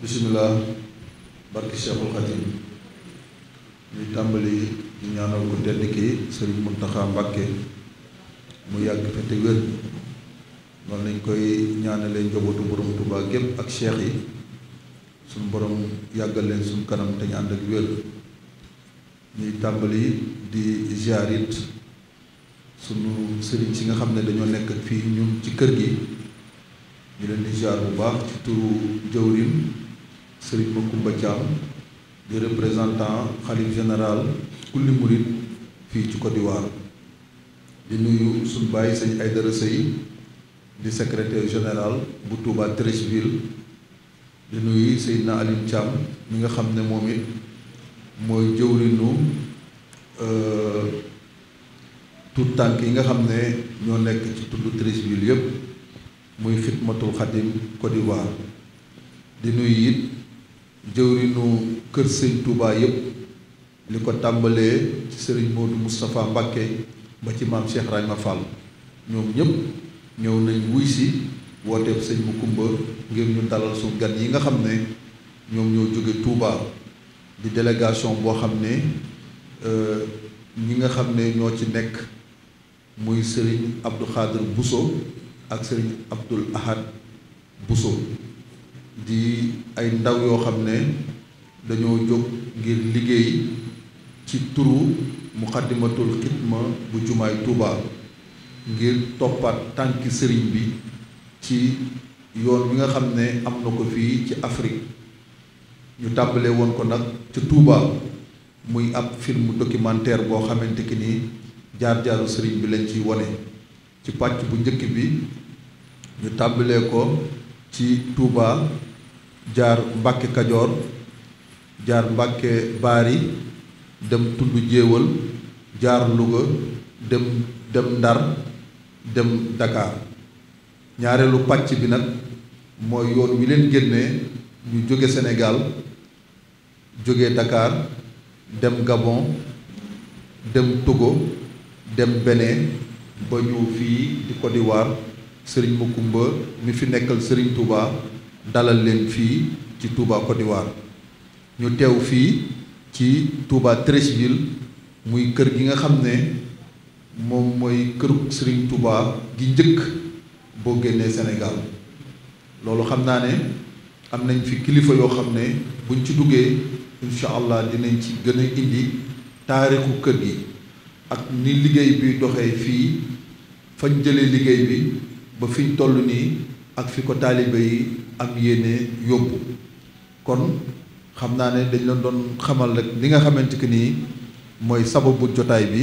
bisimilah barki Cheikhul Khadim ñuy tàmbali di ñaanal ku tedd ki mun taxa Mbacké mu yàgg fi wér noonu lañ koy ñaanalee njabootu borom Touba gépp ak cheikh yi suñu boroom yàggal leen suñu kanam te ñu ànd ak wér ñuy tàmbali di ziarit sunu sëriñ si nga xam ne dañoo nekk fii ñun ci kër gi ñu leen di ziar bu baax ci turu jëwrin Serigne Macoumba Thiam di représentant xalif général kulli murit fii ci Côte d'Ivoire di nuyu suñ bàyyi sëñ Aydara Sey di secretaire général bu Touba Treichville di nuyu Seydina Alioune Thiam mi nga xam ne moom it mooy jëwriñu euh, tout tànk yi nga xam ne ñoo nekk ci tullu Treichville yépp muy xidmatul xadim Côte d'Ivoire di nuyu it jëwrinu kër sëñ Touba yépp li ko tàmbalee ci sëriñ Modou Moustapha Mbakke ba ci maam Cheikh Rahma Fall ñoom ñëpp ñëw nañ wuy si wooteeb sëñ mu kumba ngir ñu dalal suñu gan yi nga xam ne ñoom ñoo jóge Touba di délégation boo xam ne euh, ñi nga xam ne ñoo ci nekk muy sëriñ Abdou Khadir Bousso ak sëriñ Abdoul Ahad Bousso di ay ndaw yoo xam ne dañoo jóg ngir liggéey ci turu muxaddimatul xidma bu jumaay Touba ngir toppaat tànki sëriñ bi ci yoon bi nga xam ne am na ko fii ci Afrique ñu tàmbalee woon ko nag ca Touba muy ab film documentaire boo xamante ki ni jaar-jaaru sëriñ bi lañ ciy wone ci pàcc bu njëkk bi ñu tàmbalee ko ci Touba jaar Mbàkke Kajoor jaar Mbàkke Baari dem tund jéewal jaar Louga dem dem Ndar dem Dakar ñaareelu pàcc bi nag mooy yoon wi leen génnee ñu jóge senegaal jóge Dakar dem Gabon dem Togo dem benee ba ñëw fii di Côte d'Ivoire sëriñ Makumba mi fi nekkal sëriñ tubaa dalal leen fii ci Touba Côte ñu teew fii ci Touba muy kër gi nga xam ne moom mooy këru Serigne Touba gi njëkk boo génnee senegal loolu xam naa ne am nañ fi kilifa yoo xam ne buñ ci duggee incha allah dinañ ci gën a indi taarixu kër gi ak ni liggéey bi doxee fii fañ jëlee liggéey bi ba fiñ toll nii ak fi ko taalibe yi am yéene yóbbu kon xam naa ne dañ leen doon xamal rek li nga xamante que nii mooy sababu jotaay bi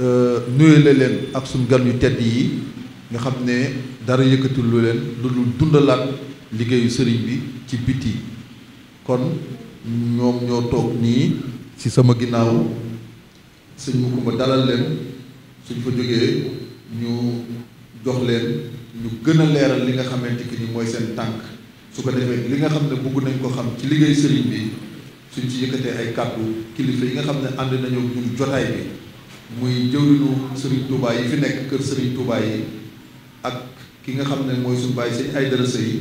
euh, nuyu la leen ak suñ gan yu tedd yi nga xam ne dara yëkkatul lu leen lu dul dundalaat liggéeyu sëriñ bi ci biti kon ñoom ñoo toog nii ci sama ginnaaw sëñ mu ko dalal leen suñ fa jógee ñu jox leen ñu gën a leeral li nga xamante ni mooy seen tànk su ko defee li nga xam ne bëgg nañ ko xam ci liggéey sëriñ bi suñ ci yëkkatee ay kàddu kilifa yi nga xam ne ànd nañu ñun jotaay bi muy jëw jëwriñu sëriñ Touba yi fi nekk kër sëriñ Touba yi ak ki nga xam ne mooy suñu bàyyi sëñ ay dërëse yi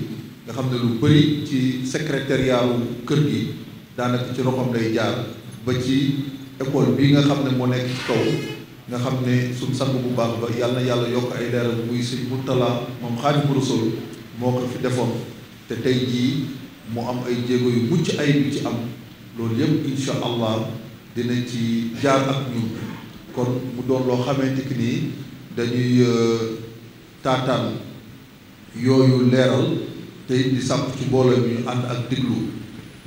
nga xam ne lu bëri ci secrétariat kër gi daanaka ci loxoom lay jaar ba ci école bi nga xam ne moo nekk ci kaw nga xam ne suñ sang bu baax ba yàlla na yàlla yokk ay leeram muy sëñ Murtala moom Xaadimu Rasuul moo ko fi defoon te tey jii mu am ay jéego yu mucc ay yu ci am loolu yëpp insha allah dina ci jaar ak ñun kon mu doon loo xamante ki nii dañuy euh, taataan yooyu leeral te di sàpp ci mbooloo mi ànd ak déglu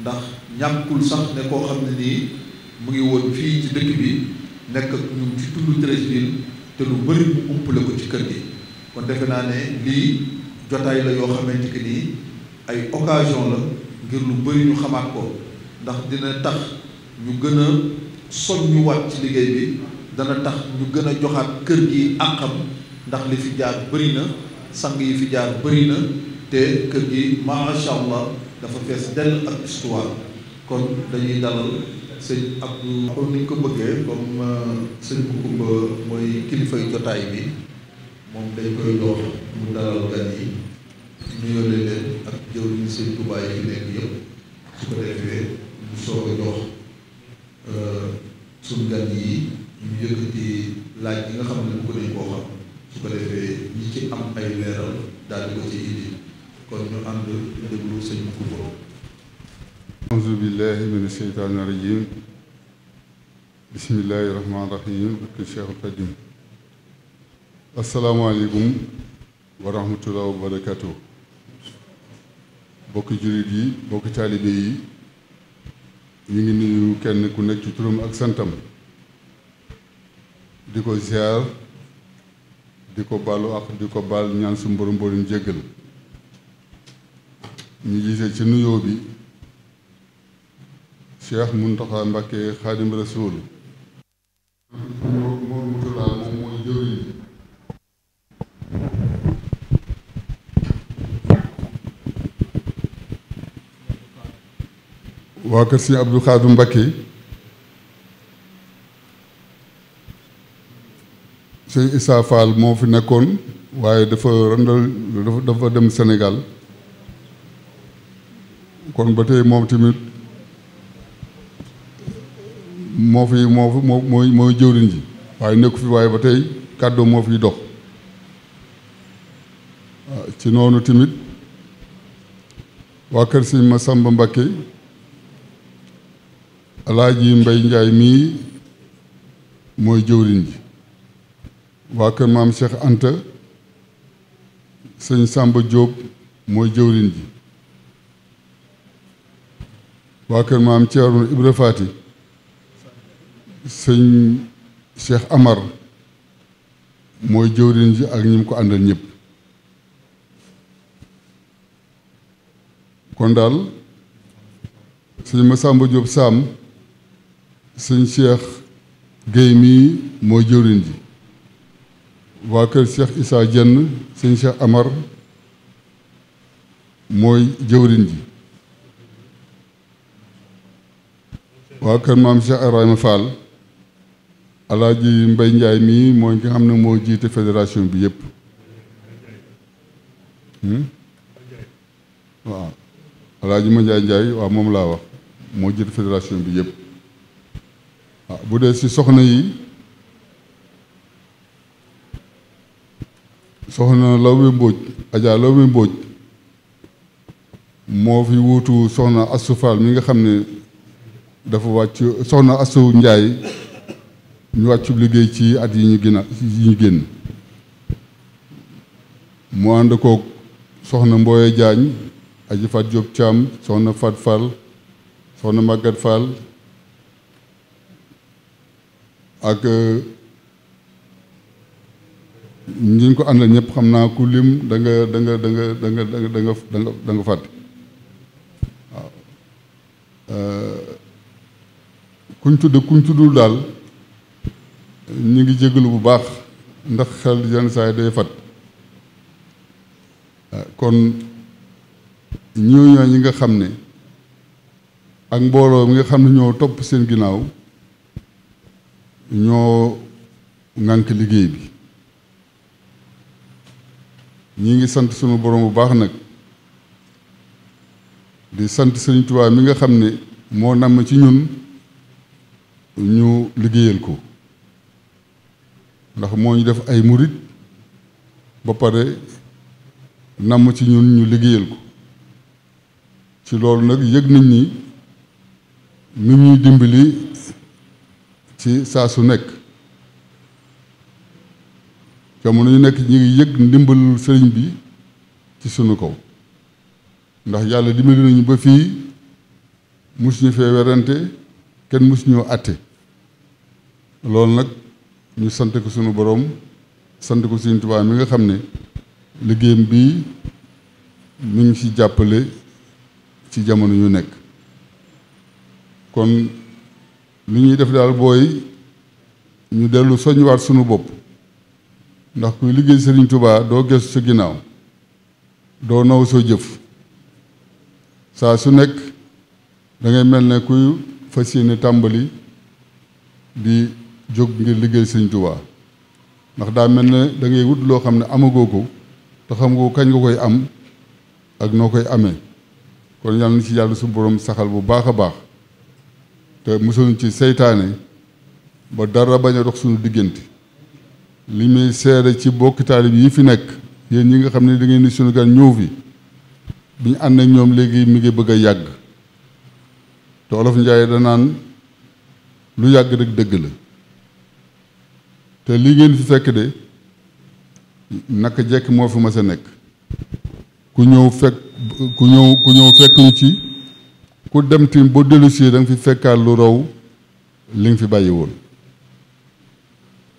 ndax ñàkkul sax ne koo xam ne nii mu ngi woon fii ci dëkk bi nekk ak ci tund Treichville te lu bëri mu umpale ko ci kër gi kon defe naa ne lii jotaay la yoo xamante que nii ay occasion la ngir lu bëri ñu xamaat ko ndax dina tax ñu gën a wax ci liggéey bi dana tax ñu gën a joxaat kër gi àqam ndax li fi jaar bari na sang yi fi jaar bari na te kër gi macha allah dafa fees dell ak histoire kon dañuy dalal. sëñ Abdou comme ni ko bëggee comme euh, sëñ Koumba mooy kilifay jotaay bi moom dañ koy dox mu dalal gan yi nuyoo leen ak jëw ñi sëñ Tuubaa yi nekk yëpp su ko defee mu soog a jox euh, suñ gan yi ñu yëkkati laaj yi nga xam ne bëgg nañ koo xam su ko defee ñi ci am ay leeral daal di ko ci indi kon ñu ànd déglu sëñ Koumba auzu billahi mina sheytaani rajim bismillahi rahmaani rahim bakki Cheikhul Xadim asalaamaaleykum wa rahmatullah bokki jullit yi bokki taalibe yi ñu ngi nuyu kenn ku nekk ci turam ak santam di ko ziar di ko baalu ak di ko baal ñaan su mborom mborom jéggal ñu gisee ci nuyoo bi Cheikh Mountakha Mbacké Xaadim Rasuul waa kër Sëriñ Abdou Khadre Mbacké Sëriñ Issa moo fi nekkoon waaye dafa randal dafa dem Sénégal kon ba tey moom tamit moo fi moo fi moo mooy mooy jëwriñ ji waaye nekku fi waaye ba tey kàddu moo fiy dox ah, ci noonu tamit waa kër sëñ Masamba Mbakke alaaji Mbay Njaay mii mooy jëwriñ ji waa kër maam Cheikh Anta sëñ Samba Jóob mooy jëwriñ ji waa kër maam Ceerno Ibra Faati sëñ Cheikh Amar mooy jëwriñ ji ak ñi mu ko àndal ñëpp kon daal sëñ Massamba Diop Sam sëñ Cheikh Guèye mii mooy jëwriñ ji waa kër Cheikh Issa Dieng sëñ Cheikh Amar mooy jëwriñ ji waa kër maam Cheikh Ibrahima Fall alaaji Mbay Njaay mii mooy nga xam ne moo jiite fédération bi yëpp hmm? waaw alaaji ma Njaay Njaay waaw moom laa wax moo jiite fédération bi yëpp waaw bu dee si soxna yi soxna Lawbe Mbóoj Adja Lawbe Mbóoj moo fi wuutu soxna Astu Faal mi nga xam ne dafa wàcc soxna Astu Njaay ñu wàccub liggéey ci at yi ñu gëna yi ñu génn mu ànd koog soxna mbooy jaañ aji Fat Diop Thiam soxna Fat Fall soxna Maguette fal ak euh, ñu ko àndal ñëpp xam naa ku lim da nga da nga da kuñ tudd kuñ tuddul daal ñu ngi jégalu bu baax ndax xel yenn saa yi day fat ah, kon ñooñoo ñi nga xam ne ak mbooloo mi nga xam ne ñoo topp seen ginnaaw ñoo ŋànk liggéey bi ñi ngi sant sunu borom bu baax nag di sant Sëriñ Tuubaa mi nga xam ne moo namm ci ñun ñu liggéeyal ko ndax moo ñu def ay murit ba pare namm ci ñun ñu liggéeyal ko ci loolu nag yëg nañ ni nu ñuy dimbali ci saa su nekk jamono ñu nekk ñu ngi yëg ndimbalul sëriñ bi ci sunu kaw ndax yàlla dimbali nañu ba fii musuñu fee werante kenn musuñoo àtte loolu nag ñu sant ko sunu boroom sant ko Sëriñ Tuubaa mi nga xam ne liggéeyam bii mi ngi ci jàppale ci jamono ñu nekk kon li ñuy def daal booy ñu dellu soñwaat sunu bopp ndax kuy liggéey Sëriñ Tuubaa doo gestu sa ginnaaw doo naw soo jëf saa su nekk da mel ne kuy fas yéene tàmbali di jóg ngir liggéey sëñ Tuubaa ndax daa mel ne da ngay wut loo xam ne amagoo ko te xam nga kañ nga koy am ak noo koy amee kon yàlla na ci yàlla su borom saxal bu baax a baax te mosuñu ci seytaane ba dara bañ a dox suñu diggante li muy seere ci bokki taalib yi fi nekk yéen ñi nga xam ne da ngeen ni suñu gan ñëw fi bi ñu ànd ak ñoom léegi mi ngi bëgg a yàgg te olof njaay danaan lu yàgg rek dëgg la te li ngeen fi fekk de naka jekk moo fi ma a nekk ku ñëw fekk ku ñëw ku ñëw fekk ñu ci ku dem tim bu dellusi da fi fekkaat lu raw li nga fi bàyyi woon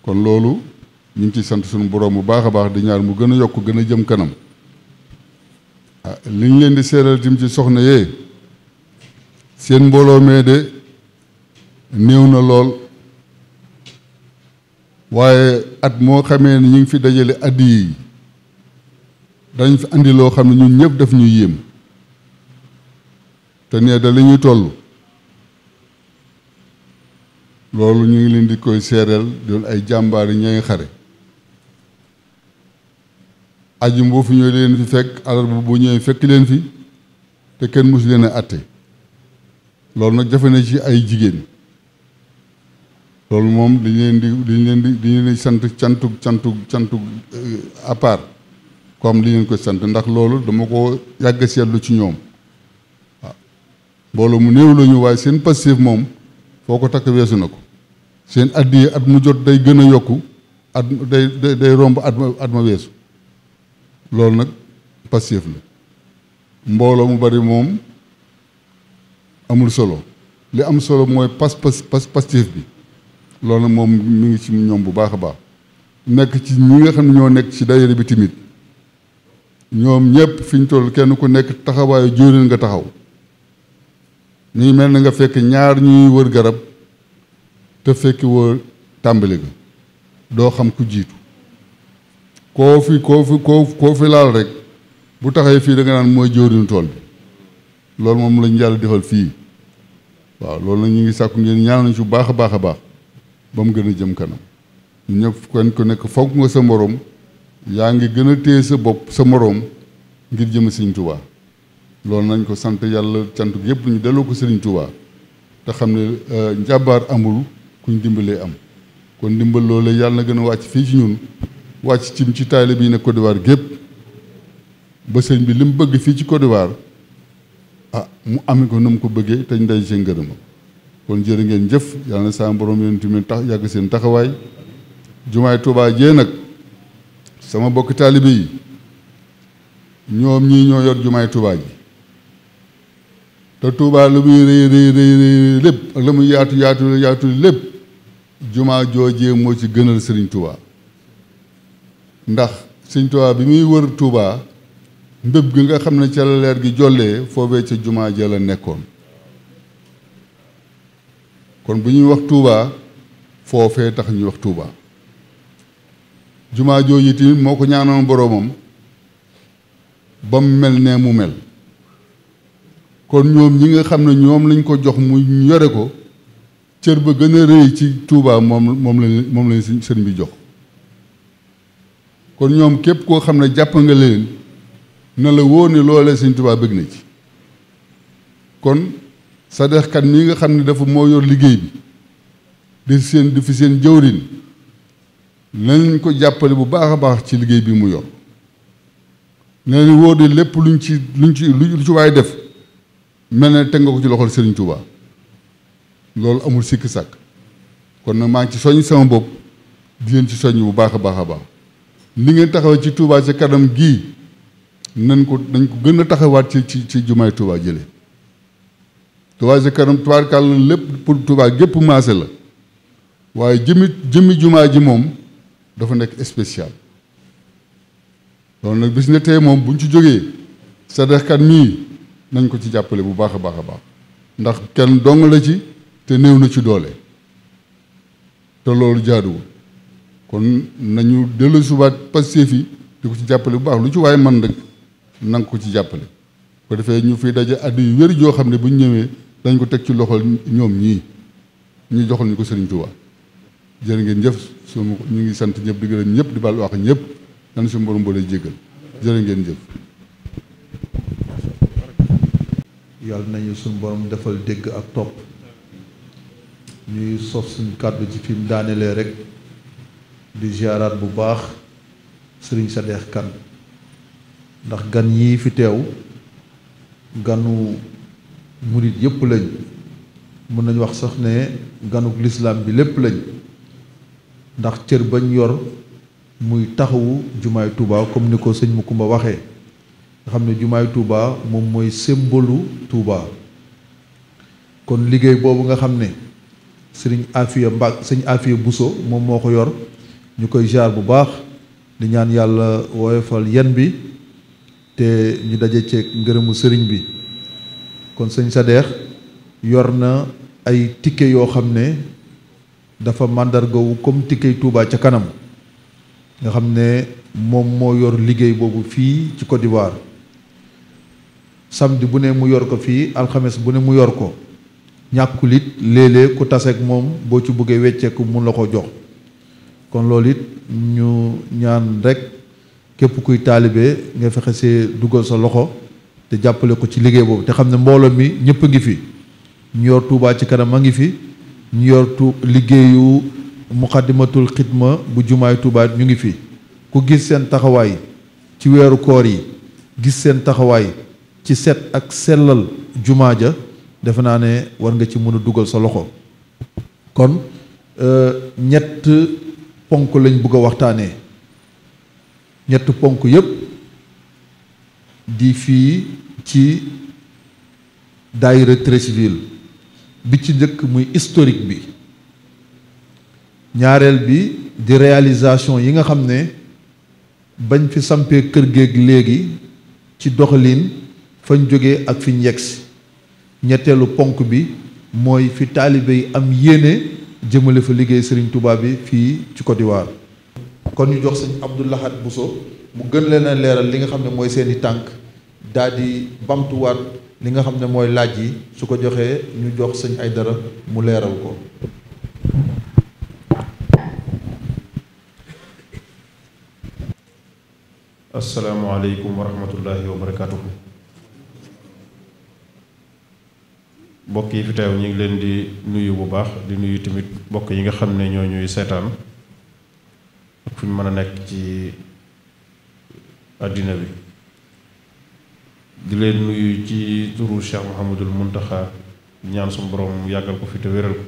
kon loolu ñu ngi ci sant sunu borom bu baax a baax di ñaar mu gën a yokk gën a jëm kanam ah li leen di seeral tim ci soxna yee seen mbooloo mee de néew na lool waaye at moo xamee ni ñu ngi fi dajale addi yi dañ fi andi loo xam ne ñun ñëpp daf ñu yéem te nee da li ñuy toll loolu ñu ngi leen di koy seereel doon ay jàmbaar yi ñooy xare aju mboo fi ñëwee leen fi fekk alarba bu ñëwee fekk leen fi te kenn mosu a atte loolu nag jafe ci ay jigéen loolu moom dañ leen di dañ leen di dañ leen di sant cantug cantug cantug euh, à part comme li leen koy sant ndax loolu dama ko yàgg seetlu ci ñoom waaw mbooloo mu néew la ñu waaye seen passif moom foo ko takk weesu na ko seen at yi at mu jot day gën a yokku at day day romb at ma at ma weesu loolu nag passif la mbooloo mu bari moom amul solo li am solo mooy pas pas pas passif bi loolu moom mu ngi ci ñoom bu baax a baax nekk ci ñi nga xam ne ñoo nekk ci daayira bi tamit ñoom ñëpp fiñ ñu toll kenn ku nekk taxawaayu jóorin nga taxaw ñuy mel na nga fekk ñaar ñuy wër garab te fekki woo tàmbali ga doo xam ku jiitu koo fi koo fi koo koo fi laal rek bu taxee fii da nga mooy jóorinu tool bi loolu moom lañu yàlla defal fii waaw loolu nag ñu ngi sàkku ngeen ñaanal nañ ci bu baax a baax a baax ba mu gën a jëm kanam ñu ñëpp kenn ku nekk fonk nga sa moroom yaa ngi gën a téye sa bopp sa moroom ngir jëm Sëriñ Tuubaa loolu nañ ko sant yàlla cant yëpp ñu delloo ko Sëriñ Tuubaa te xam ne euh, njàmbaar amul kuñ dimbalee am kon dimbal loolu yàlla na gën a wàcc fii ci ñun wàcc ci cim ci taalibe yi nekk Côte d'Ivoire gépp ba sëñ bi li mu bëgg fii ci Côte d'Ivoire ah mu ame ko na mu ko bëggee te ñu day see ngërëma kon jërë ngeen jëf yàlla na saa borom yéen tamit tax yàgg seen taxawaay jumaay Tuubaa jee nag sama bokki taalibe yi ñoom ñii ñoo yor jumaay Tuubaa ji te Tuubaa lu muy rëy rëy rëy lépp ak la muy yaatu yaatu yaatu lépp jumaa joo joojee moo ci gënal sëriñ Tuubaa ndax sëriñ Tuubaa bi muy wër Tuubaa mbépp gi nga xam ne ca leer gi jollee foofee ca jumaa ja la nekkoon kon bu ñuy wax Touba foofee tax ñuy wax Touba jumaa jooju tamit moo ko ñaanoon boroomam ba mu mel ne mu mel kon ñoom ñi nga xam ne ñoom lañ ko jox mu yore ko cër ba gën a rëy ci Touba moom moom lañ moom lañ sëñ bi jox kon ñoom képp koo xam ne jàpp nga leen na la wóor ni loolee sëñ Touba bëgg na ci kon Sadex Kan mii nga xam ne dafa moo yor liggéey bi di seen di fi seen jëwriñ nañ ko jàppale bu baax a baax ci liggéey bi mu yor na leen wóor ne lépp luñ ci luñ ci lu ci waay def mel ne teg ko ci loxol Serigne Touba loolu amul sikk sàkk kon na maa ci soñ sama bopp di leen ci soññ bu baax a baax a baax ni ngeen taxawee ci tuubaa ci kanam gii nañ ko nañ ko gën a taxawaat ci ci ci jumaay Touba jële Touba ca kanam tubaarkàlla lépp pour Touba gépp maase la waaye jëmi jëmi jumaa ji moom dafa nekk spécial loolu nag bis ne tey moom buñ ci jógee kan mii nañ ko ci jàppale bu baax a baax a baax ndax kenn dong la ci te néew na ci doole te loolu jaaduwul kon nañu dellu subaat Pastef yi di ko ci jàppale bu baax lu ci waaye man nag nang ko ci jàppale ko defee ñu fiy daje at wér joo xam ne buñ ñu ñëwee dañ ko teg ci loxol ñoom ñii ñu joxal ñu ko sëriñ Touba jërë ngeen jëf su ñu ngi sant ñëpp di gërëm ñëpp di bal wax ñëpp nan suñu borom boole jéggal jërë ngeen nañu suñu borom defal dégg ak topp ñuy sof suñ kàddu ci fi mu daanelee rek di ziaraat bu baax sëriñ sa Sadex Kane ndax gan yii fi teew ganu. murit yëpp lañ mën nañu wax sax ne ganuk lislaam bi lépp lañ ndax cër bañ yor muy taxawu jumaay Touba comme ni ko sëñ Makumba waxee nga xam ne jumaay Touba moom mooy symbole Touba kon liggéey boobu nga xam ne sëriñ Afia Mbak sëñ Afia Bousso moom moo ko yor ñu koy jaar bu baax di ñaan yàlla woyofal yan bi te ñu daje ceeg ngërëmu sëriñ bi kon sëñ Sadeex yor na ay ticket yoo xam ne dafa màndargawu comme ticket Touba ca kanam nga xam ne moom moo yor liggéey boobu fii ci Côte d'Ivoire samedi bu ne mu yor ko fii alxames bu ne mu yor ko ñàkkul it léeg-léeg ku taseeg moom boo ci bëggee wecceeku mun la ko jox kon loolu it ñu ñaan rekk képp kuy taalibe nga fexe se dugal sa loxo te jàppale ko ci liggéey boobu te xam ne mbooloo mi ñëpp ngi fi ñu yor Tuubaa ci kanam a ngi fi ñu yor tu liggéeyu muqaddimatul xidma bu jumaay Tuubaa ñu ngi fi ku gis seen taxawaay ci weeru koor yi gis seen taxawaay ci set ak sellal jumaa ja defe naa ne war nga ci mën a dugal sa loxo kon euh, ñett ponk lañ bëgg a waxtaanee ñett ponk yépp di fii ci daayira Treichville bi ci njëkk muy historique bi ñaareel bi di réalisation yi nga xam ne bañ fi sampee kër géeg léegi ci doxalin fañ jóge ak fiñ yegsi ñetteelu ponk bi mooy fi taalibe yi am yéene jëmale fa liggéey sëriñ tubaab bi fii ci Côte kon ñu jox sëñ Abdou Lahad Bousso mu gën leen a leeral li nga xam ne mooy seeni tànk daal di bamtuwaat li nga xam ne mooy laaj yi su ko joxee ñu jox sëñ ay dara mu leeral ko. asalaamaaleykum wa rahmatullahi wa barakaatu. mbokk yi fi teew ñu ngi leen di nuyu bu baax di nuyu tamit mbokk yi nga xam ne ñoo ñuy seetaan ak fu ñu mën a nekk ci. àddina bi di leen nuyu ci turu Cheikh Mouhamadul Muntaxa ñaan suñu borom yàggal ko fi te wéral ko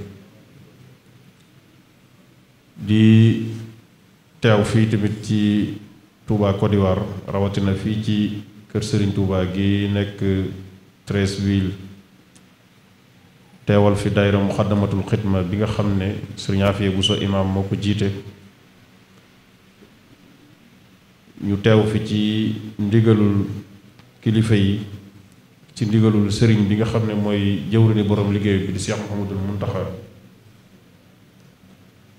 di teew fii tamit ci Touba Côte rawatina fii ci kër sëriñ Touba gi nekk Treichville teewal fi daayira Muxaddamatul Xidma bi nga xam ne Serigne bu Bousso imaam moo ko jiite ñu teew fi ci ndigalul kilifa yi ci ndigalul sëriñ bi nga xam ne mooy jëwrini borom liggéey bi di Cheikh Mouhamadul Mountakha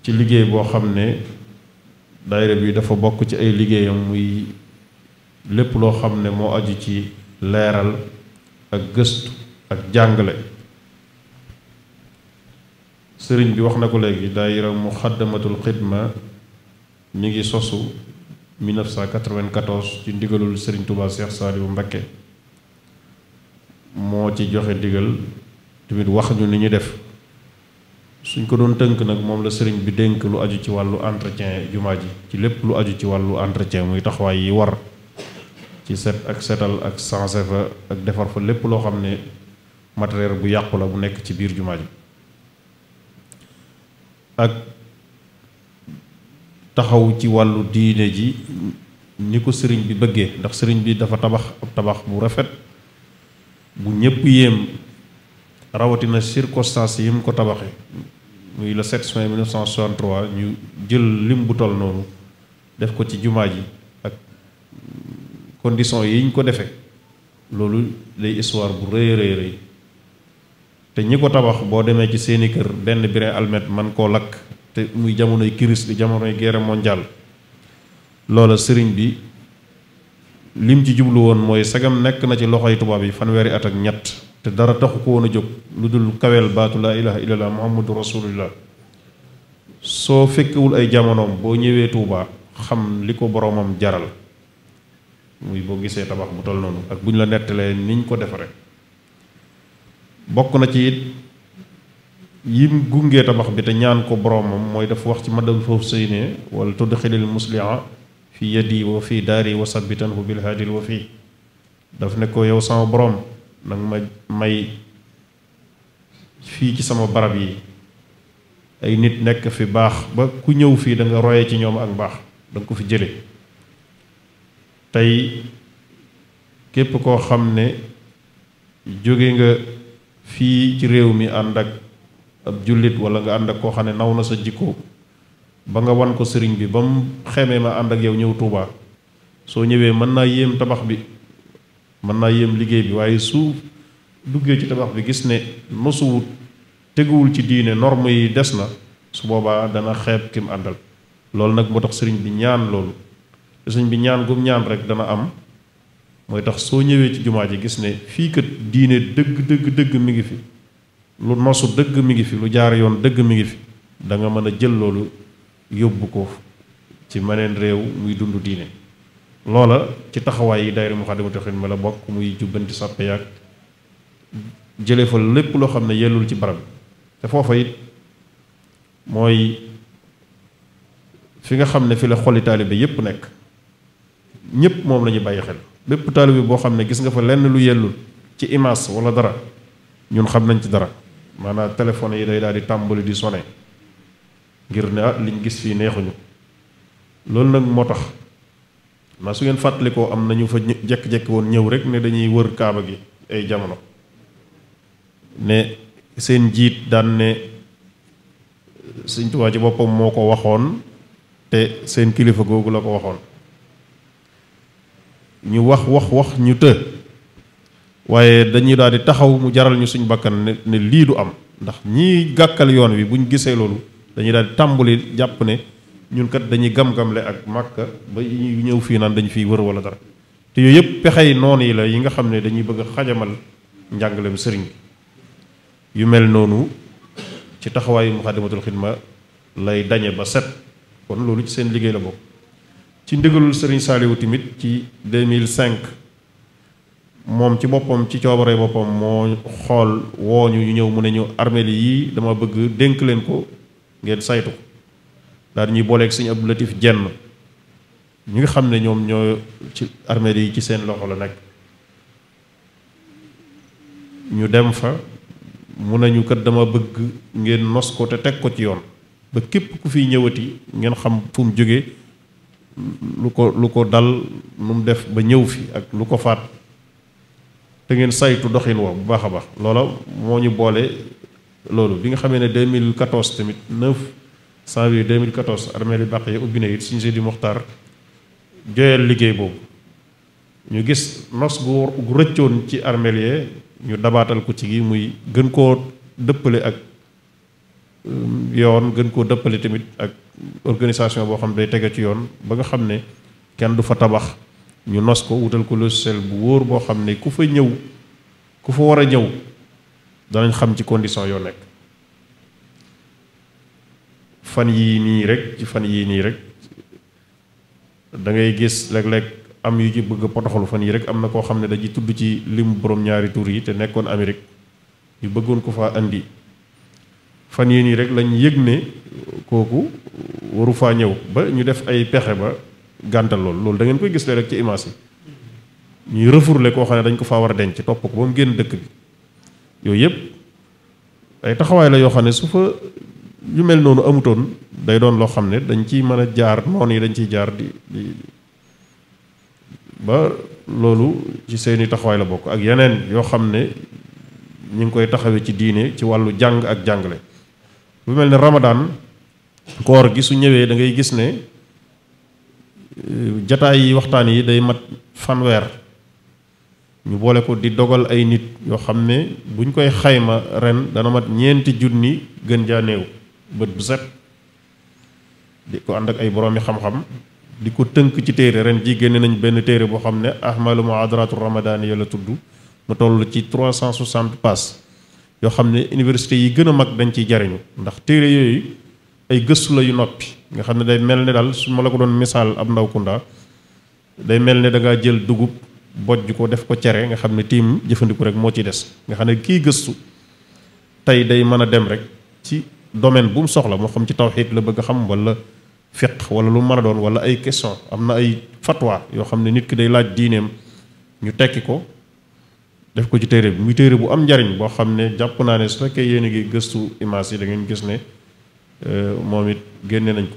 ci liggéey boo xam ne daayira bi dafa bokk ci ay liggéeyam muy lépp loo xam ne moo aju ci leeral ak gëstu ak jàngale sëriñ bi wax na ko léegi daayira Muxaddamatul Xidma mi ngi sosu 1994 ci ndigalul Serigne Touba Cheikh Saliou Mbacké moo ci joxe ndigal tamit wax ñu ni ñu def suñ ko doon tënk nag moom la sëriñ bi dénk lu aju ci wàllu entretien jumaa ji ci lépp lu aju ci wàllu entretien muy taxawaay yi war ci set ak setal ak sansé fa ak defar fa lépp loo xam ne matériel bu yàqu la bu nekk ci biir jumaa ji ak taxaw ci wàllu diine ji ñi ko sëriñ bi bëggee ndax sëriñ bi dafa tabax ab tabax bu rafet bu ñëpp yéem rawatina circonstances yi mu ko tabaxe muy le 7 mai 1963 ñu jël lim bu toll noonu def ko ci jumaa ji ak kondison yi ñu ko defee loolu lay histoire bu rëy rëy rëy te ñi ko tabax boo demee ci seeni kër benn birin almet man koo lakk te muy jamonoy crise di jamonoy guerre mondiale loola sëriñ bi lim ci jublu woon mooy sagam nekk na ci loxoy tubaab yi fanweeri at ak ñett te dara taxu ko woon a jóg lu dul kaweel baatu laa ilaha illallah muhammadu rasulullah soo fekkewul ay jamonoom boo ñëwee tuubaa xam li ko boroomam jaral muy boo gisee tabax bu toll noonu ak bu ñu la nettalee niñ ko defare bokk na ci it yim gungee tabax bi te ñaan ko boroomam mooy dafa wax ci ma madal foofu sëy ne wala tudxilil fii fi yadi wa fi daari wa sabitanhu bilhaadil wa fii daf ne ko yow sama boroom nag ma may fii ci sama barab yi ay nit nekk fi baax ba ku ñëw fii da nga ci ñoom ak baax danga ko fi jële tey képp koo xam ne jóge nga fii ci réew mi ànd ak ab jullit wala nga ànd ak koo xam ne naw na sa jikko ba nga wan ko sëriñ bi ba mu xemee ma ànd ak yow ñëw Tuubaa soo ñëwee mën naa yéem tabax bi mën naa yéem liggéey bi waaye su duggee ci tabax bi gis ne nosuwut teguwul ci diine norme yi des na su boobaa dana xeeb kim àndal loolu nag moo tax sëriñ bi ñaan loolu sëriñ bi ñaan gum ñaan rek dana am mooy tax soo ñëwee ci jumaa ji gis ne fii kat diine dëgg dëgg dëgg mi ngi fi lu nosu dëgg mi ngi fi lu jaar yoon dëgg mi ngi fi danga nga mën a jël loolu yóbbu ko ci meneen réew muy dund diine loola ci taxawaay yi daayira Moukhaddamatoul Khidma la bokk muy jubbanti sàppe yaag jële fa lépp loo xam ne yellul ci barab te foofa it mooy fi nga xam ne fi la xoli taalibe yépp nekk ñépp moom la bàyyi xel bépp taalibe boo xam ne gis nga fa lenn lu yellul ci image wala dara ñun xam nañ ci dara maanaam téléphone yi day daal di tàmbali di sone ngir ne ah liñ gis fii neexuñu loolu nag moo tax ma su ngeen fàttalikoo am na ñu fa jekk-jekk woon ñëw rek ne dañuy wër kaaba gi ay jamono ne seen jiit daan ne Sëñ Tuubaa ci boppam moo ko waxoon te seen kilifa googu la ko waxoon ñu wax wax wax ñu të waaye dañuy daal di taxaw mu jaral ñu suñ bàkkan ne ne lii du am ndax ñii gàkkal yoon wi buñ gisee loolu dañuy daal di tàmbali jàpp ne ñun kat dañuy gam-gamle ak màkka ba ñuy ñëw fii naan dañu fiy wër wala dara te yooyu yëpp pexey noonu yi la yi nga xam ne dañuy bëgg a xajamal njàngaleem sëriñ yu mel noonu ci taxawaayu muxaddamatul xidma lay dañe ba set kon loolu ci seen liggéey la bokk ci ndigalul sëriñ Saaliwu tamit ci 2005 moom ci boppam ci coobare boppam moo xool woo ñu ñëw mu ne ñu armeli yii dama bëgg dénk leen ko ngeen saytu ko daal ñuy booleeg suñu Abdou Latif jenn ñu ngi xam ne ñoom ñoo ci armeli yi ci seen loxo la nekk ñu dem fa mu nañu kat dama bëgg ngeen nos ko te teg ko ci yoon ba képp ku fiy ñëwati ngeen xam fu mu jóge lu ko lu ko dal nu mu def ba ñëw fi ak lu ko faat te ngeen saytu doxin wa bu baax a baax loola moo ñu boole loolu bi nga xamee ne 2014 tamit 9 janvier 2014 armée li bàq yi ubbi na it suñu Seydi Muxtaar joyal liggéey boobu ñu gis nos gu gu rëccoon ci armeel yee ñu dabaatal ko ci gi muy gën koo dëppale ak euh, yoon gën koo dëppale tamit ak organisation boo xam day tege ci yoon ba nga xam ne kenn du fa tabax ñu nos ko wutal ko logiciel bu wóor boo xam ne ku fa ñëw ku fa war a ñëw danañ xam ci condition yoo nekk fan yii nii rek ci fan yii nii rek dangay gis léeg-léeg am yu ci bëgg potoxalu fan yii rek am na koo xam ne dañuy tudd ci limu borom ñaari tuur yi te nekkoon Amérique ñu bëggoon ko faa andi fan yii nii rek lañ yëg ne kooku waru faa ñëw ba ñu def ay pexe ba gàntal loolu loolu da ngeen koy gis rek ci image yi ñuy refourler koo xam ne dañ ko faa war a denc topp ko ba mu génn dëkk bi yooyu yëpp ay taxawaay la yoo xam ne su fa mel noonu amutoon day doon loo xam ne dañ ciy mën a jaar yi dañ ciy jaar loolu ci seeni taxawaay la bokk ak yeneen yoo xam ne ñu ngi koy taxawee ci diine ci wàllu jàng ak jàngale bu mel ne ramadaan koor gi su ñëwee da ngay gis ne jataay yi waxtaan yi day mat fanweer ñu boole ko di dogal ay nit yoo xam ne buñ koy xayma ren dana mat ñeenti junni gën jaa néew bët bu set di ko ànd ak ay boroomi xam-xam di ko tënk ci téere ren ji génne nañ benn téere boo xam ne ahmalu muhadaratu ramadani ya la tudd mu toll ci cent 360 pass yoo xam ne université yi gën a mag dañ ciy jariñu ndax téere yooyu ay gëstu yu noppi nga xam ne day mel ne daal su ma la ko doon misaal ab ndaw kunda day mel ne da ngaa jël dugub bojj ko def ko cere nga xam ne tiim jëfandiku rek moo ci des nga xam ne kii gëstu tey day mën a dem rek ci domaine bu mu soxla moo xam ci tawxiid la bëgg xam wala fiq wala lu mën a doon wala ay question am na ay fatwa yoo xam ne nit ki day laaj diineem ñu tekki ko def ko ci téere bi mu téere bu am njariñ boo xam ne jàpp naa ne su fekkee yéen a ngi gëstu image yi da ngeen gis ne euh, moom it génne nañ ko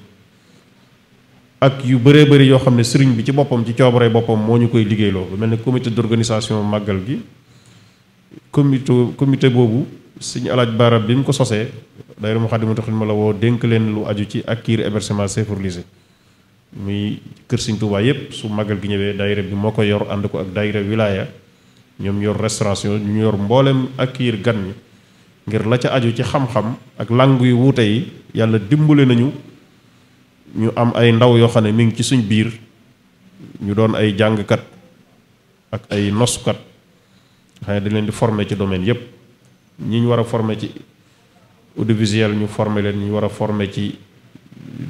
ak yu bëree bëri yoo xam ne sëriñ bi ci boppam ci coobare boppam moo ñu koy liggéeyloo lu mel ne comité d'organisation màggal gi comité comité boobu suñu alaaj baarab bi mu ko sosee daayira Moukhaddamatoul Khidma la woo dénk leen lu aju ci accueil et hébergement sécurisé muy kër Sëriñ Tuubaa yépp su màggal gi ñëwee daayira bi moo ko yor ànd ko ak daayira wilaya ñoom yor restauration ñu yor mboolem accueil gan ñi ngir la ca aju ci xam-xam ak langue yu wuute yi yàlla dimbale nañu ñu am ay ndaw yoo xam ne mi ngi ci suñ biir ñu doon ay jàngkat ak ay noskat xam ne dañ leen di former ci domaine yépp ñi ñu war a former ci audiovisuel ñu former leen ñu war a former ci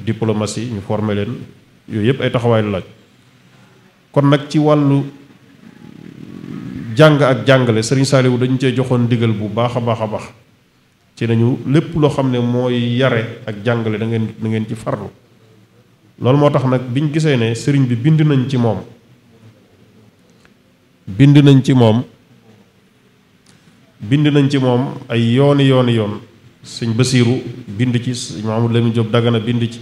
diplomatie ñu former leen yooyu yépp ay taxawaay laaj kon nag ci wàllu jàng ak jàngale Serigne Saliou dañu cee joxoon ndigal bu baax a baax a baax ci nañu lépp loo xam ne mooy yare ak jàngale da ngeen da ngeen ci farlu loolu moo tax nag bi biñ gisee ne sëriñ bi bind nañ ci moom bind nañ ci moom bind nañ ci moom ay yooni yooni yoon sëñ Basiiru bind ci sëñ Mahamadou Lamine Diop Dagana bind ci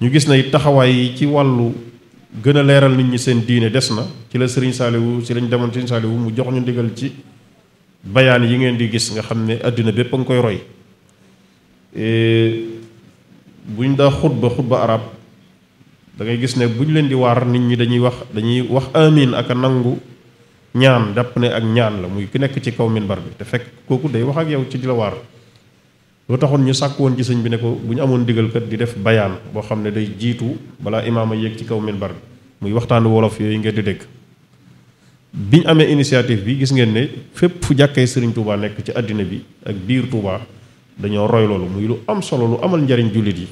ñu gis na taxawaay yi ci wàllu gën a leeral nit ñi seen diine des na ci la sëriñ Saaliwu ci lañ demoon sëriñ Saaliwu mu jox ñu ndigal ci bayaan yi ngeen di gis nga xam ne àddina bépp a nga koy roy eh, buñ daa xutba xutba arab da ngay gis ne bu ñu leen di waar nit ñi dañuy wax dañuy wax amin ak a nangu ñaan jàpp ne ak ñaan la muy ki nekk ci kaw minbar bi te fekk kooku day wax ak yow ci di la waar loo taxoon ñu sàkk woon ci sëñ bi ne ko bu ñu amoon digalkat di def bayaan boo xam ne day jiitu balaa imaama yéeg ci kaw minbar bi muy waxtaanu wolof yooyu ngeen di dégg bi ñu amee initiative bi gis ngeen ne fépp fu jàkkee sëriñ Touba nekk ci àddina bi ak biir Touba dañoo roy muy lu am solo lu amal njariñ jullit yi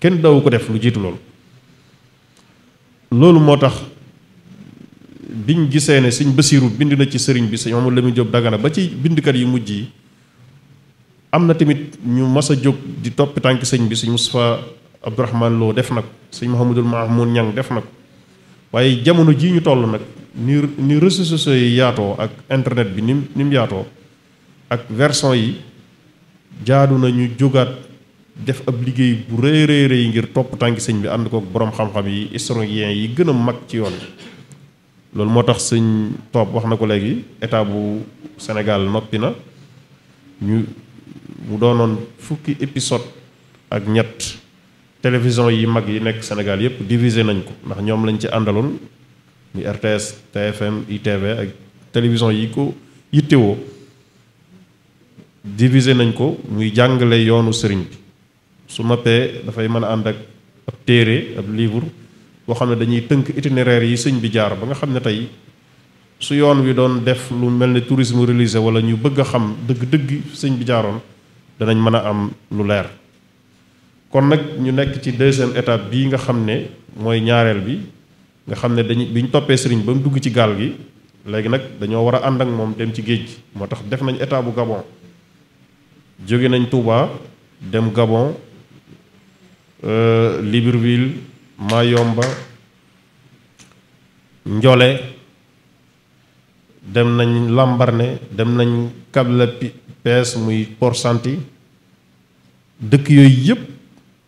kenn dawu ko def lu jiitu loolu loolu moo tax biñ gisee ne suñ Basiiru bind na ci sëriñ bi sëñ la Lamine Diop Dagana ba ci bindkat yu mujj yi am na tamit ñu mas a jóg di topp tànk sëñ bi sëñ Moustapha Abdourahmane Lo def na ko sëñ Mahamadul Mahmoud Ñang def na ko waaye jamono jii ñu toll nag ni ni réseaux sociaux yi yaatoo ak internet bi ni mu yaatoo ak version yi jaadu na ñu jógaat def ab liggéey bu rëy rëy rëy ngir topp tànki sëñ bi ànd kook boroom xam-xam yi historien yi gën a mag ci yoon loolu moo tax sëñ toog wax na ko léegi état bu Sénégal noppi na ñu mu doonoon fukki épisode ak ñett télévision yi mag yi nekk Sénégal yëpp divisé nañ ko ndax ñoom lañ ci àndaloon muy RTS TFM ITV ak télévision yi ko yittewoo divisé nañ ko muy jàngale yoonu sëriñ bi su noppee dafay mën a ànd ak ab téere ab livre boo xam ne dañuy tënk itinéraire yi sëñ bi jaar ba nga xam ne tey su yoon wi doon def lu mel ne tourisme religieux wala ñu bëgg a xam dëgg-dëgg sëñ bi jaaroon danañ mën a am lu leer kon nag ñu nekk ci deuxième étape bii nga xam ne mooy ñaareel bi nga xam ne dañu bi ñu toppee sëriñ ba mu dugg ci gaal gi léegi nag dañoo war a ànd ak moom dem ci géej gi moo tax def nañ état bu Gabon jóge nañ Touba dem Gabon Euh, Libreville Mayomba Njole dem nañ Lambaréné dem nañ Kabla Pees muy Port Santi dëkk yooyu yëpp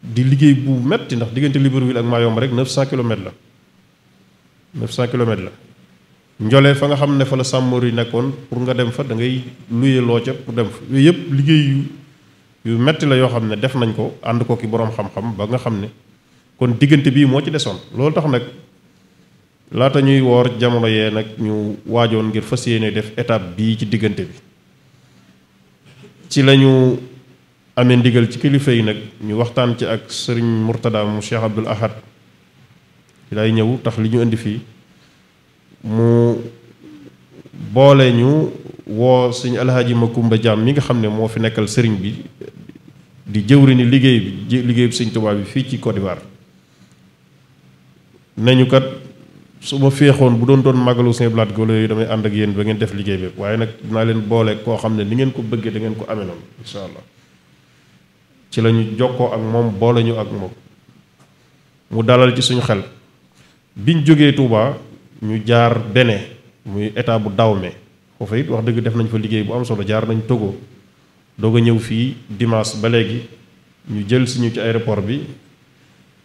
di liggéey bu metti ndax diggante Libreville ak Mayomba rek 900 kilomètres la 900 kilomètres la. Njole fa nga xam ne fa la sàmmori nekkoon pour nga dem fa da ngay luye loo ca pour dem fa yooyu yëpp liggéey. yu metti la yoo xam ne def nañ ko ànd ko ki boroom xam-xam ba nga xam ne kon diggante bii moo ci desoon loolu tax nag laata ñuy woor jamono yee nag ñu waajoon ngir fas yéene def étape bii ci diggante bi ci lañu amee ndigal ci kilifa yi nag ñu waxtaan ci ak sëriñ Murtada mu Cheikh Abdul Ahad ci lay ñëw tax li ñu indi fii mu boole ñu woo suñu ma Makumba Jaam mi nga xam ne moo fi nekkal sëriñ bi di jëwriñu liggéey bi liggéey bi sëñ Tuubaa bi fii ci Côte d'Ivoire nañu kat su ma féexoon bu doon doon magalu Saint Blaat Golo yooyu damay ànd ak yéen ba ngeen def liggéey bi waaye nag dinaa leen boole koo xam ne ni ngeen ko bëggee da ngeen ko amee noonu incha allah ci lañu jokkoo ak moom boole ñu ak moom mu dalal ci suñu xel biñ jógee Touba ñu jaar bene muy état bu Dahomey foofa it wax dëgg def nañ fa liggéey bu am solo jaar nañ Togo doog a ñëw fii dimaas ba léegi ñu jël suñu ci aéroport bi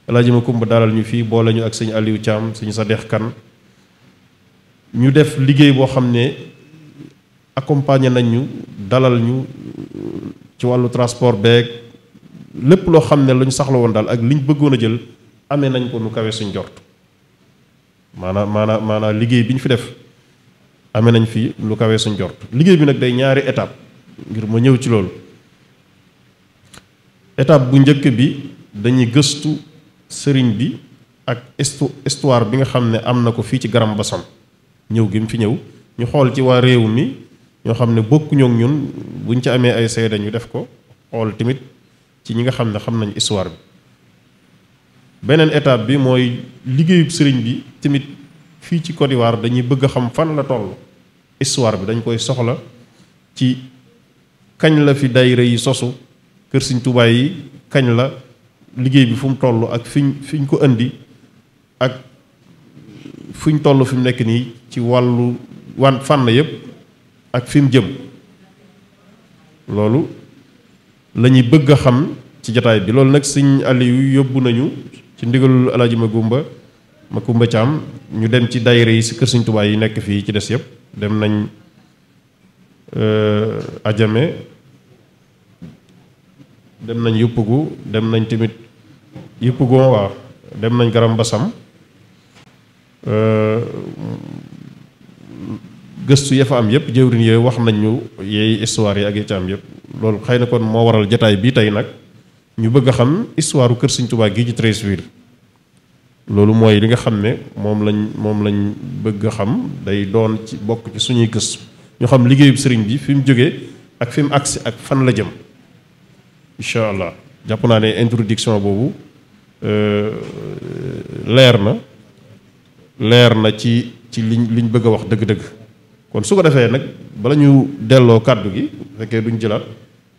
Alaaji Makumba dalal ñu fii boole ñu ak sëñ Aliou suñu sa Sadex Kan ñu def liggéey boo xam ne accompagner nañ ñu dalal ñu ci wàllu transport beeg lépp loo xam ne lu ñu saxla woon daal ak liñ bëggoon a jël amee nañ ko nu kawe suñ jort maanaam maanaam maanaam liggéey bi ñu fi def amee nañ fii lu kawee suñ jot liggéey bi nag day ñaari étape ngir ma ñëw ci loolu étape bu njëkk bi dañuy gëstu sëriñ bi ak histoire bi nga xam ne am na ko fii ci Garam Basam ñëw gi mu fi ñëw ñu xool ci waa réew mi ñoo xam ne bokkuñu ak ñun buñ ci amee ay seede ñu def ko xool tamit ci ñi nga xam ne xam nañ histoire bi beneen étape bi mooy liggéeyub sëriñ bi tamit fii ci Côte d'Ivoire dañuy bëgg xam fan la toll histoire bi dañ koy soxla ci kañ la fi daayira yi sosu kër Sëriñ Tuubaa yi kañ la liggéey bi fu mu toll ak fiñ fiñ ko indi ak fuñ toll fi nekk nii ci wàllu wan fànn yëpp ak fi mu jëm loolu la bëgg a xam ci jataay bi loolu nag Sëriñ Aliou yóbbu nañu ci ndigalul Alaaji Magumba Makumba Caam ñu dem ci daayira yi si kër Sëriñ Tuubaa yi nekk fii ci des yëpp dem nañ euh, ajame dem nañ Yuppugu dem nañ tamit Yuppugu waa dem nañ Garam Basam euh, gëstu ya am yëpp jëwriñ yooyu wax nañ ñu yeey histoire yi ak yi ca am yëpp loolu xëy na kon moo waral jataay bii tey nag ñu bëgg a xam histoire kër suñ Tuubaa gi ci Treichville loolu mooy li nga xam ne moom lañ moom lañ bëgg xam day doon ci bokk ci suñuy gëstu ñu xam liggéeyub sëriñ bi fi mu jógee ak fi mu agsi ak fan la jëm incha allah jàpp naa ne introduction boobu euh, leer na leer na ci ci liñ liñ bëgg a wax dëgg-dëgg kon su ko defee nag bala ñu delloo kàddu gi fekkee duñ jëlaat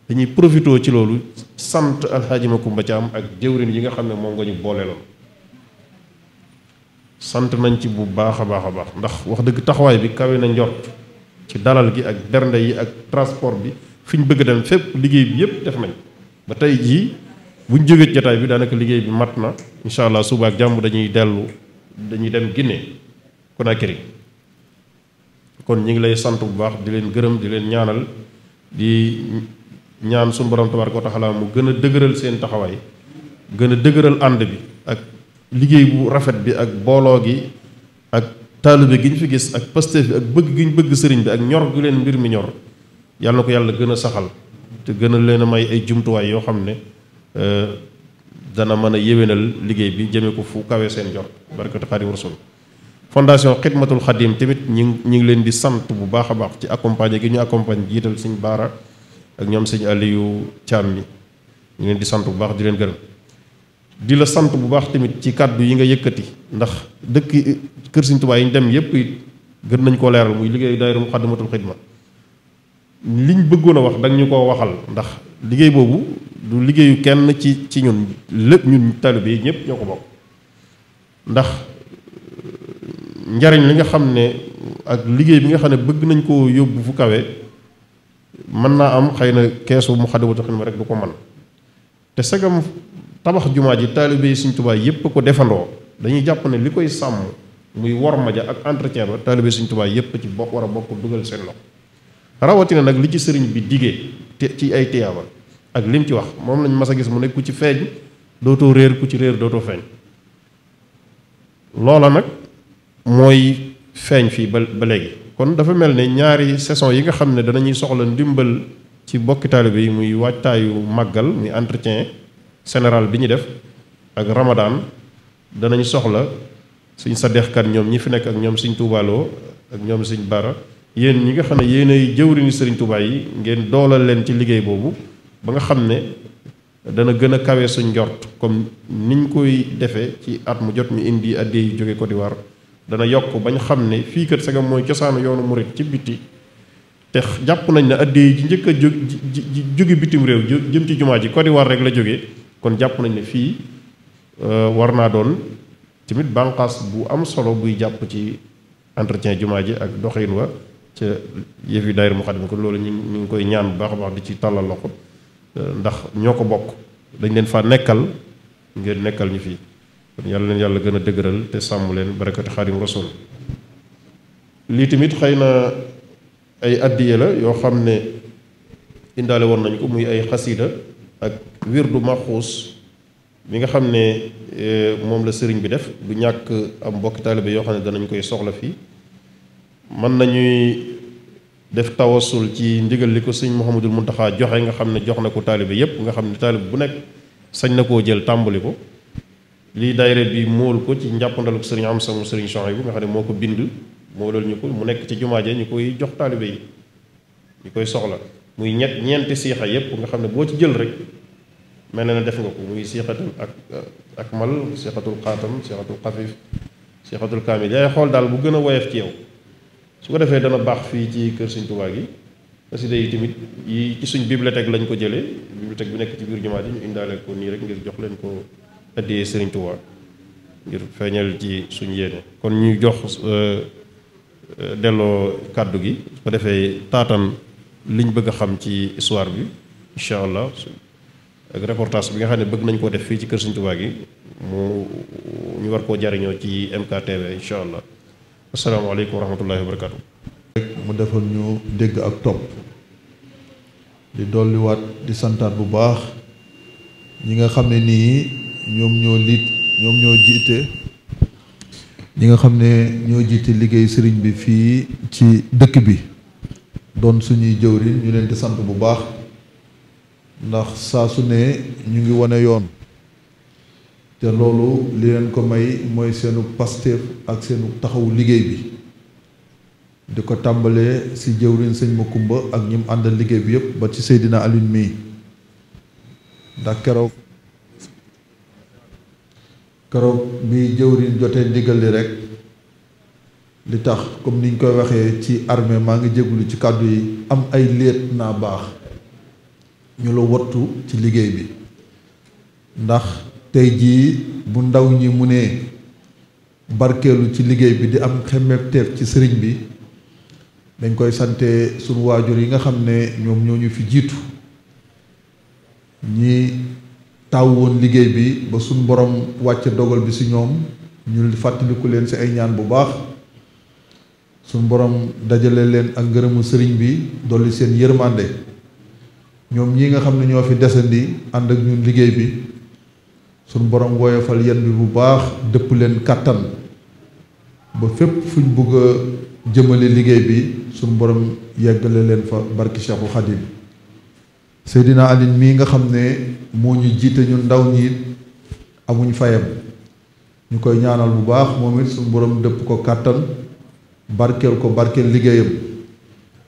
dañuy profité ci loolu sant kumba Makumba am ak jëwrin yi nga xam ne moom nga ñu booleeloon sant nañ ci bu baax a baax a baax ndax wax dëgg taxawaay bi kawe na njort ci dalal gi ak bernde yi ak transport bi fi ñu bëgg dem fépp liggéey bi yëpp def nañ ba tey jii bu ñu jógee jataay bi daanaka liggéey bi mat na incha allah suba ak jàmm dañuy dellu dañuy dem Guinée Conakry kon ñu ngi lay sant bu baax di leen gërëm di leen ñaanal di ñaan suñu borom tabaaraka wa taala mu gën a dëgëral seen taxawaay gën a dëgëral ànd bi ak. liggéey bu rafet bi ak booloo gi ak taalibe gi ñu fi gis ak pastéef bi ak bëgg gi ñu bëgg sëriñ bi ak ñor gu leen mbir mi ñor yàlla na ko yàlla gën a saxal te gën a leen a may ay jumtuwaay yoo xam ne euh, dana mën a yéwénal liggéey bi jëmee ko fu kawee seen jor barkatu Xaadim Rasul fondation xidmatul xadim tamit ñi ngi ñu ngi leen di sant bu baax a baax ci accompagner gi ñu accompagne jiital suñ baara ak ñoom àll yu Caam mi ñu leen di sant bu baax di leen gërëm di la sant bu baax tamit ci kàddu yi nga yëkkati ndax dëkk kër Sëriñ Tuubaa yi ñu dem yépp it gën nañ koo leeral muy liggéey daayira Muxaddamatul Xidma liñ bëggoon a wax danga ñu koo waxal ndax liggéey boobu du liggéeyu kenn ci ci ñun lépp ñun taalibe yi ñëpp ñoo ko bokk ndax euh, njariñ li nga xam ne ak liggéey bi nga xam ne bëgg nañ koo yóbbu fu kawe mën naa am xëy na keesu Muxaddamatul Xidma rek du ko mën te segam tabax jumaa ji taalibe yi tubaay Tuubaa yépp ko defandoo dañuy jàpp ne li koy sàmm muy worma ja ak entretien ba taalibe Sëriñ tubaay yépp ci bokk war a bokk dugal seen loxo rawatina nag li ci sëriñ bi digee te ci ay tiyaaba ak li lim ci wax moom lañ mas a gis mu ne ku ci feeñ dootoo réer ku ci réer dootoo feeñ loola nag mooy feeñ fii ba ba léegi kon dafa mel ne ñaari saison yi nga xam ne danañuy soxla ndimbal ci bokki taalibe yi muy waajtaayu màggal muy entretien général bi ñu def ak Ramadan danañ soxla suñ sadeexkat ñoom ñi fi nekk ak ñoom suñ tuubaaloo ak ñoom suñ bara yéen ñi nga xam ne yéen ay jëwriñu sëriñ Tuubaa yi ngeen doolal leen ci liggéey boobu ba nga xam ne dana gën a kawe suñ njort comme niñ koy defee ci at mu jot ñu indi addee yu jóge Côte d'Ivoire dana yokk bañ xam ne fii kër kat sagam mooy cosaanu yoonu murit ci biti te jàpp nañ ne addee yi ji njëkk a jóg ji jóge bitim réew jëm ci jumaa ji Côte d'Ivoire rek la jógee kon jàpp nañ ne fii euh, war naa doon tamit bànqaas bu am solo buy jàpp ci entretien jumaa ji ak doxin wa ca yëf yu daayira Moukhaddamatoul Khidma loolu ñu ñu ngi koy ñaan bu baax a baax di ci tàllal loxo euh, ndax ñoo ko bokk dañ leen fa nekkal ngeen nekkal ñu fii kon yàlla leen yàlla gën a dëgëral te sàmm leen barakati xaadim rasul lii tamit xëy na ay addiye la yoo xam ne indaale woon nañ ko muy ay xasiida ak wirdu maxuus bi nga xam ne eh, moom la sëriñ bi def du ñàkk am mbokki taalibe yoo xam ne danañ koy soxla fii mën na nañuy def tawasul ci ndigal li ko sëñ Mouhamadul Muntaxa joxe nga xam ne jox na ko taalibe yépp nga xam ne taalibe bu nekk sañ na koo jël tàmbali ko lii daayira bi mool ko ci njàppandalu sëriñ am samu sëriñ Soxna bu nga xam ne moo ko bind moolal ñu ko mu nekk ci jumaa ja ñu koy jox taalibe yi ñu koy soxla muy ñett ñeenti siixa yépp nga xam ne boo ci jël rek mel na ne def nga ko muy siixatul ak euh, akmal siixatul xaatam siixatul xafif siixatul kaamil yaay xool daal bu gën a woyof ci yow su ko defee dana baax fii ci kër Sëñ Tuubaa gi xasida yi tamit yi ci suñ bibliothèque lañ ko jëlee bibliothèque bi nekk ci biir jumaa ji ñu indaale ko nii rek ngir jox leen ko addiyee Sëriñ Tuubaa ngir feeñal ci suñ yéene kon ñu jox euh, euh, delloo kàddu gi su ko defee taatan liñ bëgg a xam ci histoire bi incha allah ak reportage bi nga xam ne bëgg nañ koo def fii ci kër Sëñ Tuubaa gi mu ñu war koo jariñoo ci MKTV incha allah asalaamaaleykum wa rahmatullahi wa mu defal ñu dégg ak topp di dolliwaat di santaat bu baax ñi nga xam ne nii ñoom ñoo liit ñoom ñoo jiite ñi nga xam ne ñoo jiite liggéey sëriñ bi fii ci dëkk bi doon suñuy jëwriñ ñu leen di sant bu baax. ndax saa su nee ñu ngi wane yoon te loolu li leen ko may mooy seenu Pastef ak seenu taxawu liggéey bi di ko tàmbalee si jëwriñ sëñ Makumba ak ñi mu àndal liggéey bi yëpp ba ci Seydina Alioune mii ndax keroog keroog bi jëwriñ jotee ndigal li rek li tax comme niñ koy waxee ci armée maa ngi jéglu ci kàddu yi am ay léet naa baax ñu la wattu ci liggéey bi ndax tey jii bu ndaw ñi mu ne barkeelu ci liggéey bi di am xemmeb teef ci sëriñ bi dañ koy sante sunu waajur yi nga xam ne ñoom ñoo ñu fi jiitu ñi taw woon liggéey bi ba sunu borom wàcce dogal bi ci ñoom ñu fàttaliku leen ci ay ñaan bu baax sunu borom dajale leen ak ngërëmu sëriñ bi dolli seen yërmande ñoom ñii nga xam ne ñoo fi desandi ànd ak ñun liggéey bi suñ borom woyofal yan bi bu baax dëpp leen kàttan ba fépp fuñ bugg a jëmale liggéey bi suñ borom yeggale leen fa barki Seexu Xadim Seydina Alin mii nga xam ne moo ñu jiite ñu ndaw ñi amuñ fayam ñu koy ñaanal bu baax moom it suñ borom dëpp ko kàttan barkeel ko barkeel liggéeyam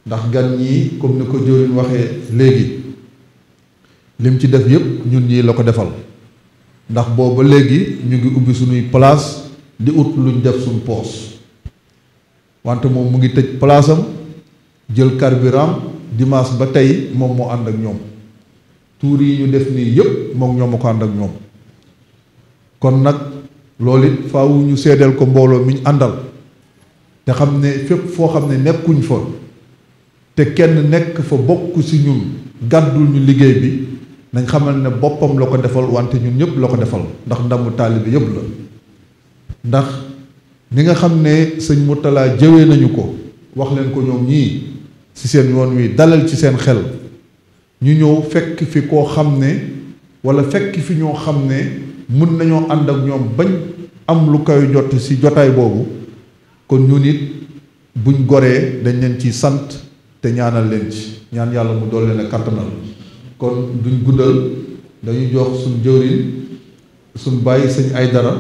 ndax gan ñi comme ni ko Diorin waxee léegi lim ci def yëpp ñun ñii la ko defal ndax booba léegi ñu ngi ubbi suñuy place di ut luñ def suñ poos wante moom mu ngi tëj palaasam jël carburant dimaas ba tey moom moo ànd ak ñoom tuur yi ñu def nii yëpp moom ñoom ma ko ànd ak ñoom kon nag loolu it faaw ñu seedeel ko mbooloo mi ñu àndal te xam ne fépp foo xam ne nekkuñ fa te kenn nekk fa bokk ci ñun gàddul ñu liggéey bi nañ xamal ne boppam la ko defal wante ñun ñëpp la ko defal ndax ndamu taalibe yëpp la ndax ni nga xam ne sëñ Mourtala jëwe nañu ko wax leen ko ñoom ñii ci seen yoon wi dalal ci seen xel ñu ñëw fekk fi koo xam ne walla fekk fi ñoo xam ne mën nañoo ànd ak ñoom bañ am lu koy jot ci jotaay boobu kon ñun it buñ goree dañ leen ci sant te ñaanal leen ci ñaan yàlla mu doole leen a kàttanal kon duñ guddal dañu jox suñ jëwriñ suñ bàyyi sëñ ay dara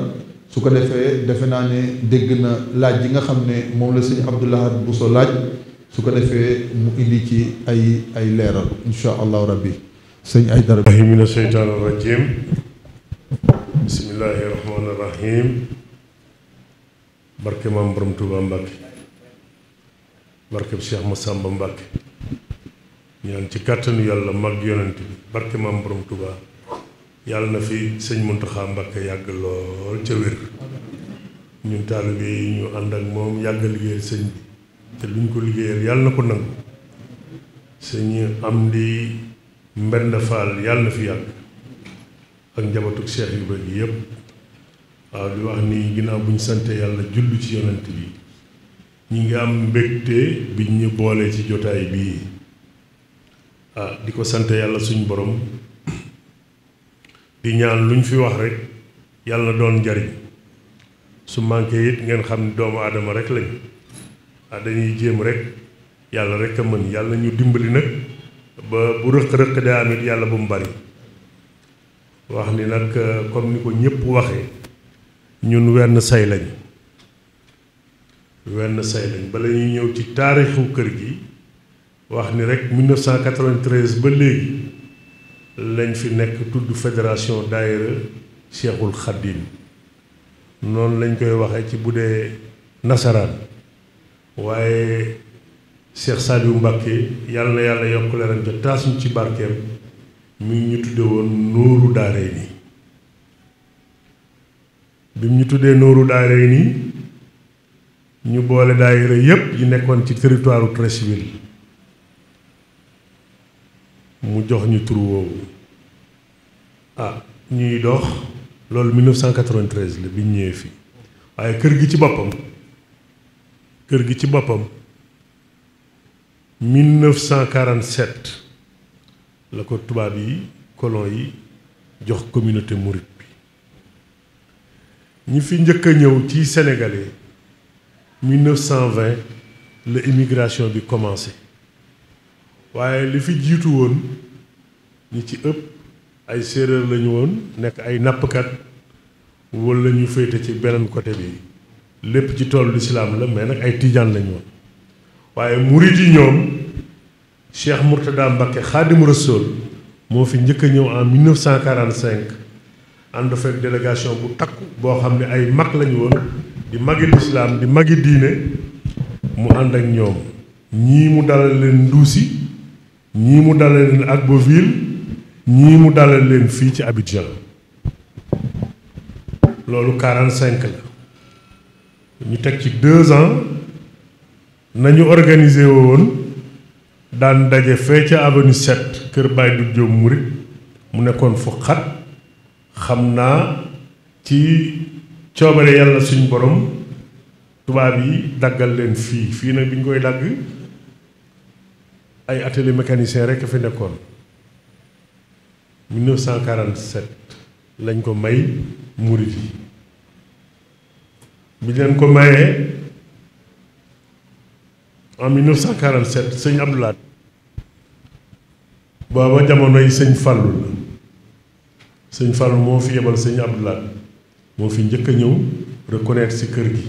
su ko defee defe naa ne dégg na laaj yi nga xam ne moom la sëñ Abdou bu Bousso laaj su ko defee mu indi ci ay ay leeral insha allahu rabbi sëñ ay dara min asheytaan arrajim bismillahi rahmaan arrahim barke maam borom Tuuba Mbàkke barke bi Cheikh Massamba Mbàkke ñaan ci kàttanu yàlla mag yonent bi barke maam borom Touba yàlla na fi sëñ Muntaxa Mbakke yàgg lool ca wér ñun taalibe yi ñu ànd ak moom yàgg liggéeyal sëñ bi te luñ ko liggéeyal yàlla na ko nangu sëñ am di mbend faal yàlla na fi yàgg ak njabatuk Cheikh yu bëri yëpp waaw di wax ni ginnaaw bu ñu sante yàlla jullu ci yonent bi ñu ngi am mbégte bi ñu boole ci jotaay bii ah di ko sant yàlla suñu boroom di ñaan lu ñu fi wax rek yàlla na doon njariñ su manqué it ngeen xam ne doomu aadama rek lañ ah dañuy jéem rek yàlla rek a mën yàlla ñu dimbali nag ba bu rëq-rëq daa am yàlla bu mu bari wax ni nag ah, comme ni ko ñépp waxee ñun wenn say lañ wenn say lañ bala ñuy ñëw ci taarixu kër gi wax ni rek 1993 ba léegi lañ fi nekk tudd fédération daayira Cheikhul Khadim noonu lañ koy waxee ci bu dee nasaraan waaye Cheikh Saliou Mbacke yàlla na yàlla yokk leeram ca taasuñ ci barkeem mu ñu tudde woon Nooru Daaray nii bi mu ñu tuddee Nooru Daaray nii ñu boole daayira yépp yi nekkoon ci territoire Treichville mu jox ñu tur woowu ah ñuy dox loolu 1993 la bi ñëwee fii waaye kër gi ci boppam kër gi ci boppam 1947 la ko tubaab yi colon yi jox communauté mouride bi ñi fi njëkk a ñëw ci sénégalais 1920 la immigration bi commencé. waaye li fi jiitu woon ñi ci ëpp ay séeréer lañu woon nekk ay nappkat wala lañu féete ci beneen côté bi lépp ci toolu lislaam la mais nag ay tijaan lañu woon waaye murit yi ñoom Cheikh Mourtada Mbacké Xaadimu Rasuul moo fi njëkk a ñëw en 1945 ànd fekk délégation bu takku boo xam ne ay mag lañu woon di magi lislaam di magi diine mu ànd ak ñoom ñii mu dalal leen nduusi ñii mu dalal leen Agboville ñii mu dalal leen fii ci Abidjan loolu 45 la ñu teg ci deux ans nañu organiser woon daan daje fee ca avenue 7 kër Baye du Diop Murit mu nekkoon fu xat xam naa ci coobare yàlla suñu borom tubaab yi daggal leen fii fii nag bi ñu koy dagg. ay atelier mécanicien rekk fi nekkoon 1947 lañ ko may murit yi bi leen ko mayee en 1947 sëñ Abdoulaat booba jamonoy sëñ Fallou la sëñ Fallou moo fi yebal sëñ Abdoulaat moo fi njëkk a ñëw reconnaître ci kër gi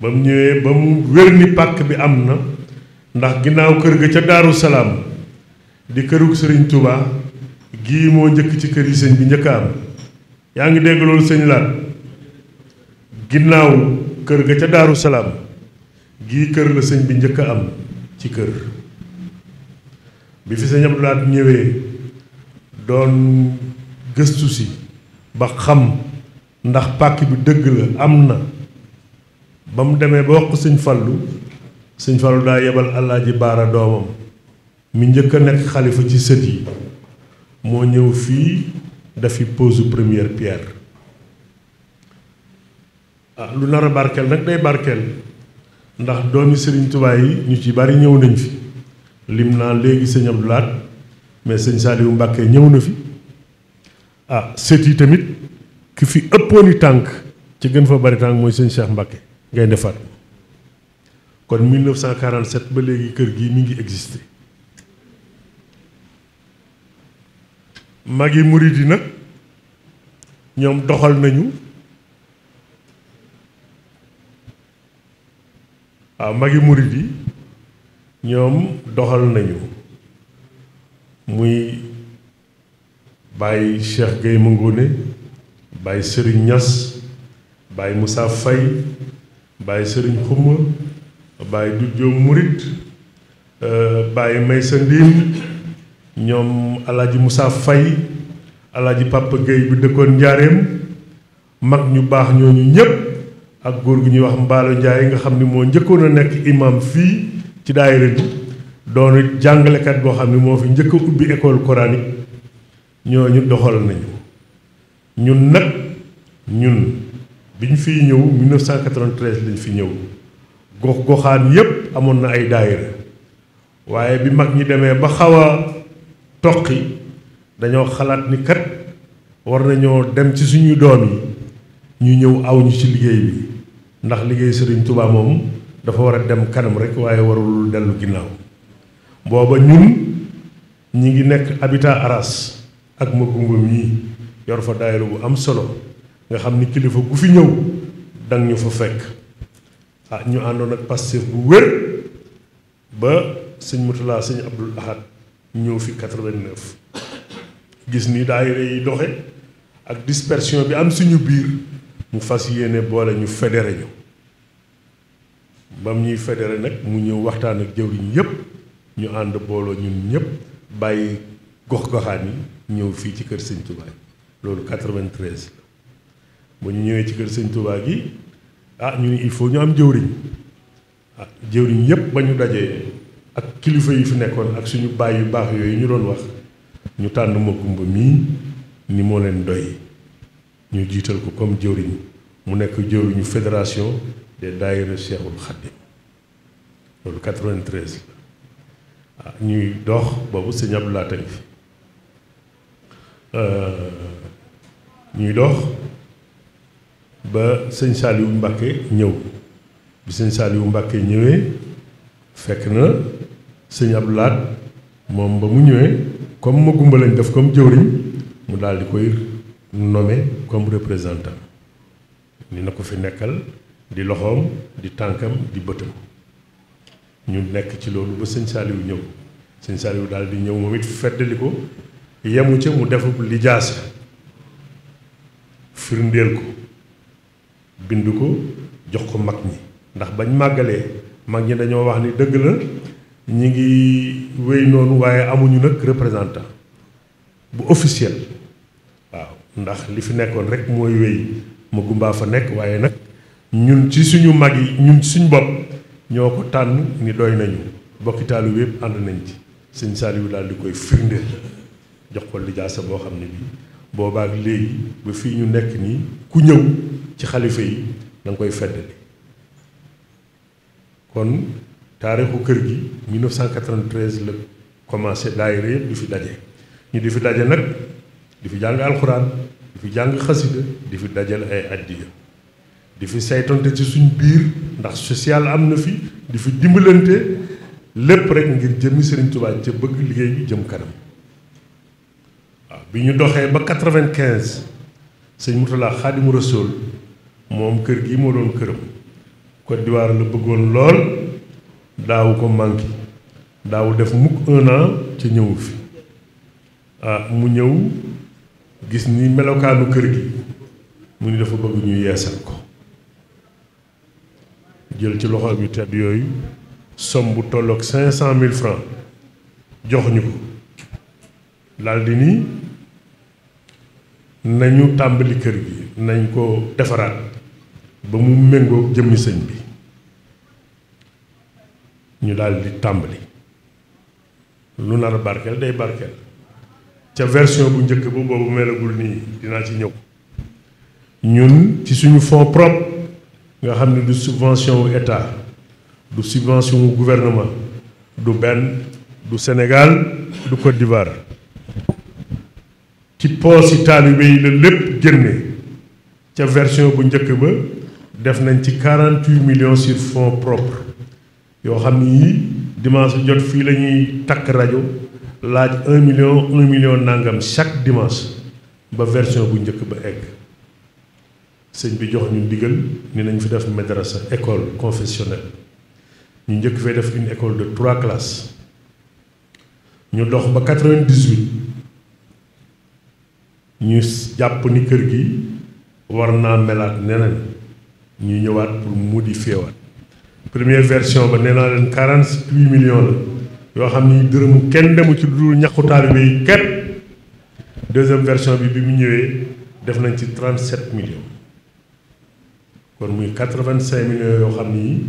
ba mu ñëwee ba mu wér ni pàkk bi am na ndax ginnaaw kër ga ca daaru salaam di këru sëriñ Touba gii moo njëkk ci kër yi sëñ bi njëkk am yaa ngi dégg loolu sëñ laat ginnaaw kër ga ca daaru salaam gii kër la sëñ bi njëkk am ci kër bi fi sëñ Abdou Lahat ñëwee doon gëstu si ba xam ndax pàkk bi dëgg la am na ba mu demee ba wax sëñ Fallu sëñ Fallou daa yebal Alaaji Baara doomam mu njëkk a nekk xalifa ci sët yi moo ñëw fii dafi pose première pierre ah lu nar a barkeel nag day ndax doomi Serigne Touba yi ñu ci bari ñëw nañ fi lim naa léegi sëñ Abdou Lahad mais sëñ Saliou Mbacke ñëw na fi ah sët yi tamit ki fi ëppooni tànk ci gën fa bari tànk mooy sëñ Cheikh Mbacke ngay defar. kon 1947 ba léegi kër gi mu ngi existé magi murid yi nag ñoom doxal nañu waaw ah, magi murid yi ñoom doxal nañu muy bàyyi Cheikh Gueye Mangone bàyyi sëriñ ñas bàyyi Moussa Faye bàyyi sëriñ Xuma bàyyi du jóom murit euh, bàyyi may sa ndiin ñoom alaaji Moussa Faye alaaji Papa Gueye bi dëkkoon njaareem mag ñu baax ñooñu ñépp ak góor gi ñuy wax Mbaalo Ndiaye nga xam ni moo njëkkoon a nekk imam fii ci daayira bi doonu jàngalekat boo xam ne moo fi njëkk a ubbi école coranique ñooñu doxal nañu ñun nag ñun bi ñu fi ñëw 1993 lañ fi ñëw gox goxaan yépp amoon na ay daayira waaye bi mag ñi demee ba xaw a toqi dañoo xalaat ni kat war nañoo dem ci suñuy doom yi ñu ñëw aw ñu ci liggéey bi ndax liggéey sëriñ Touba dafa war a dem kanam rekk waaye warul dellu ginnaaw booba ñun ñi ngi nekk Habitat Arras ak ma gungum yi yor fa daayira bu am solo nga xam ni kilifa gu fi ñëw dang ñu fa fekk ah ñu àndoon ak Pastef bu wér ba sëñ Murtala sëñ Abdul Ahad ñëw fi 89 gis ni daayira yi doxe ak dispersion bi am suñu biir mu fas yéene boole ñu federe ñu bam ñuy fédéré nag mu ñëw waxtaan ak jëwriñ yépp ñu ànd booloo ñun ñëpp bàyyi gox-goxaan yi ñëw fii ci kër sëñ Touba loolu 93 la bu ñu ñëwee ci kër sëñ Touba gi ah ñu ne il faut ñu am jëwriñ ah jëwriñ yépp ba ñu dajee ak kilifa yi fi nekkoon ak suñu baay yu baax yooyu ñu doon wax ñu tànn Makumba mii ni moo leen doy ñu jiital ko comme jëwriñ mu nekk jëwriñu fédération des daayira Cheikhul Khadim loolu 93 la ah ñuy dox boobu sëñ Abdoulaye tamit euh, ñuy dox ba sëñ Saliou Mbacke ñëw bi sëñ Saliou Mbacke ñëwee fekk na sëñ ab laat moom ba mu ñëwee comme ma gumba lañ def comme jëwriñ mu daal di koy nommé comme représentant ni na ko fi nekkal di loxoom di tànkam di bëtam ñu nekk ci loolu ba sëñ Saliou ñëw sëñ Saliou daal di ñëw moom it feddali ko yemu ca mu defub lijaasa firndeel ko bind ko jox ko mag ñi ndax bañ màggalee mag ñi dañoo wax ni dëgg la ñi ngi wéy noonu waaye amuñu nag représentant bu officiel waaw ndax li fi nekkoon rek mooy wéy ma gumbaa fa nekk waaye nag ñun ci suñu mag yi ñun ci suñu bopp ñoo ko tànn ni doy nañu bokki taalibe wépp ànd nañ ci sëñ Saliou daal di koy firndeel jox ko lijaasa boo xam ne bii boobaak léegi ba fii ñu nekk nii ku ñëw ci xalifa yi da nga koy feddali kon taarixu kër gi 1993 la commencé daayira yëpp di fi daje ñu di fi daje nag di fi jàng alxuraan di fi jàng xasida di fi dajal ay addiya di fi saytonte ci suñ biir ndax social am na fi di fi dimbalante lépp rek ngir jëmmi Serigne Touba ca bëgg liggéey bi jëm kanam bi ñu doxee ba quatre-vingt-quinze sëñ Mourtala Xaadimu moom kër gi moo doon këram Côte d'Ivoire la bëggoon lool daawu ko manqué daawu def mukk un an ca ñëwu fi ah mu ñëw gis ni melokaanu kër gi mu ni dafa bëgg ñu yeesal ko jël ci loxo yu tedd yooyu somme bu tolloog cinq cent mille francs jox ñu ko daal nii nañu tàmbali kër gi nañ ko defaraat ba mu méngoo jëmmi sëñ bi ñu daldi tàmbali lu nar a barkeel day barkeel ca version bu njëkk bu boobu melagul nii dinaa ci ñëw ñun ci suñu fonds propre nga xam ne du subvention wu état du subvention wu du benn du Sénégal du Côte d'Ivoire ci poosi taalibe yi la lépp génne ca version bu njëkk ba def nañ ci quarante huit million sur fonds propres yoo xam ni dimanche jot fii la ñuy takk rajo laaj un million un million nangam chaque dimanche ba version bu njëkk ba egg sëñ bi jox ñu ndigal ni nañ fi def madrasa école confessionnelle ñu njëkk fee def une école de trois classes ñu dox ba quatre ñu jàpp ni kër gi war naa melaat neneen ñu ñëwaat pour modifier waat première version ba nee naa leen quarante huit millions la yoo xam ni dërëmu kenn demu ci dul ñaxu taalibe yi képp deuxième version bi bi mu ñëwee def nañ ci trente sept millions kon muy quatre vingt cinq millions yoo xam ni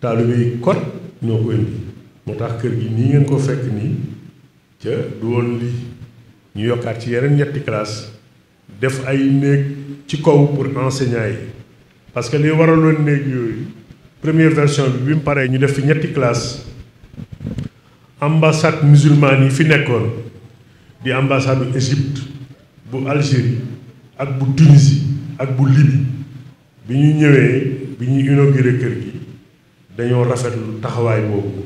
taalibe yi kot ñoo ko indi moo tax kër gi nii ngeen ko fekk nii ca du woon lii ñu yokkaat ci yeneen ñetti classe def ay néeg ci kaw pour enseignants yi parce que li waraloon néeg yooyu première version bi bi mu paree ñu def fi ñetti classe ambassade musulmane yi fi nekkoon di ambassade bu Égypte bu Algérie ak bu Tunisie ak bu Libye bi ñu ñëwee bi ñu inauguré kër gi dañoo rafetlu taxawaay boobu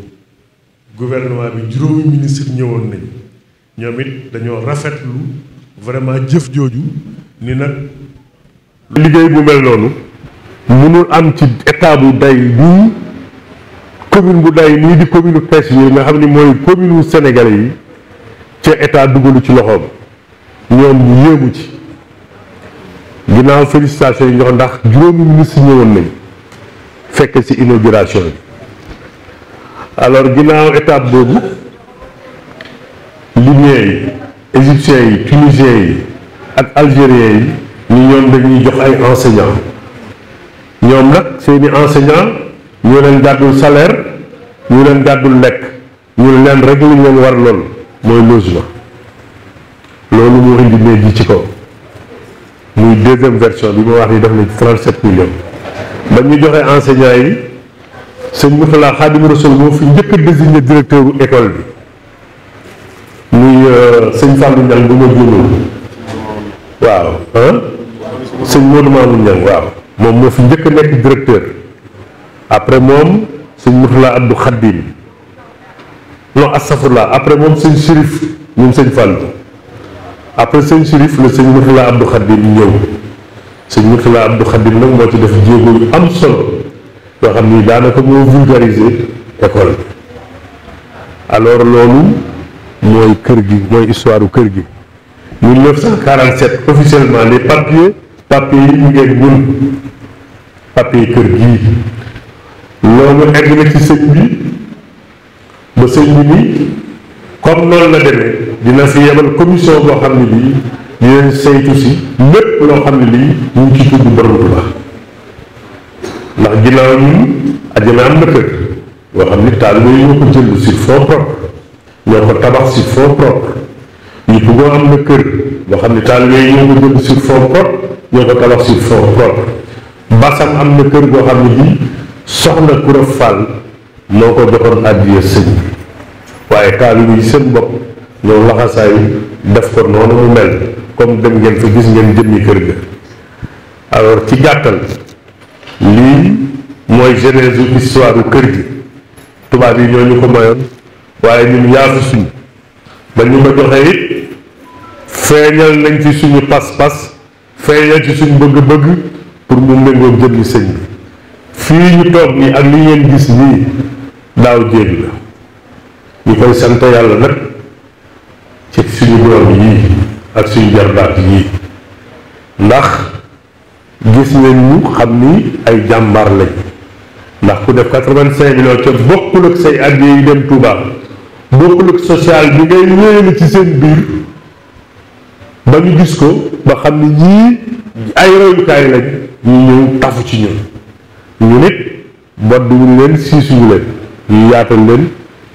gouvernement bi juróomi ministre ñëwoon nañ ñoom it dañoo rafetlu vraiment jëf jooju ni nag liggéey bu mel noonu mënul am ci état bu day nii commune bu day nii di commune pêche yi nga xam ni mooy commune wu sénégalais yi ca état dugalu ci loxoom ñoom ñu yéemu ci ginnaaw félicitation yi jox ndax juróomi ministre ñëwoon nañ fekk ci inauguration yi alors ginnaaw étape boobu yi égyptiens yi tunisiens yi ak algériens yi ñu ñoom dañuy jox ay enseignants ñoom nag seeni enseignants ñu leen gàddul salaire ñu leen gàddul lekk ñu leen rek li leen war lool mooy logement loolu moo indi néeg yi ci kaw muy deuxième version bi ma wax ni def na ci 37 millions ba ñu joxe enseignants yi sëñ Mourtala Khadim Rasoul moo fi njëkk a désigné directeur bu école bi Euh, sëñ Fallou Niang bu ma juumul waaw ah sëñ Modou Mamoun Niang waaw moom moo fi njëkk a nekk directeur après moom sëñ Mourtala Abdou Khadim non astafurlah après moom sëñ Chérif ñoom sëñ Fallou après sëñ Chérif la sëñ Mourtala Abdou Khadim ñëw sëñ Mourtala Abdou Khadim nag moo ci def jéego am solo yoo xam daanaka moo vulgariser école alors loolu. mooy kër gi mooy histoire u kër gi 1947 officiellement les papiers papiers yi ñu ngeen ñun papier kër gii loolu egg na ci sëñ bi ba sëñ bi ni comme noonu la demee dina fi yebal commission boo xam ne bii dinañ saytu si lépp loo xam ne lii ñu ngi ci tudd borom Tuuba ndax ginnaaw ñun àjjana am na kër yoo xam ni taal yooyu ñoo ko jënd sur fond ñoo ko tabax si fonds propre ñu bëggoo am na kër yoo xam ne taalibe yi ñoo ko jënd si fonds propre ñoo ko tabax si fonds propre basam am na kër goo xam ne bii soxna Kura Fall moo ko joxoon addiya sëñ waaye taalibe yi seen bopp ñoo laxasaay def ko noonu mu mel comme dem ngeen fa gis ngeen jëmmi kër ga alors ci gàttal lii mooy genèse histoire kër gi tubaab yi ñoo ñu ko mayoon waaye ñun yaatu suñu ba ñu ma it feeñal nañ ci suñu pas-pas feeñal ci suñu bëgg-bëgg pour mu méngoo jëmmi sëñ bi fii ñu toog nii ak li ngeen gis nii daaw jéeg la ñu koy sant yàlla nag ci suñu borom yii ak suñu jarbaat yii ndax gis ngeen ñu xam ni ay jàmbaar lañ ndax ku def quatre-vingt-cinq millions ca bokkul ak say addiya yi dem Touba bokkul ak social bi ngay wéyale ci seen biir ba ñu gis ko ba xam ne ñii ay royukaay lañ ñu ñëw tafu ci ñun ñu nit bodduñu leen siisuñu leen ñu yaatal leen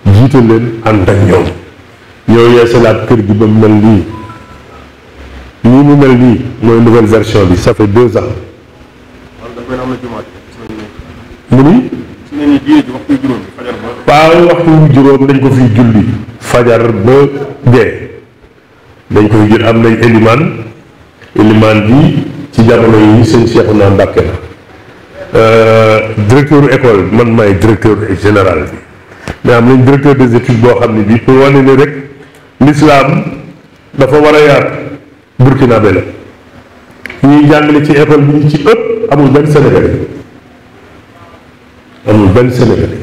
jiital leen ànd ak ñoom ñoo yeesalaat kër gi ba mu mel nii lii mu mel nii mooy nouvelle version bi sa fait deux ans mu ni waaw waxtu juróom dañ ko fi julli fajar ba dee dañ koy jël am nañ élimaan élimaan bi ci jamono yi sëñ Cheikhouna Mbacké la euh, directeur école man maay directeur général bi mais am nañ directeur des études boo xam ne bii pour wane ni rek l'islam dafa war a yaatu burkinabé la ñuy jàngale ci école bi ñu ci ëpp amul benn Sénégalais amul benn Sénégalais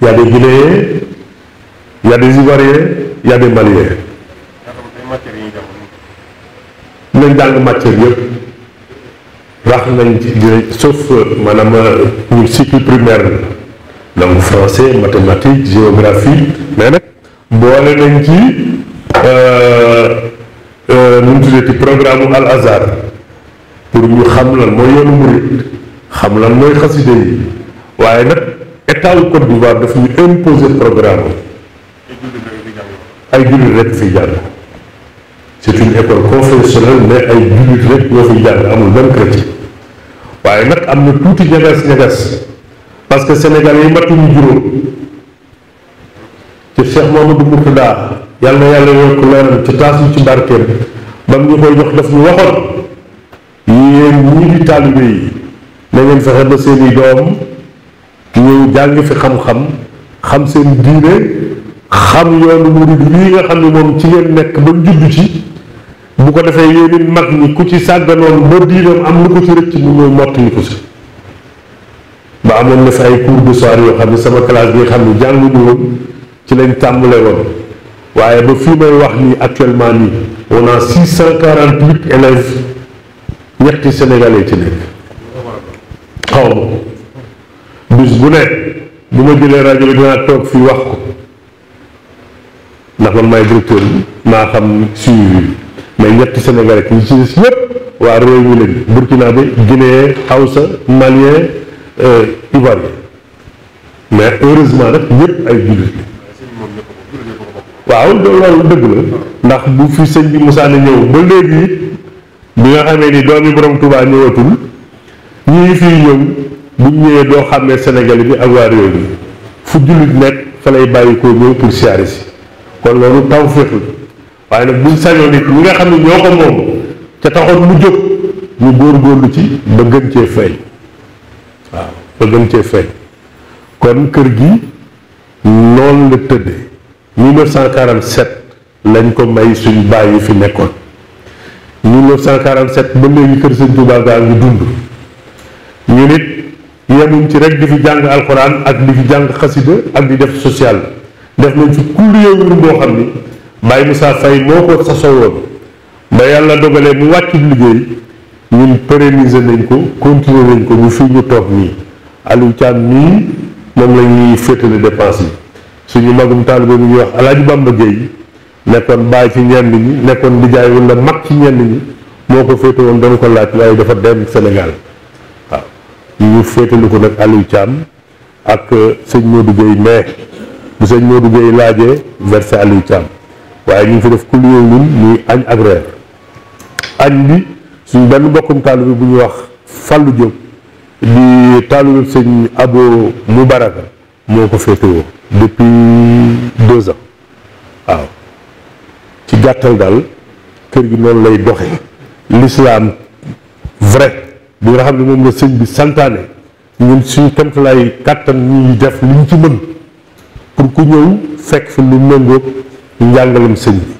ya a des Guinéens y a des Ivoiriens y a nañ jàng matière yëpp rax nañ ci sauf euh, maanaam euh, pour cycle primaire la langue français mathématique géographie mais nag boole nañ ci euh, nu mu tuddee ci programme al azhar pour ñu xam lan mooy yoonu murit xam lan mooy xaside yi waaye nag état wu Côte d'Ivoire daf ñu imposer programme ay jullit rek fi jàll c'est une école confessionnelle mais ay jullit rek ñoo fi jàll amul benn chrétien waaye nag am na tuuti ñagas-ñagas parce que Sénégal yi matuñu juróom ci Cheikh Mamadou Murtada yàlla na yàlla yokk leeram ci taas ci barkeem ba mu ñu koy jox daf ñu waxoon yéen ñi di taalibe yi na fexe ba seeni doom ñëw jàng fi xam-xam xam seen diine xam yoonu murid lii nga xam ne moom ci ngeen nekk ba judd ci bu ko defee yéen it mag ñi ku ci sàgganoon ba diinam am lu ko ci rëcc mu ñëw mottali ko si ba amoon na fi ay cours de soir yoo xam ne sama classe bi xam ne jànguñu woon ci lañ tàmbalee woon waaye ba fii may wax nii actuellement nii on a cent quarante huit élèves ñetti sénégalais ci nekk xaw ma bis bu ne bu ma jëlee rajo bi dinaa toog fii wax ko ndax man maay directeur bi maa xam suivi mais ñetti Sénégalais ñi ci des yëpp waa réew mi lañ Burkina bi Guinée Hausa Malien euh, Ivoirien mais heureusement nag ñëpp ay jullit waaw loolu dëgg la ndax bu fi sëñ bi Musaane ñëw ba léegi bi nga xamee ni doomi borom Touba ñëwatul ñii fii ñëw bu ñëwee doo xàmmee Sénégalais bi ak waa réew mi fu jullit nekk fa lay bàyyi ko ñëw pour siyaare si kon loolu taw féex la waaye nag buñ sañoon nit ñi nga xam ne ñoo ko moom ca taxoon mu jóg ñu góorgóorlu ci ba gën cee fay waaw ba gën cee kon kër gi noonu la tëdde 1947 lañ ko may suñ baay yi fi nekkoon 1947 ba léegi kër Sëñ Tuubaa gaa ngi dund ñu nit yemuñ ci rek di fi jàng alxuraan ak di fi jàng xasida ak di def social la def nañ fi kulliyewul boo xam ni Baye Moussa Faye moo ko sasoo woon ba yàlla dogalee mu wàcc liggéey ñun pérenniser nañ ko continuer nañ ko ñu fi ñu toog nii Aliou Thiam nii moom la ñuy féetale dépense yi suñu magum taalibe bi ñuy wax Alaaji Bamba Gueye nekkoon bàyyi ci ñenn ñi nekkoon di jaay wala mag ci ñenn ñi moo ko féete woon dañ ko laaj waaye dafa dem Sénégal ñu féetalu ko nag Aliou Thiam ak euh, sëñ Modou Gueye mais bu sëñ Modou Gueye laajee versé Aliou waaye ñu ngi fi def ku luyoo ñun muy añ ak reer añ bi suñ benn bokkum taalibe bu ñuy wax Fallou Diop di taalibe sëñ Abo Moubaraka moo ko féetewoo depuis deux ans waaw ci gàttal daal kër gi noonu lay doxe l'islam vrai bi nga xam ne moom la sëñ bi santaane ñun suñu kamtalaay kàttan ñuy def liñ ci mën pour ku ñëw fekk fi lu méngoog njàngalam sëñ bi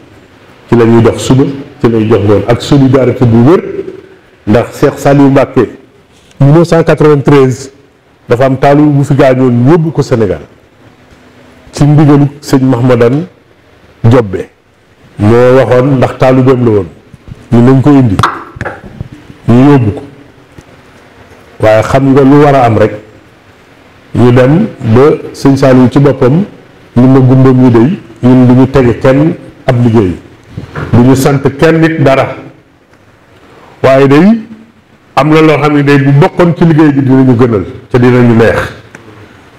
ci la ñuy dox suba ci lay jox ngoon ak solidarité bu wér ndax Cheikh Saliou Mbacké 1993 dafa am taalu bu fi gaañoon yóbbu ko senegal ci ndigalu sëñ Mahmadan Jobbe moo waxoon ndax taalu bem la woon ñu nañ ko indi ñu yóbbu ko waaye xam nga lu war a am rek ñu dem ba sëñ Saliou ci boppam ñu ma gumba ñu dey ñun du tege kenn ab liggéey du ñu sant kenn nit dara waaye day am na loo xam ne day bu bokkoon ci liggéey bi dinañu gënal te ñu neex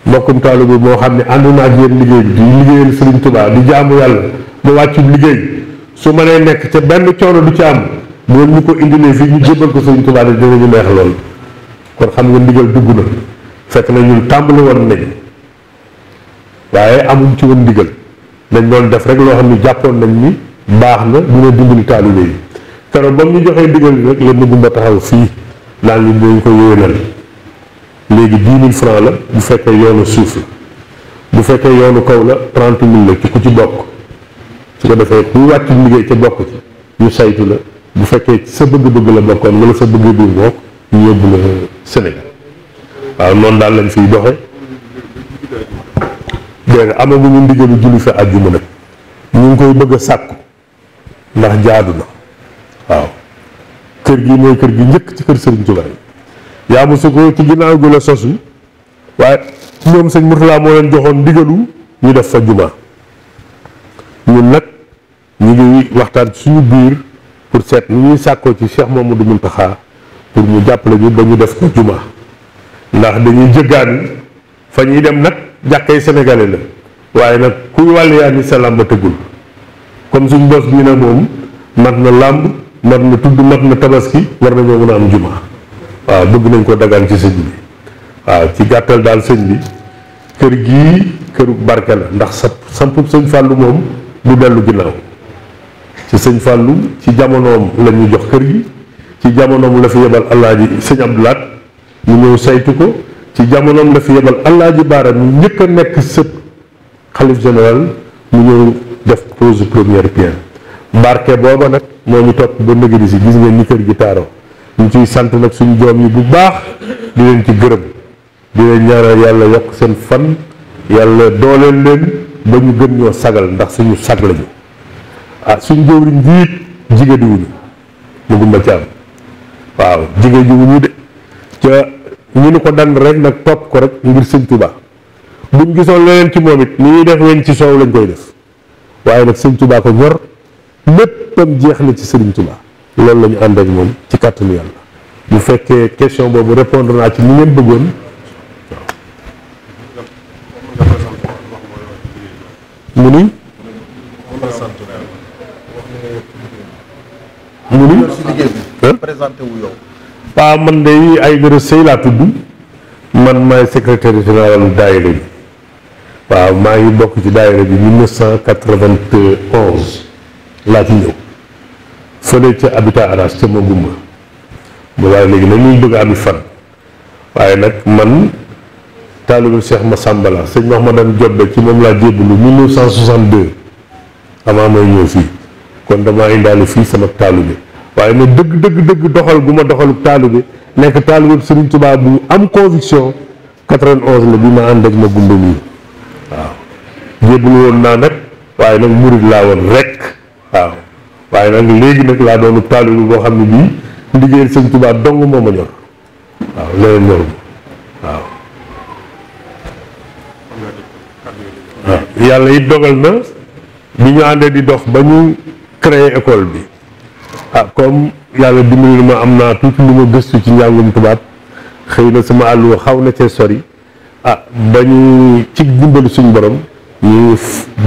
mbokkum taalu bi moo xam ne ànd naa ak yéen liggéey bi di liggéeyal Sëriñ Tuubaa di jaamu yàlla mu wàccu liggéey su ma nee nekk ca benn coono du ci am bu ñu ko indilee fii ñu jébbal ko Sëriñ Tuubaa dinañu neex lool kon xam nga ndigal dugg na fekk na ñun tàmbali woon nañ waaye amuñ ci woon ndigal dañ doon def rek loo xam ne jàppoon nañ ni baax na dina dimbali taalibe yi keroog ba mu joxee ndigal yi rek la ñu gumba taxaw fii ko yéwénal léegi dix mille la bu fekkee yoonu suuf la bu fekkee yoonu kaw la trente mille la ci ku ci bokk su ko defee ku wàcc liggéey ca bokk ci ñu saytu la bu fekkee sa bëgg-bëgg la bokkoon wala sa bëgg bi bokk ñu yóbbu la Sénégal waaw noonu daal lañ fiy doxe dégg nga amaguñu ndigalu julli fa àjjuma nag ñu ngi koy bëgg a sàkku ndax jaadu na waaw kër gi mooy kër gi njëkk ci kër Serigne Touba yi yaa mosu ko ci ginnaaw gi la sosu waaye ñoom sëñ Mourtala moo leen joxoon ndigalu ñu def fa juma ñun nag ñu ngi waxtaan suñu biir pour seet ni ñuy sàkkoo ci Cheikh Mamadou Mountakha pour mu jàppale ñu ba ñu def ko juma ndax dañuy jëggaani fa ñuy dem nag jàkkay sénégalais la waaye nag kuy wàll yaa ni sa làmb tëggul comme suñ bos bii nag moom mat na làmb mat na tudd mat na tabaski war nañoo mën a am juma waaw bëgg nañ ko dagaan ci sëñ bi waaw ci gàttal daal sëñ bi kër gii këru barke la ndax sa sampub sëñ fàllu moom du dellu ginnaaw ci sëñ fàllu ci jamonoom lañuy jox kër gi ci jamonoom la fi yebal alaaji sëñ Abdoulaat mu ñëw saytu ko ci jamonoom la fi yebal alaaji Baara mu njëkk a nekk sët xalif général mu ñëw def pose première pierre barke booba nag moo ñu topp ba nëgëri gis ngeen ni kër gi taaro ñu ciy sant nag suñu doom yi bu baax di leen ci gërëm di leen ñaanal yàlla yokk seen fan yàlla dooleel leen ba ñu gën ñoo sagal ndax suñu sag lañu ah suñu jëwriñ jiit jigéen diwuñu mu gumba ci waaw jigéen ji wuñu de ca ñu ni ko dand rek nag topp ko rek ngir sëñ Tuba buñ gisoon leneen ci moom it li ñuy def weñ ci soow lañ koy def waaye nag sëñ Tuba ko ñor léppam jeex na ci sëriñ Tuba loolu la ñu ànd moom ci kàttanu yàlla bu fekkee question boobu répondre naa ci li ngeen bëggoon mu ni mu ni présenté wu yow. waaw man de Aïdara Seye laa tudd man maay secrétaire général daayira bi waaw maa ngi bokk ci daayira bi 1991 laa ci ñëw fële ca Habitat Arras ca Magumba boobaa léegi nag ñu bëgg ami fan waaye nag man taalibu Cheikh Massamba la sëñ Mahmadane Jobbe ci moom laa jébbalu 1962 avant may ñëw fii kon damaa indaale fii sama taalibe waaye nag dëgg dëgg dëgg doxal gu ma doxalu taalibe nekk taalibe Serigne Touba bu am conviction 91 la bi ma ànd ak ma gumba mii waaw jébbalu woon naa nag waaye nag murid laa woon rek waaw waaye nag léegi nag laa doonu taalibe boo xam ne bii liggéeyal Sëñ Touba dong moo ma ñor waaw leneen ñor waaw yàlla it dogal na bi ñu àndee di dox ba ñu créer école bi ah comme yàlla dimbali na ma am naa tuuti lu ma gëstu ci njàngum tubaab xëy na sama àll xaw na cee sori ah ba ñu ci dimbali suñ borom ñu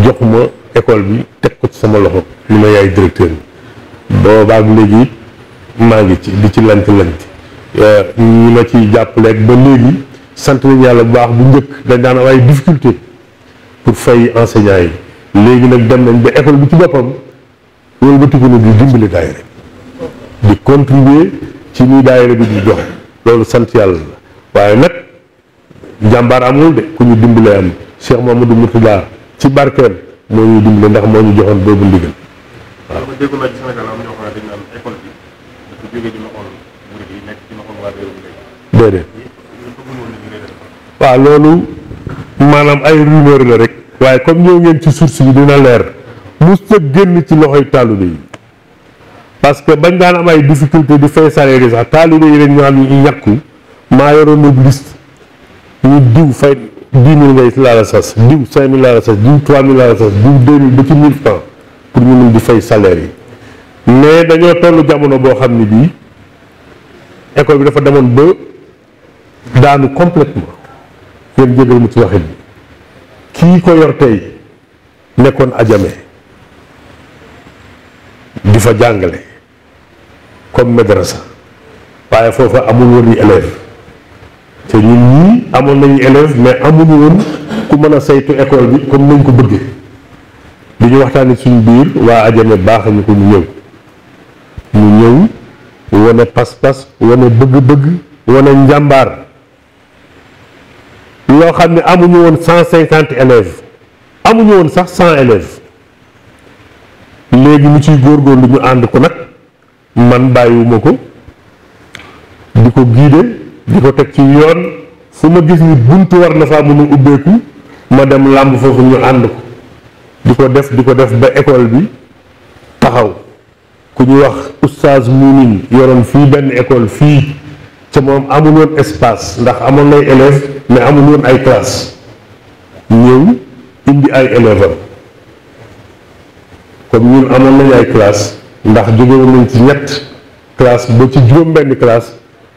joxuma ma école bi teg ko ci sama loxo li ma yaay directeur bi boobaak léegi maa ngi ci di ci lanti lanti eh, ñi ma ci jàppaleeg ba léegi sant nañ yàlla bu baax bu njëkk dañ daan am ay difficulté pour fay enseignants yi léegi nag dem nañ ba école bi ci boppam wëlbatiku na di dimbali daay rek di contribuer ci ni daayira bi di dox loolu sant yàlla la waaye nag jàmbaar amul de ku ñu dimbalee am Cheikh Mamadou Mourtada ci barkeel moo ñu dimbale ndax moo ñu joxoon boobu ndigal waaw. dama déggoon waa loolu maanaam ay rumeur la rek. waaye comme ñëw ngeen ci source bi dina leer mos a génn ci loxoy taalibe yi. parce que bañ daan am difficulté di fay salaire sax taalibe yi dañ naan ñu ñàkku maa yoroon liste ñu diw fay dix mille ngay laa la diw cinq mille laa diw trois mille laa la sas diw deux mille ba ci mille francs pour ñu mun di fay salaire yi mais dañoo toll jamono boo xam ne bii école bi dafa demoon ba daanu complètement ngeen jégal mu ci waxin bi kii ko yor tey nekkoon ajame di jàngale comme madrasa waaye foofu amul woon yi élève te ñun ñii amoon nañu élève mais amul woon ku mën a saytu école bi comme nañ ko bëggee li ñu waxtaanee suñu biir waa ajame baax ñu ko mu ñëw ñu ñëw wane pas-pas wane bëgg-bëgg wane njàmbaar loo xam ne amuñu woon cent cinquante élèves amuñu woon sax cent élèves léegi ñu ciy góorgóorlu ñu ànd ko nag man bàyyiwuma ko di ko guider di ko teg ci yoon fu ma gis ni bunt war na faa mën ubbeeku ma dem làmb foofu ñu ànd ko di ko def di ko def ba école bi taxaw ku ñu wax oustaz Moumin yoroon fii benn école fii ca moom amul woon espace ndax amoon nay élèves mais amul woon ay classe ñëw indi ay élèves am comme ñun amoon nañ ay classe ndax jógewoon nañ ci ñett classe ba ci juróom-benn classe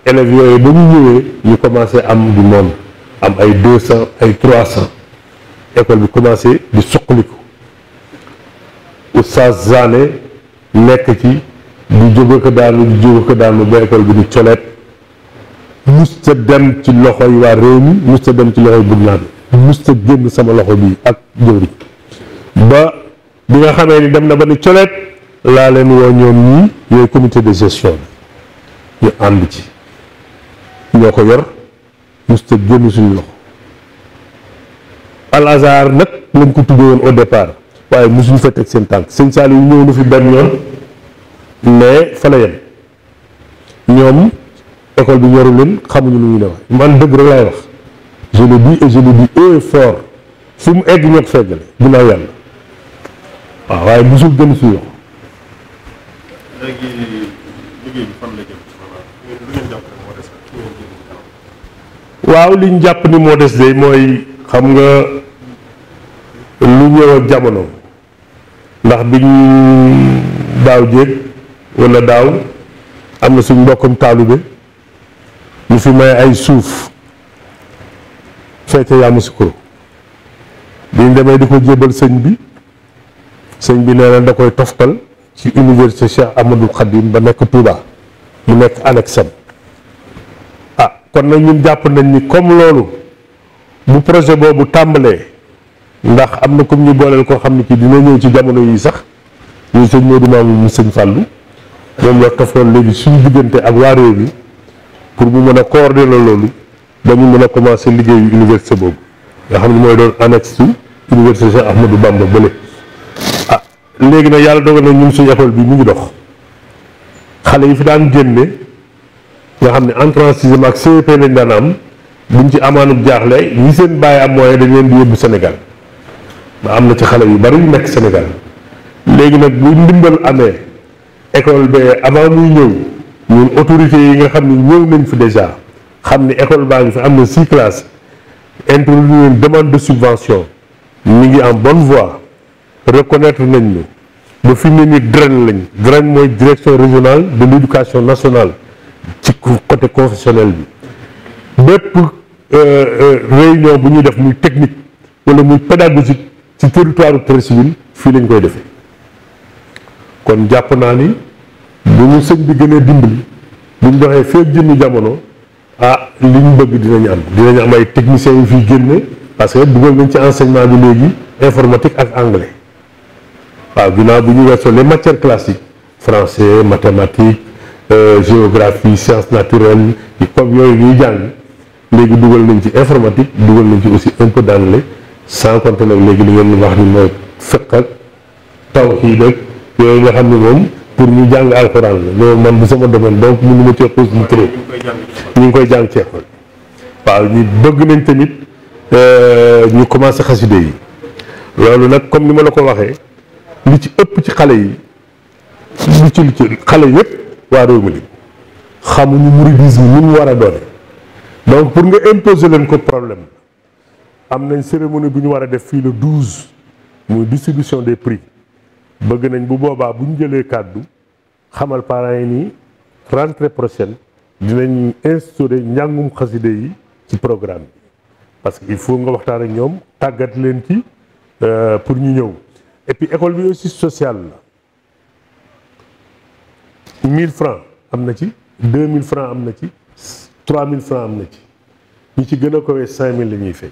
élèves yooyu ba ñu ñëwee ñu commencé am du monde am ay deux cent ay trois cent école bi commencé di suqaliku oustaz Zane nekk ci di jóge ko daanu di jóge ko daanu ba école bi di coleet mus ta dem ci loxoy waa réew mi mus ta dem ci loxoy Bougnaal bi mus ta génn sama loxo bii ak jëwri ba bi nga xamee ni dem na ba ni coleet laa leen woo ñoom ñii yooyu comité de gestion ñu ànd ci ñoo ko yor musta génn suñu loxo al nag lañ ko tuddee woon au départ waaye mosuñ fa teg seen tànk sëñ Saliou ñëw na fi benn yoon mais fa la yem ñoom école bi ñoru leen xamuñu lu ñu ne wax man dëgg rek laay wax je le dis et fort fu mu egg ñoo ko feggale ginnaaw yàlla waaw waaye mosul gën suñu loxo waaw li jàpp ni moo des de mooy xam nga lu ñëw jamono ndax bi ñu daaw jéeg walla daaw am na suñ mbokkum taalibe mu fi may ay suuf feete Yamoussoukro bi ñu demee di ko jébal sëñ bi sëñ bi nee na da koy toftal. ci université Cheikh Ahmadul Khadim ba nekk Touba mu nekk annexe ah kon nag ñun jàpp nañ ni comme loolu bu projet boobu tàmbalee ndax am na comme ñu booleel koo xam ne kii dina ñëw ci jamono yi sax ñun sëñ Modou Mamoun mu sëñ Fallou moom la tofloon léegi suñu diggante ak waa réew mi pour mu mën a coordonner loolu ba ñu mën a commencé liggéeyu université boobu nga xam ne mooy doon annexe su université Cheikh Ahmadou Bamba bële ah léegi nag yàlla dogal na ñun suñu école bi mu ngi dox xale yi fi daan génne nga xam ne entrant sixième ak CEP lañ daan am buñ ci amaanub jaaxle ñi seen bàyyi am mooy dañ leen di yóbbu Sénégal ba am na ci xale yu bari yu nekk Sénégal léegi nag bu ndimbal amee école bi avant muy ñëw ñun autorité yi nga xam ne ñëw nañ fi déjà xam ne école baa ngi fi am na six classes introduire demande de subvention mi ngi en bonne voie. reconnaître nañ ñu ba fi mu ne nii DREN lañ DREN mooy direction régionale de l' éducation nationale ci côté confessionnel bi bépp euh, euh, réunion bu ñuy def muy technique wala muy pédagogique ci territoire très fii lañ koy defee kon jàpp naa ni bu ñu sëñ bi gënee dimbali bu ñu doxee feeg jëmmi jamono ah li ñu bëgg dinañ am dinañ am ay techniciens yu fiy génne parce que dugal nañ ci enseignement bi léegi informatique ak anglais. waaw ginnaaw bu ñu weesoo les matières classiques français mathématiques euh, géographie sciences naturelles yi comme yooyu ñuy jàng léegi dugal nañ ci informatique dugal nañ ci aussi un peu d'anglais sans léegi li ngeen wax ni mooy fiq ak tawhiid ak yooyu nga xam ne moom pour ñu jàng alxuraan la loolu man bu sama domaine donc nu ma cee xuus lu trop ñu ngi koy jàng ci waaw ñu bëgg nañ tamit euh, ñu commencé xaside yi loolu nag comme ni ma la ko waxee li ci ëpp ci xale yi li ci li ci xale yëpp waa réew mi li xamuñu mouridisme ni mu war a doone donc pour nga imposer leen ko problème am nañ cérémonie bu ñu war a def fii le douze muy distribution des prix bëgg nañ bu boobaa bu ñu jëlee kàddu xamal parent yi nii rentrée prochaine dinañ instaurer njàngum xaside yi ci programme bi parce que il faut nga waxtaan ak ñoom tàggat leen ci euh, pour ñu ñëw. et puis école bi aussi sociale la 1000 francs am na ci 2000 francs am na ci 3000 francs am na ci ñi ci gën a kowee cinq mille ñuy fay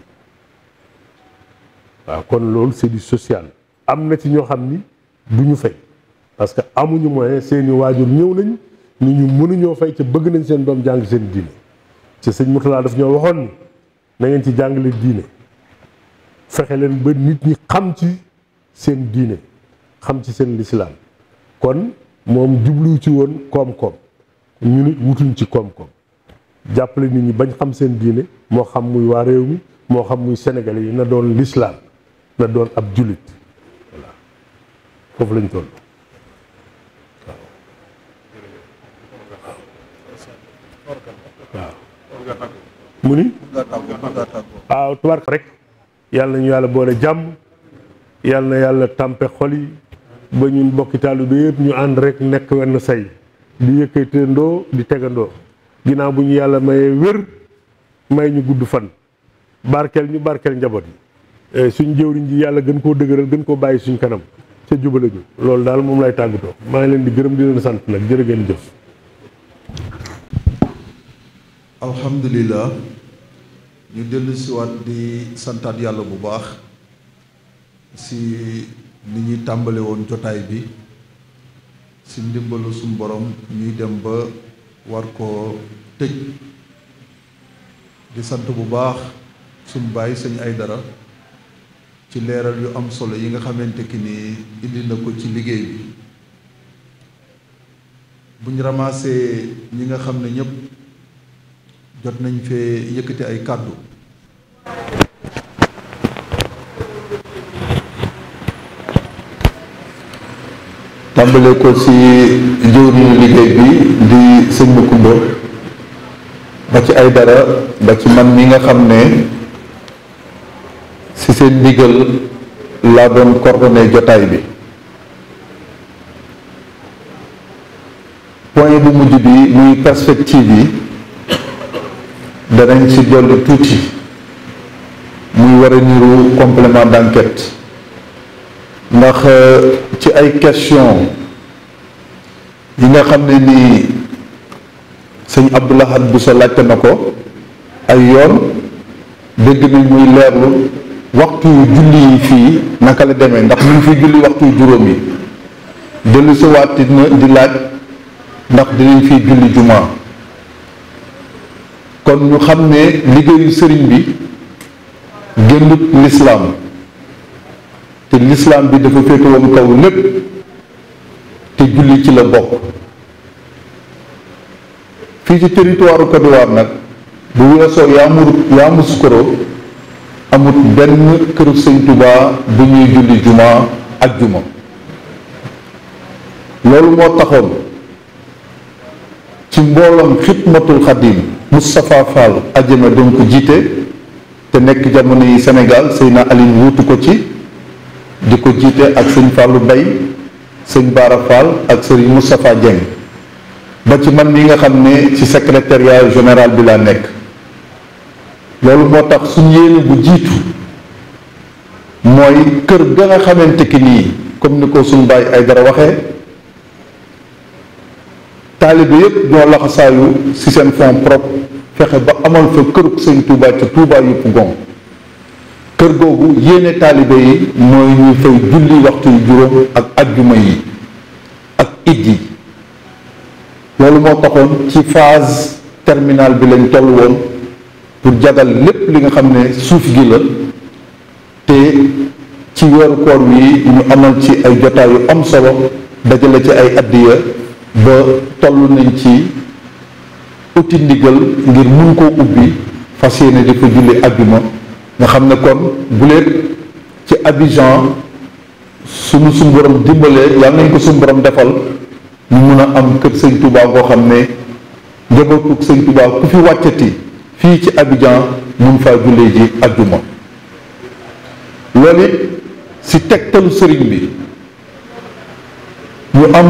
waaw kon loolu c'est du social am na ci ñoo xam ni du ñu fay parce que amuñu moyen seeni waajur ñëw nañ ni ñu mënuñoo fay ca bëgg nañ seen doom jàng seen diine ci sëñ Mourtala daf ñoo waxoon ni na ngeen ci jàngale diine fexe leen ba nit ñi xam ci seen diine xam ci seen lislaam kon moom jubluwu ci woon koom-koom ñu nit wutuñ ci koom-koom jàppale nit ñi bañ xam seen diine moo xam muy waa réew mi moo xam muy sénégalais yi na doon lislaam na doon ab julit voilà foofu mu ni waaw ah, tubaar rek yàlla nañu yàlla boole jàmm yàlla na yàlla tàmpe xol yi ba ñun bokki taalibe yëpp ñu ànd rek nekk wenn say di yëkkatandoo di tegandoo ginnaaw bu ñu yàlla mayee wér may ñu gudd fan barkeel ñu barkeel njaboot yi e, suñ jëwriñ ji yàlla gën koo dëgëral gën koo bàyyi suñ kanam ca jubale ñu loolu daal moom lay tàggatoo maa ngi leen di gërëm di leen sant nag jërë ngeen jëf alhamdulilah ñu dellu di santaat yàlla bu baax si ni ñuy tàmbale woon jotaay bi si ndimbalu suñu borom ñuy dem ba war koo tëj di sant bu baax suñu bàyyi sëñ ay dara ci leeral yu am solo yi nga xamante ki ni indi na ko ci liggéey bi buñ ramassé ñi nga xam ne ñëpp jot nañ fee yëkkati ay kàddu tàmbale ko ci jëwriñu liggéey bi di sëñ Makumba ba ci ay dara ba ci man mi nga xam ne ci seen ndigal laa doon jotaay bi point bu mujj bi muy perspective yi danañ ci dolli tuuti muy war niru complément d'enquête ndax euh, ci ay question yi nga xam ne nii sëñ Abdou bu sa laajte na ko ay yoon dégg nañ muy leerlu waxtu julli yi fii naka la demee ndax ñu ngi fi julli waxtu juróom yi dellu si waat di laaj ndax dinañ fi julli jumaa kon ñu xam ne liggéeyu sëriñ bi génnut lislaam te lislaam bi dafa féete woon kaw lépp te julli ci la bokk fii ci territoire Côte d'Ivoire nag bu weesoo Yaamur Yamoussoukro amut benn këru Sëñ Tuubaa bu ñuy julli juma ak loolu moo taxoon ci mbooloom xidmatul xadim Moustapha Fall ajjana doon ko jiite te nekk jamono yi Sénégal Seyna Aline wuutu ko ci di ko jiite ak sëñ Fallou Bay sëñ Bara Fall ak sëriñ Moustapha Dieng ba ci man yi nga xam ne ci secrétariat général bi laa nekk loolu moo tax suñ yéene bu jiitu mooy kër ga nga xamante ki nii comme ni ko suñ bàyyi ay dara waxee taalibe yépp ñoo laxasaayu ci seen fonds propre fexe ba amoon fa kërug sëñ Touba ca Touba yëpp gong kër googu yéene taalibe yi mooy ñu fay julli waxtu yu juróom ak ajjuma yi ak it yi loolu moo taxoon ci phase terminal bi lañ toll woon pour jagal lépp li nga xam ne suuf gi la te ci weeru koor wi ñu amal ci ay jotaay yu am solo dajale ci ay addiya ba toll nañ ci uti ndigal ngir mun koo ubbi fas yéene di ko julli ajjuma nga xam ne kon bu ci Abidjan suñu suñu borom dimbalee yàlla nañ ko suñu borom defal ñu mun a am kër sëñ Touba boo xam ne njabootu sëñ Touba ku fi wàccati fii ci Abidjan mun faa jullee ji ajjuma loolu it si tegtalu sëriñ bi ñu am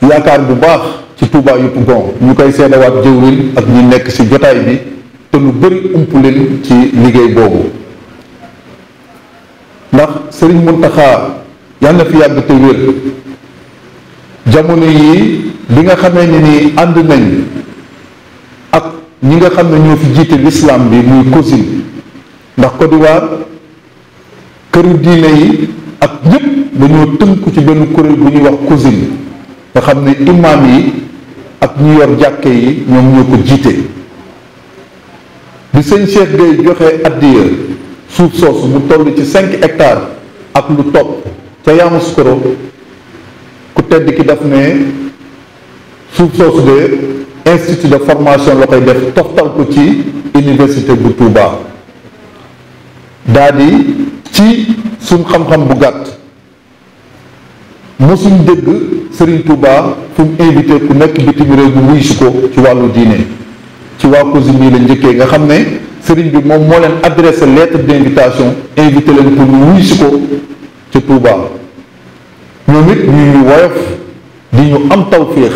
yaakaar bu baax ci Touba yëpp gon ñu koy seedewaat jëwriñ ak ñi nekk ci jotaay bi te lu bari ump leen ci liggéey boobu ndax Serigne Mountakha yal fi yàgg te wér jamono yii bi nga xamee ne ni ànd nañ ak ñi nga xam ne ñoo fi jiite l'islam bi muy COSIL ndax Côte d'Ivoire këru diine yi ak ñëpp dañoo tënku ci benn kuréel bu ñuy wax COSIL nga xam ne imaam yi ak ñu yor jàkke yi ñoom ñoo ko jiite bi sëñ Cheikh Gueye joxe addiya suuf soosu mu toll ci cinq hectares ak lu topp ca Yamoussoukro ku tedd ki daf ne suuf soosu de institut de formation la koy def toftal ko ci université bu Touba daa ci suñ xam-xam bu gàtt mosuñ dégg Serigne Touba fu mu invité ku nekk bitim réew bu wuy si ko ci wàllu diine ci waa Cousine yi la njëkkee nga xam ne sëriñ bi moom moo leen adressé lettre d'invitation invité leen pour ñu wuy si ko ca Touba ñoom it ñu ñu woyof di ñu am tawféex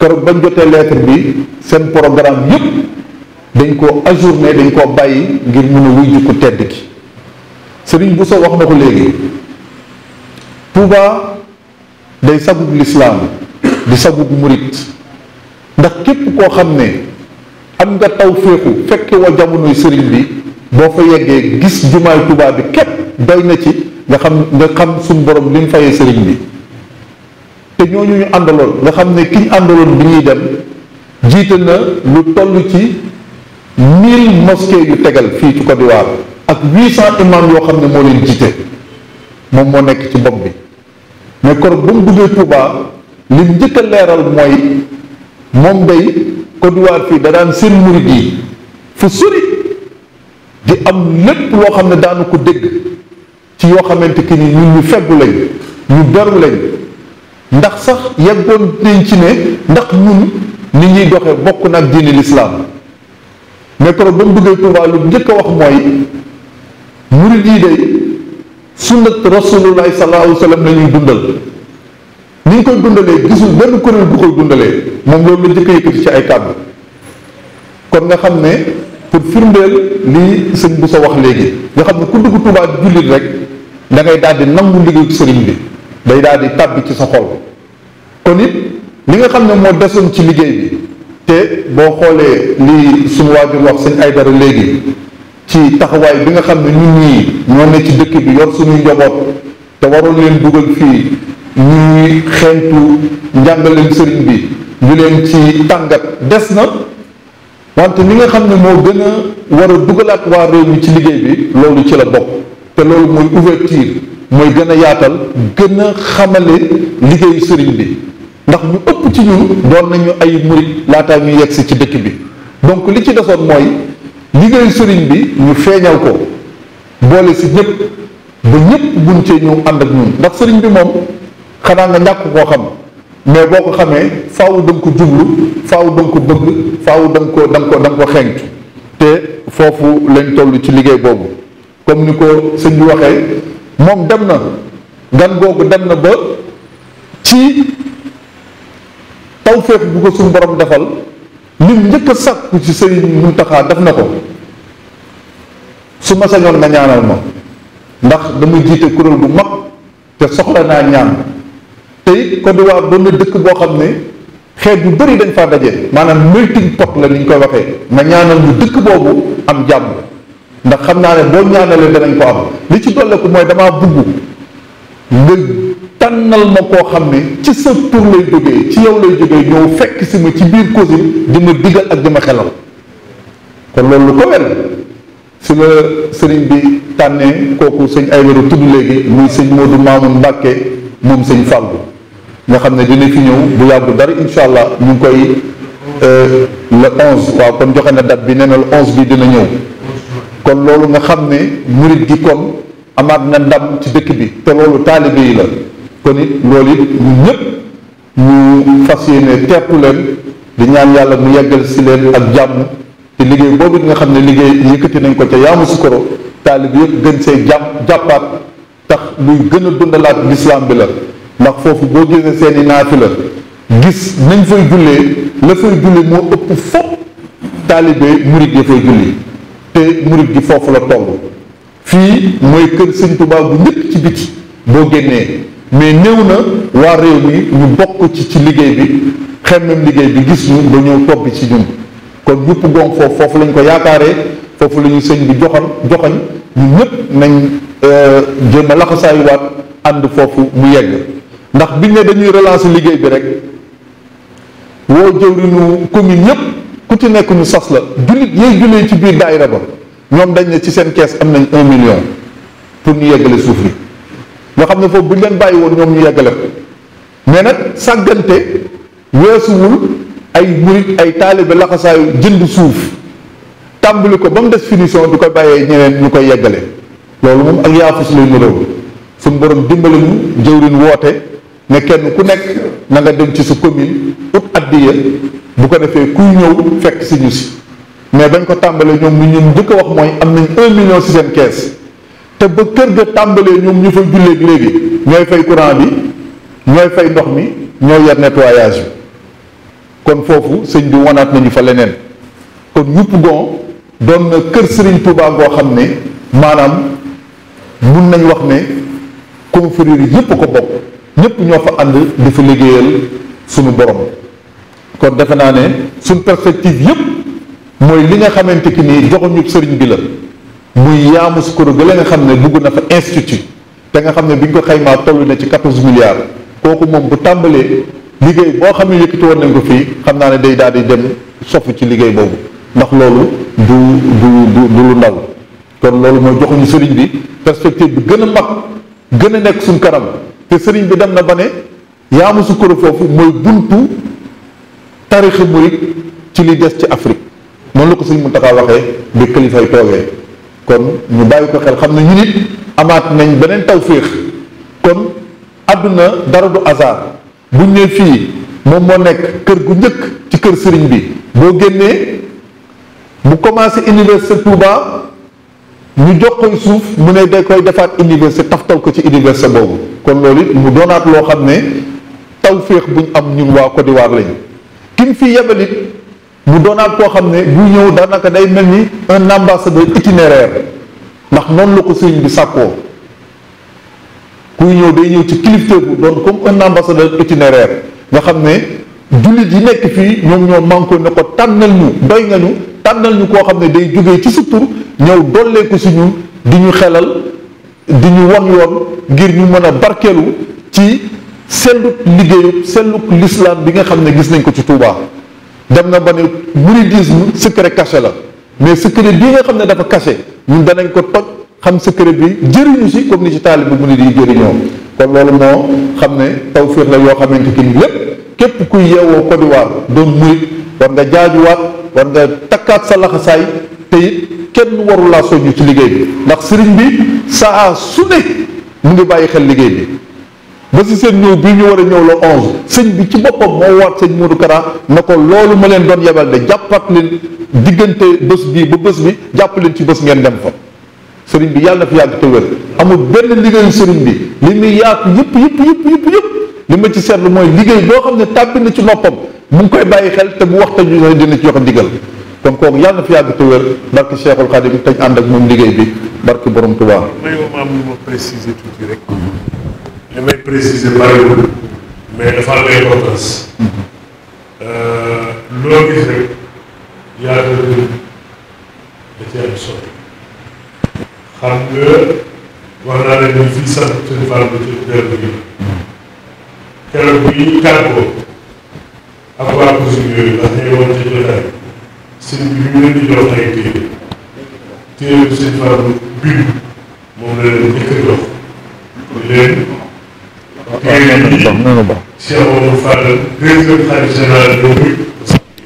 keroog bañ jotee lettre bi seen programme yépp dañ ko ajourné dañ koo bàyyi ngir mun a wuy ji tedd ki sëriñ Bousso wax na ko léegi Touba day sagub lislaam di sagub murit ndax képp koo xam ne xam nga taw féexu fekke wa jamonoy sëriñ bi boo fa yeggee gis jumaay Tuubaa bi képp doy na ci nga xam nga xam suñu borom li mu fayee sëriñ bi te ñooñu ñu àndaloon nga xam ne ki ñu àndaloon bi ñuy dem jiite na lu toll ci mille mosquées yu tegal fii ci Côte d'Ivoire ak huit cent imam yoo xam ne moo leen jiite moom moo nekk ci bopp bi mais kor bu mu duggee Touba li njëkk leeral mooy moom day Côte fii da daan seen murid yi fu sori di am lépp loo xam ne daanu ko dégg ci yoo xamante ki ni ñun ñu feggu lañ ñu beru lañ ndax sax yeggoon nañ ci ne ndax ñun ni ñuy doxee bokk na ak diini lislaam mais keroog ba mu lu njëkk wax mooy murid yi day sunnat rasulullahi sallallahu alayhi wa sallam la ñuy dundal ni koy dundalee gisul benn kuréel bu koy dundalee moom loolu la njëkk a yëkkati ci ay kàddu nga xam ne firndeel lii sëñ sa wax léegi nga xam ne ku dugg Tuubaa rek da daal di nangu liggéeyu sëriñ bi day daal di tàbbi ci sa kon it li nga xam ne moo desoon ci liggéey bi te boo xoolee lii suñu waajur wax sëñ ay dara léegi ci taxawaay bi nga xam ne ñun ñii ñoo ne ci dëkk bi yor suñuy njaboot te waroon leen dugal fii ñuy xeentu njàngaleen sëriñ bi ñu leen ci tàngat des na wante li nga xam ne moo gën a war a dugalaat waa réew mi ci liggéey bi loolu ci la bokk te loolu mooy ouverture mooy gën a yaatal gën a xamale liggéeyu sëriñ bi ndax ñu ëpp ci ñun doon nañu ay murit laataa ñu yegg si ci dëkk bi donc li ci desoon mooy liggéeyu sëriñ bi ñu feeñal ko boole si ñëpp ba ñëpp buñ cee ñëw ànd ak ñun ndax sëriñ bi moom xanaa nga ñàkk koo xam mais boo ko xamee faaw da ko jublu faaw da ko bëgg faaw da nga ko da ko da nga ko xenc te foofu lañ toll ci liggéey boobu comme ni ko sëñ bi waxee moom dem na gan googu dem na ba ci tawféex bu ko suñu borom defal lim njëkk a sàkku ci sëriñ Muntaxa def na ko su ma sañoon nga ñaanal ma ndax dama jiite kuréel bu mag te soxla naa ñaan te it Côte d'Ivoire doon dëkk boo xam ne xeet bu bari dañ faa daje maanaam melting pot la ni ñu koy waxee nga ñaanal ñu dëkk boobu am jàmm ndax xam naa ne boo ñaanalee beneen ko am li ci dolliku mooy damaa bugg nga tànnal ma koo xam ne ci sa tur lay jógee ci yow lay jógee ñëw fekk si ma ci biir Cosim di ma digal ak di ma xelal kon loolu lu ko wel si la sëriñ bi tànnee kooku sëñ Aydara tudd léegi muy sëñ Modou Mamoun Mbacke moom sëñ Fallou nga xam ne dina fi ñëw bu yàggu dara incha allah ñu ngi koy euh, le 11 waaw kon joxe na date bi nee na le 11 bi dina ñëw kon loolu nga xam ne murit gi kon amaat na ndam ci dëkk bi te loolu taalibe yi la kon it loolu it ñëpp ñu fas yéene teertu leen di ñaan yàlla mu yeggal si leen ak jàmm te liggéey boobu nga xam ne liggéey yëkkati nañ ko ca Yamoussoukro taalibe yëpp gën see jàpp jàppaat tax luy gën a dundalaat lislaam bi la ndax foofu boo gisee seen i la gis nañ fay jullee la fay julli moo ëpp fopp taalibe murit ya fay julli te murit gi foofu la toll fii mooy kër sëñ Tuubaa bu ñëpp ci biti boo génnee mais néew na waa réew mi ñu bokk ci ci liggéey bi xemmem liggéey bi gis ñu ba ñëw topp ci ñun kon ñëpp gong foofu foofu lañ ko yaakaaree foofu la ñu sëñ bi joxal joxañ ñu ñëpp nañ euh, jéem a laxasaayuwaat ànd foofu mu yegg ndax biñ ne dañuy relancer liggéey bi rek woo jëwriñu commune yépp ku ci nekk ñu sas la jullit yay jullee ci biir daayira ba ñoom dañ ne ci seen kees am nañ un million pour ñu yeggale suuf bi nga xam ne foofu bu ñu leen bàyyi woon ñoom ñu yeggale ko mais nag sàggante weesuwul ay murit ay taalibe laxasaayu jënd suuf tàmbali ko ba mu des finition du ko bàyyee ñeneen ñu koy yeggale loolu moom ak yaafus lay nuróo suñu borom dimbali mu jëwriñ woote ne kenn ku nekk na nga dem ci sa commune ut addiya bu ko defee kuy ñëw fekk si ñu si mais dañ ko tàmbalee ñoom ñu ñun njëkk a wax mooy am nañ un million si seen kees te ba kër ga tàmbalee ñoom ñu fay julleeg léegi ñooy fay courant bi ñooy fay ndox mi ñooy yar nettoyage bi kon foofu sëñ bi wanaat nañu fa leneen kon ñupp gon doon na kër Serigne Touba goo xam ne maanaam mun nañ wax ne confrérie yépp ko bokk ñëpp ñoo fa ànd di fa liggéeyal suñu borom kon defe naa ne suñ perspective yëpp mooy li nga xamante ki nii joxuñu sëriñ bi la muy yaamu sukuru ga la nga xam ne bugg na fa institut te nga xam ne bi ñu ko xaymaa toll na ci 14 milliards kooku moom bu tàmbalee liggéey boo xam ne yëkkati woon nañ ko fii xam naa ne day daal di dem sofu ci liggéey boobu ndax loolu du du du lu ndaw kon loolu mooy joxuñu sëriñ bi perspective bi gën a mag gën a nekk suñ kanam te sëriñ bi dem na ba ne yaamu sukkuru foofu mooy buntu tarixa murit ci li des ci Afrique noonu la ko sëriñ Mountakha waxee bi kilifay toogee kon ñu bàyyi ko xel xam ne ñu nit amaat nañ beneen tawféex kon àdduna dara du hasard buñ ne fii moom moo nekk kër gu njëkk ci kër sëriñ bi boo génnee bu commencé université Touba ñu jox koy suuf mu ne day koy defaat université taftal ko ci université boobu kon loolu it mu doonaat loo xam ne tawféex bu ñu am ñun waa Côte d'Ivoire lañu kin fi yebal mu donaat koo xam ne bu ñëw daanaka day mel ni un ambassadeur itinéraire ndax noonu la ko sëriñ bi sàkkoo kuy ñëw day ñëw ci kilifte bu doon comme un itinéraire nga xam ne jullit yi nekk fii ñoom ñoo manko ne ko tànnal ñu doy nga ñu tànnal ñu koo xam ne day jógee ci sutur ñëw dollee ko si ñun di ñu xelal di ñu wan yoon ngir ñu mën a barkeelu ci selluk liggéeyub selluk lislaam bi nga xam ne gis nañ ko ci Touba dem na ba ne mouridisme secret caché la mais secret bii nga xam ne dafa kase ñun danañ ko toj xam secret bi jëriñu si comme ni ci taalib bu murid yi jëriñoo kon loolu moo xam ne tawfiix la yoo xamante ni lépp képp kuy yeewoo Côte d'Ivoire doon murid war nga jaajuwaat war nga takkaat sa laxasaay te kenn warulaa soññ ci liggéey bi ndax sëriñ bi saa su ne mu ngi bàyyi xel liggéey bi ba si seen ñëw bii ñu war a ñëw la onze sëñ bi ci boppam moo waat sëñ Modou Kara na ko loolu ma leen doon yebal de jàppat leen diggante bés bii ba bés bi jàpp leen ci bés ngeen dem fa sëriñ bi yàlla na fi yàgg te wér amul benn liggéeyu sëriñ bi li muy yaatu yëpp yëpp yëpp yëpp li ma ci seetlu mooy liggéey boo xam ne tàbbi na ci noppam mu ngi koy bàyyi xel te bu waxta ñu dina ci joxe kon kooku yàlla na fi yàgg te wér barki Cheikhul Khadim te ànd ak moom liggéey bi barki borom Tuubaa. may ma am lu ma préciser tuuti rek. may préciser bariwul mais dafa am importance. Euh, loo gis rek yàlla da cee am solo. xam nga wax naa ne ñu fii sant seen fàll bi ci dërëm bi keroog bi ñu tàggoo ak waa cousin yooyu ndax ñëwoon ci jotaay sëñ bi ñu leen di jox ay téere téere bu sëñ Fallou bind moom la leen njëkk a jox leen téere yi Cheikh Oumar Fall deuxième xalifa général de Mouride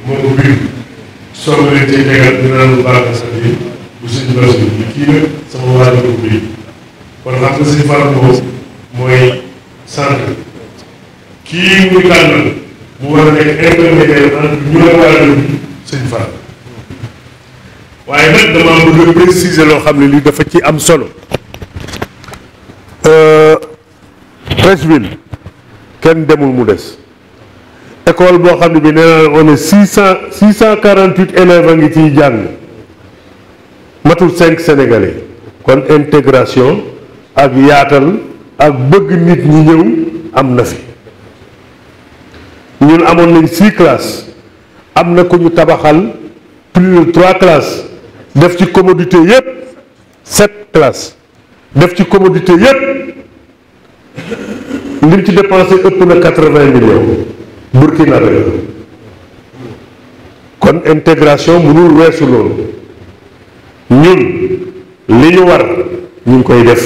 moo ko bind soo leen cee tegal dina lu baax sax yi bu sëñ Bassirou bi kii nag sama waa ko bind kon xam nga sëñ Fallou mooy sant kii muy tànnal mu war a nekk intermédiaire entre ñu la waa sëñ Fallou waaye nag damaa bëgg a préciser loo xam ne lii dafa ci am solo Treichville euh, kenn demul mu des école boo xam ne bi nee naa on six cent six cent quarante huit élèves a ngi ciy jàng matul cinq sénégalais kon intégration ak yaatal ak bëgg nit ñi ñëw am na fi ñun amoon nañ six classes am na ko ñu tabaxal plus de trois classes def ci commodité yépp sept classes def ci commodité yépp lim ci dépensé ëpp na quatre-vingts millions Burkina rek kon intégration mënul weesu loolu ñun li ñu war ñu koy def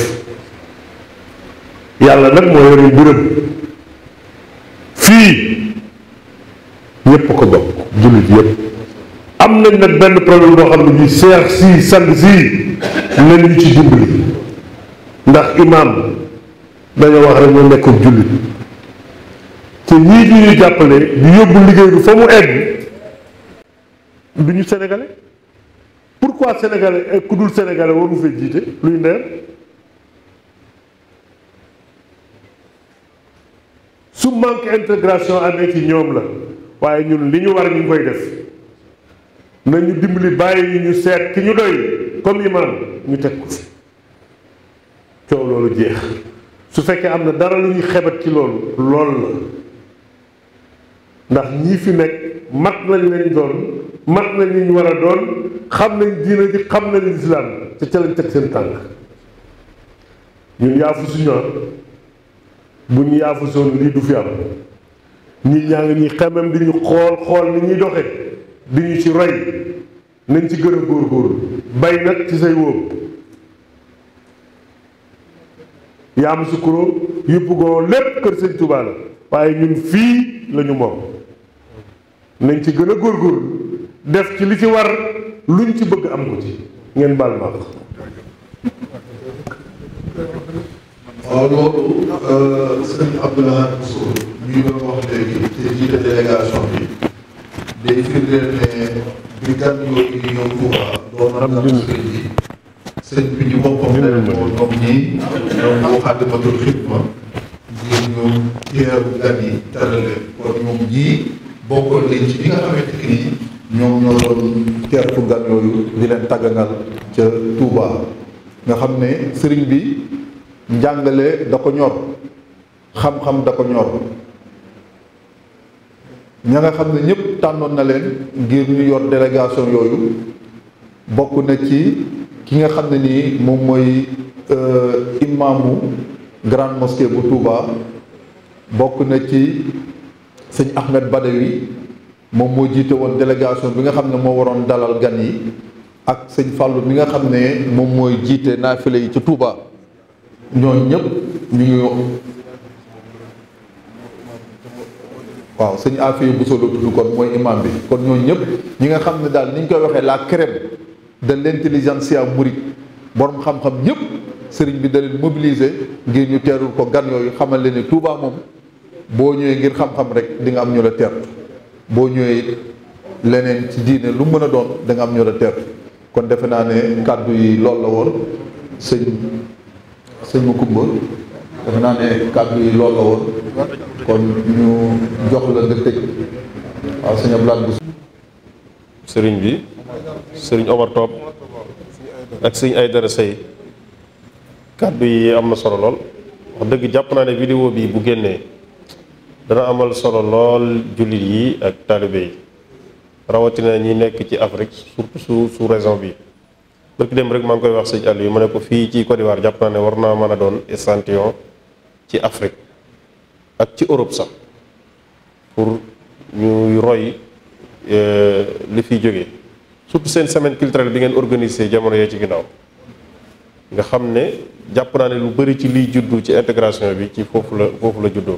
yàlla nag moo yore mbiram fii ñépp ko bokk jullit yépp am nañ nag benn problème boo xam ne bii seex si sang si leen ñu ci dimbali ndax imaam dañoo wax rek ñu nekkul jullit te ñii di ñu jàppale di yóbbu liggéey bi fa mu egg du ñu sénégalais pourquoi sénégalais ak ku dul sénégalais waru fee jiite luy ndeer su manque intégration amee ci ñoom la waaye ñun li ñu war ñu ngi koy def nañu dimbali bàyyi ñu seet ki ñu doy comme imam ñu teg ko fi coow loolu jeex su fekkee am na dara lu ñuy xebat ci loolu lool la ndax ñii fi nekk mat nañ leen doon mat nañ ñu war a doon xam nañ diina ji xam nañ lislaam te ca lañ teg seen tànk bu ñu yaafu soon lii du fi am nit ñaa ngi ñuy xemem di ñu xool xool ni ñuy doxee di ñu ci roy nañ ci gën a góorgóorlu bay nag ci say wóob yaam sukkuro yëpp goo lépp kër sëñ Tuubaa waaye ñun fii la ñu moom nañ ci gën a góor def ci li ci war luñ ci bëgg am ko ci ngeen baal ma waaw loolu euh, sëñ Abdoulaye day firndeel ne bi gan yoo indi yi ñoom ñii bokkoon nañ nga xam ne sëriñ bi njàngale da ko ñor xam-xam da ko ñor ña nga xam ne ñëpp tànnoon na leen ngir ñu yor délégation yooyu bokk na ci ki nga xam ne nii moom mooy euh, imaamu grande mosquée bu Touba bokk na ci sëñ Ahmed Badawi moom moo jiite woon délégation bi nga xam ne moo waroon dalal gan yi ak sëñ Fallou mi nga xam ne moom mooy jiite naafile yi ci Touba ñooñu ñëpp ñu ngi waaw sëñ Afia Bousso la tudd kon mooy imam bi kon ñooñu ñëpp ñi nga xam ne daal ni ñu koy waxee laa la crème de l'intelligentsia mouride borom xam-xam ñëpp sëriñ bi da leen mobiliser ngir ñu teerul ko gan yooyu xamal leen ni Touba moom boo ñëwee ngir xam-xam rek di nga am ñu la teertu boo ñëwee leneen ci diine lu mën a doon da nga am ñu la teertu kon defe naa ne kàddu yi loolu la woon sëñ sëñ Makumba defe naa ne kàddu yi loolu la woon kon ñu jox la nga sëriñ bi sëriñ Omar Top ak sëñ Aydara Sey kàddu yi am na solo lool wax dëgg jàpp naa ne vidéo bi bu génnee dana amal solo lool jullit yi ak taalibe yi rawatina ñi nekk ci Afrique surtout sous sous raison bi bërki dem rek maa ngi koy wax sëñ Aliou ma ne ko fii ci Côte d'Ivoire jàpp naa ne war naa mën a doon échantillon ci Afrique ak ci Europe sax pour ñuy roy euh, li fi jóge surtout seen semaine culturelle bi ngeen organisé jamono yee ci ginnaaw nga xam ne jàpp naa ne lu bari ci liy juddu ci intégration bi ci foofu la foofu la juddoo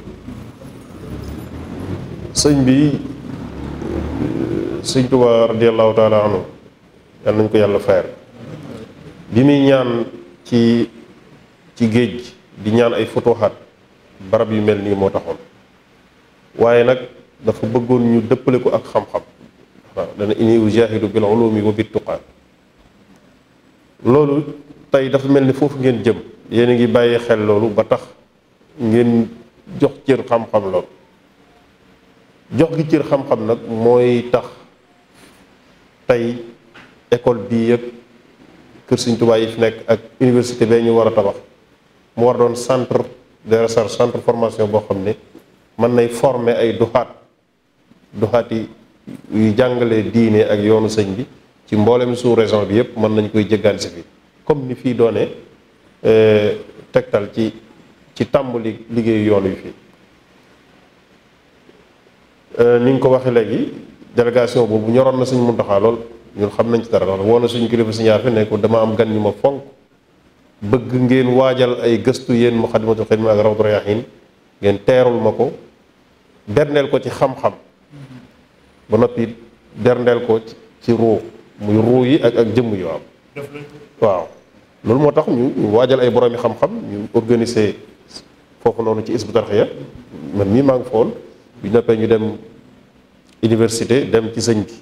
sëñ bi euh, sëñ Tuubaa radiyallahu taala anhu yal nañ ko yàlla fayal bi muy ñaan ci ci géej gi di ñaan ay futuxaat barab yu mel nii moo taxoon waaye nag dafa bëggoon ñu dëppale ko ak xam-xam waaw dana ini ujahidu bil ulumi wa loolu tey dafa mel ni foofu ngeen jëm yéen a ngi bàyyi xel loolu ba tax ngeen jox cër xam-xam jox cër xam nag mooy tax tey école bii yëpp kër Sëriñ yi fi nekk ak université bee ñu war a tabax mu war doon centre de recherche centre formation boo xam ne mën nay former ay duxaat duxaat yi yu jàngale diine ak yoonu sëñ bi ci mboolem sous raison bi yëpp mën nañ koy jëggaan si fi comme ni fii doone euh, tegtal ci ci tàmbali liggéeyu yoon wi fii euh, ni ñu ko waxee léegi délégation boobu ñoroon na suñ Muntaxa lool ñun xam nañ ci dara lool woon na suñ kilifa si ñaar fi ne dama am gan ñu ma fonk bëgg ngeen waajal ay gëstu yéen Muxaddamatul Xidma ak Rawdu Rayaahiin ngeen teerul ma ko berndeel ko ci xam-xam ba noppi berndeel ko ci ruu muy ruu yi ak ak jëmm yu am waaw loolu moo tax ñu waajal ay boroomi xam-xam ñu organiser foofu noonu ci Hizbut Tarqiyyah man mii maa ngi foon bi noppee ñu dem université dem ci sëñ bi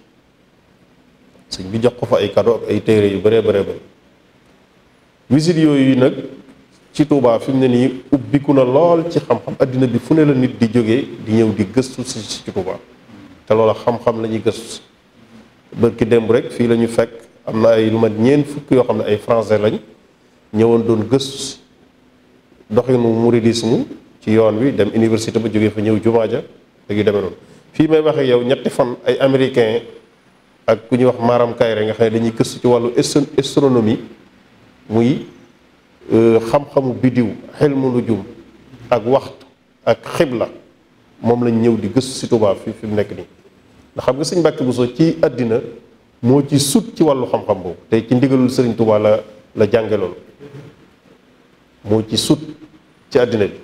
sëñ bi jox ko fa ay cadeau ak ay téere yu bëree bëree bëri visite yooyu nag ci Touba fi mu ne nii ubbiku na lool ci xam-xam addina bi fu ne la nit di jógee di ñëw di gëstu si ci Touba te loola xam-xam la ñuy gëstu bërki démb rek fii la ñu fekk am na ay lu mat ñeent fukk yoo xam ne ay français lañ ñëwoon doon gëstu doxinu mouridisme ci yoon wi dem université ba jógee fa ñëw jumaa ja ak yu demee noonu fii may waxee yow ñetti fan ay américain ak ku ñuy wax Maram Kayre nga xam ne dañuy gëstu ci wàllu astronomie muy euh, xam-xamu biddiw xelmu nujum ak waxtu ak xibla moom lañ ñëw di gëstu si Tuubaa fi fi mu nekk nii ndax xam nga sëñ Mbàkke Buso ci àddina moo ci sut ci wàllu xam-xam tey ci ndigalul sëriñ Tuubaa la la moo ci sut ci àddina bi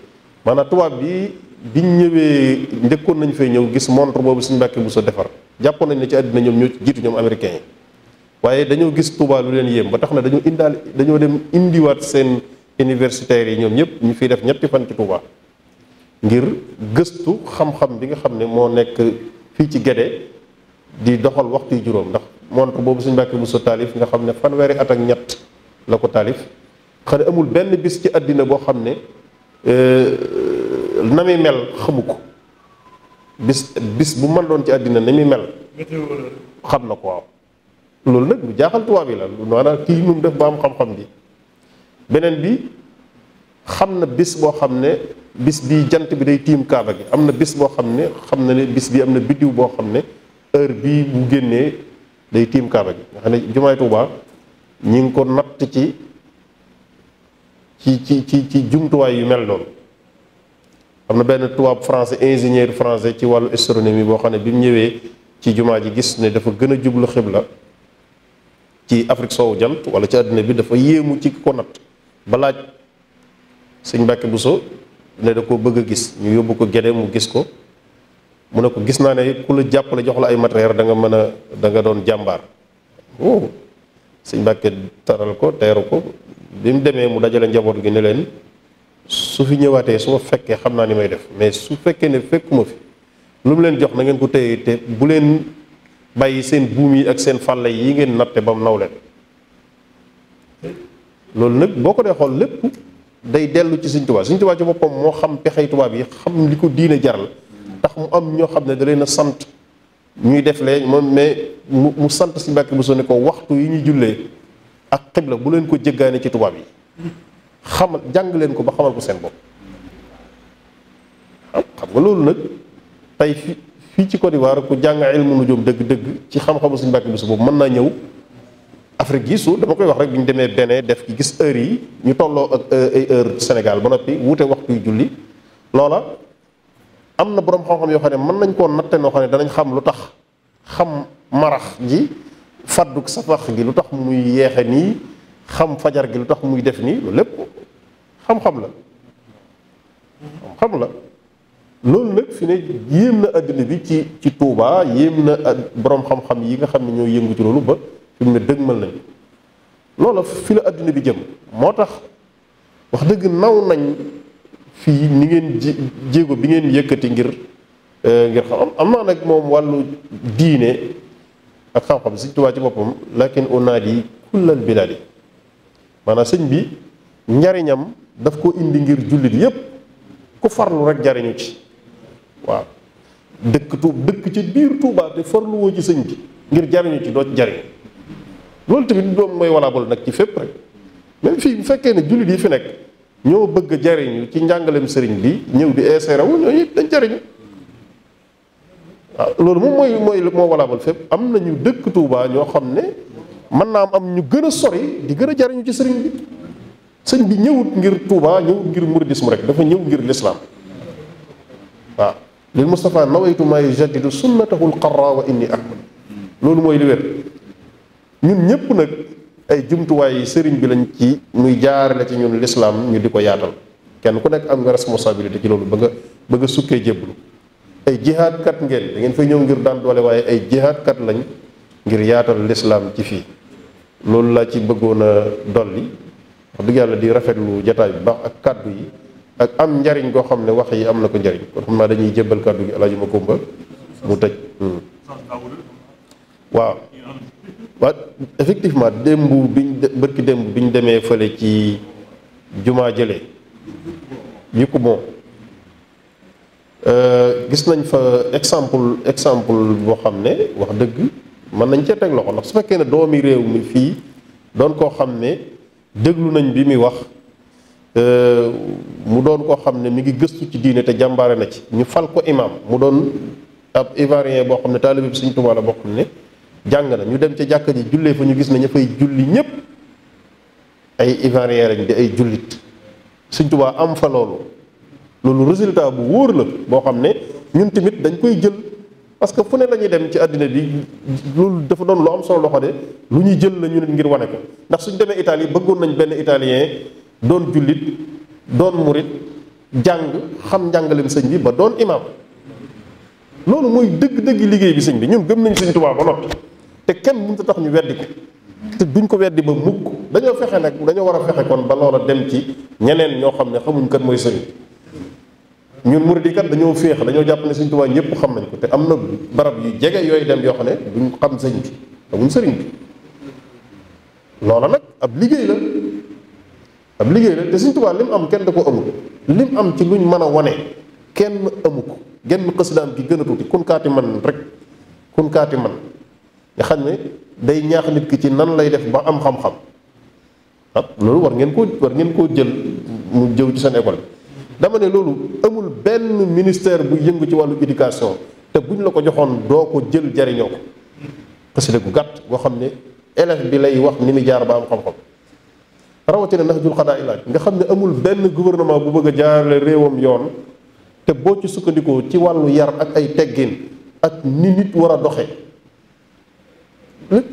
maanaam tubaab bi biñ ñëwee njëkkoon nañ fay ñëw gis montre boobu sëñ Mbàkke Buso defar jàppoon nañ ne ci àddina ñoom ñoo ci jiitu ñoom américain yi waaye dañoo gis Touba lu leen yéem ba tax na dañoo indaal dañoo dem indiwaat seen universitaires yi ñoom ñëpp ñu fiy def ñetti fan ci Touba ngir gëstu xam-xam bi nga xam ne moo nekk fii ci Guédé di doxal waxtu yu juróom ndax montre boobu suñ suñu Mbàkke Busso taalif nga xam ne fanweeri at ak ñett la ko taalif xane amul benn bis ci àddina boo xam ne euh, na muy mel xamu ko bis bis bu mën doon ci àddina na muy mel xam na ko waaw loolu nag lu jaaxal tubaab yi la maanaam kii moom def ba am xam-xam bi beneen bi xam na bis boo xam ne bis bii jant bi day tiim kaaba gi am na bis boo xam ne xam na ne bis bi am na biddiw boo xam ne heure bi bu génnee day tiim kaaba gi nga xam ne jumaay Tuubaa ñi ngi ko natt ci ci ci ci ci jumtuwaay yu mel noonu am na benn tubaab français ingénieur français ci wàllu astronomie boo xam ne bi mu ñëwee ci jumaa ji gis ne dafa gën a jublu xibla ci Afrique soowu jant wala ci àddina bi dafa yéemu ci ko natt ba laaj sëñ bu so ne da koo bëgg a gis ñu yóbbu ko Gédé mu gis ko mu ne ko gis naa ne ku la jàppale jox la ay matériel da nga mën a da doon jàmbaar wow oh. sëñ Mbàkke taral ko teeru ko bi mu demee mu dajale njaboot gi ne leen su fi ñëwaatee su ma fekkee xam naa ni may def mais su fekkee ne fekkuma fi lu mu leen jox na ko téye te bu leen bàyyi seen buum yi ak seen fàlla yi ngeen natte ba mu naw leen loolu nag boo ko dee xool lépp day dellu ci Sëñ Tuubaa Sëñ Tuubaa ci boppam moo xam pexey tubaab yi xam li ko diine jaral tax mu am ñoo xam ne da a sant ñuy def lee moom mais mu sant si Mbàkke Buso ne ko waxtu yi ñuy jullee ak xibla bu leen ko jéggaane ci tubaab yi xamal jàng leen ko ba xamal ko seen bopp ah, xam nga loolu nag tey fi fii ci Côte d'Ivoire ku jàng ilmu nujum dëgg-dëgg ci xam-xamu suñu mbàkk bisu boobu mën naa ñëw Afrique yi su dama koy wax rek bi ñu demee Bénin def ki gis heure yi ñu tolloo ak euh, ay heure Sénégal ba noppi wuute waxtu yu julli loola am na boroom xam-xam yoo xam ne mën nañ koo natte noo xam ne danañ xam lu tax xam marax ji fadduk safax gi lu tax muy yeexe nii xam fajar gi lu tax muy def nii loolu lépp xam-xam la xam-xam la loolu nag fi ne yéem na àddina bi ci ci Touba yéem na borom xam-xam yi nga xam ne ñoo yëngu ci loolu ba fi mu ne dëgmal nañ loola fi la àddina bi jëm moo tax wax dëgg naw nañ fii ni ngeen ji jéego bi ngeen yëkkati ngir euh, ngir xam am naa nag moom wàllu diine ak xam-xam si Touba ci boppam lakin unaadi kullal bilaadi maanaam sëñ bi njariñam daf ko indi ngir jullit yépp ku farlu rek jariñu ci waaw dëkk tuub dëkk ci biir Touba te farluwoo ci sëñ bi ngir jariñu ci doo ci jariñu loolu tamit doom mooy walaabal nag ci fépp rek même fii bu fekkee ne jullit yi fi nekk ñoo bëgg a jariñu ci njàngaleem sëriñ bi ñëw di eeseere wu ñooñu dañ jariñu waaw loolu moom mooy mooy moo walaabal fépp am na ñu dëkk Touba ñoo xam ne mën naa am am ñu gën a sori di gën a jariñu ci sëriñ bi sëñ bi ñëwut ngir Touba ñëwut ngir mouridisme rek dafa ñëw ngir lislaam waaw lil Moustapha nawaytu maa yujaddidu sunnatahu alqarra wa inni ahmad loolu mooy li ñun ñëpp nag ay jumtuwaay yi sëriñ bi lañ ci muy jaarale ci ñun lislaam ñu di ko yaatal kenn ku nekk am nga responsabilité ci loolu ba nga ba nga sukkee jéblu ay jihaadkat ngeen da ngeen fay ñëw ngir daan doole waaye ay jihaadkat lañ ngir yaatal lislaam ci fii loolu laa ci bëggoon a dolli wax dëgg yàlla di rafetlu jataay bi baax ak kàddu yi ak am njariñ goo xam ne wax yi am na ko njariñ kon xam naa dañuy jébbal kàddu gi alaaji ma kumba mu tëj hmm. waaw waaw effectivement démb bi ñu demee fale ci jumaa jële yi ko bon euh, gis nañ fa exemple exemple boo xam ne wax dëgg mën nañ cee teg loxo ndax su fekkee ne doomi réew mi fii doon koo xam ne déglu nañ bi muy wax Euh, mu doon koo xam ne mi ngi gëstu ci diine te jàmbaare na ci ñu fal ko imam mu doon ab ivoirien boo xam ne taalibe bi Sëriñ Tuubaa la bokk ne jàng na ñu dem ca jàkka ji jullee fa ñu gis nañu fay julli ñépp ay ivoirien lañ di ay jullit Sëriñ Tuubaa am fa loolu loolu résultat bu wóor la boo xam ne ñun tamit dañ koy jël parce que fu ne la dem ci àddina bi loolu dafa doon lu am solo loxo de lu ñuy jël la ñu nit ngir wane ko ndax suñ demee yi bëggoon nañ benn italien doon jullit doon murit jàng xam njàngaleem sëñ bi ba doon imaam loolu mooy dëgg-dëgg liggéey bi sëñ bi ñun gëm nañ sëñ Tuubaa ba noppi te kenn mënut a tax ñu weddi ko te duñ ko weddi ba mukk dañoo fexe nag dañoo war a fexe kon ba loola dem ci ñeneen ñoo xam ne xamuñ kat mooy sëñ ñun murid yi kat dañoo féex dañoo jàpp sëñ sëñ Tuubaa ñëpp xam nañ ko te am na barab yu jege yooyu dem yoo xam ne duñ xam sëñ bi xamuñ sëriñ bi loola nag ab liggéey la ab liggéey la te Sëriñ Tuubaa lim am kenn da ko amul lim am ci ñu mën a wane kenn amu ko genn xasidaam gi gën a tuuti kun kaati man rek kun man nga xam ne day ñaax nit ki ci nan lay def ba am xam-xam ah, loolu war ngeen koo war ngeen koo jël mu jëw ci seen école dama ne loolu amul benn ministère bu yëngu ci wàllu éducation te buñ la ko joxoon doo ko jël jariñoo ko xasida gu gàtt goo xam ne élève bi lay wax ni mu jaar ba am xam-xam rawatina nahjul xadaa ilaaj nga xam ne amul benn gouvernement bu bëgg a jaarale réewam yoon te boo ci sukkandikoo ci wàllu yar ak ay teggin ak nit nit war a doxe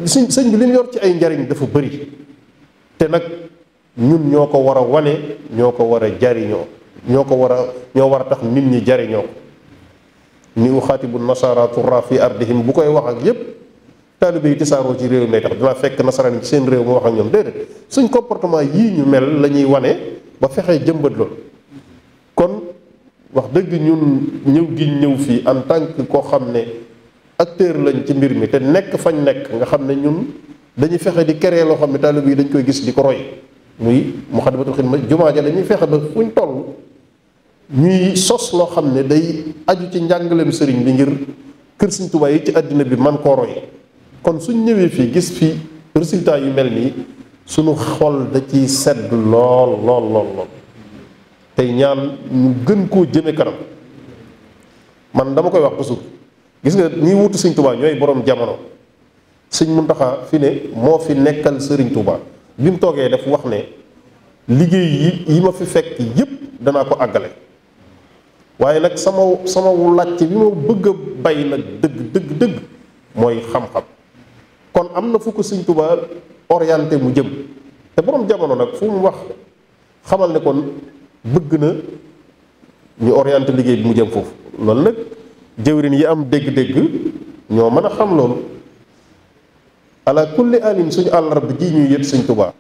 sëñ sëñ bi li yor ci ay njariñ dafa bëri te nag ñun ñoo ko war a wane ñoo ko war a jariñoo ñoo ko war a ñoo war a tax nit ñi jariñoo ni uxaatibu nasara turra fi ardihim bu koy wax ak yépp taalibe yi tasaaroo ci réew mi lay tax dinaa fekk nasaraan ci seen réew mu wax ak ñoom déedéet suñ comportement yii ñu mel la ñuy wane ba fexee jëmbat loolu kon wax dëgg ñun ñëw gi ñëw fii en tant koo xam ne acteur lañ ci mbir mi te nekk fañ nekk nga xam ne ñun dañuy fexe di créer loo xam ne taalibe yi dañ koy gis di ko roy muy Moukhaddamatoul ma jumaa ja dañuy fexe ba fuñ toll ñuy sos loo xam ne day aju ci njàngaleem sëriñ bi ngir kër Sëriñ Tuubaa yi ci àddina bi man koo roy kon suñ ñëwee fii gis fii résultat yu mel nii suñu xol da ci sedd lool lool lool lool tey ñaan ñu gën koo jëme kanam man dama koy wax toujours gis nga ñiy wutu sëñ Touba ñooy boroom jamono sëñ Muntaxa fi ne moo fi nekkal sëriñ Touba bi mu toogee daf wax ne liggéey yi yi ma fi fekk yépp danaa ko àggale waaye nag sama sama làcc bi ma bëgg a bay nag dëgg dëgg dëgg mooy xam-xam kon am na fu ko sëñ Tuubaa mu jëm te borom jamono nag fu mu wax xamal ne kon bëgg na ñu orienté liggéey bi mu jëm foofu loolu nag jëwrin yi am dégg-dégg ñoo mën a xam loolu ala kulli alim suñu àllarba ji ñuy yët sëñ Tuubaa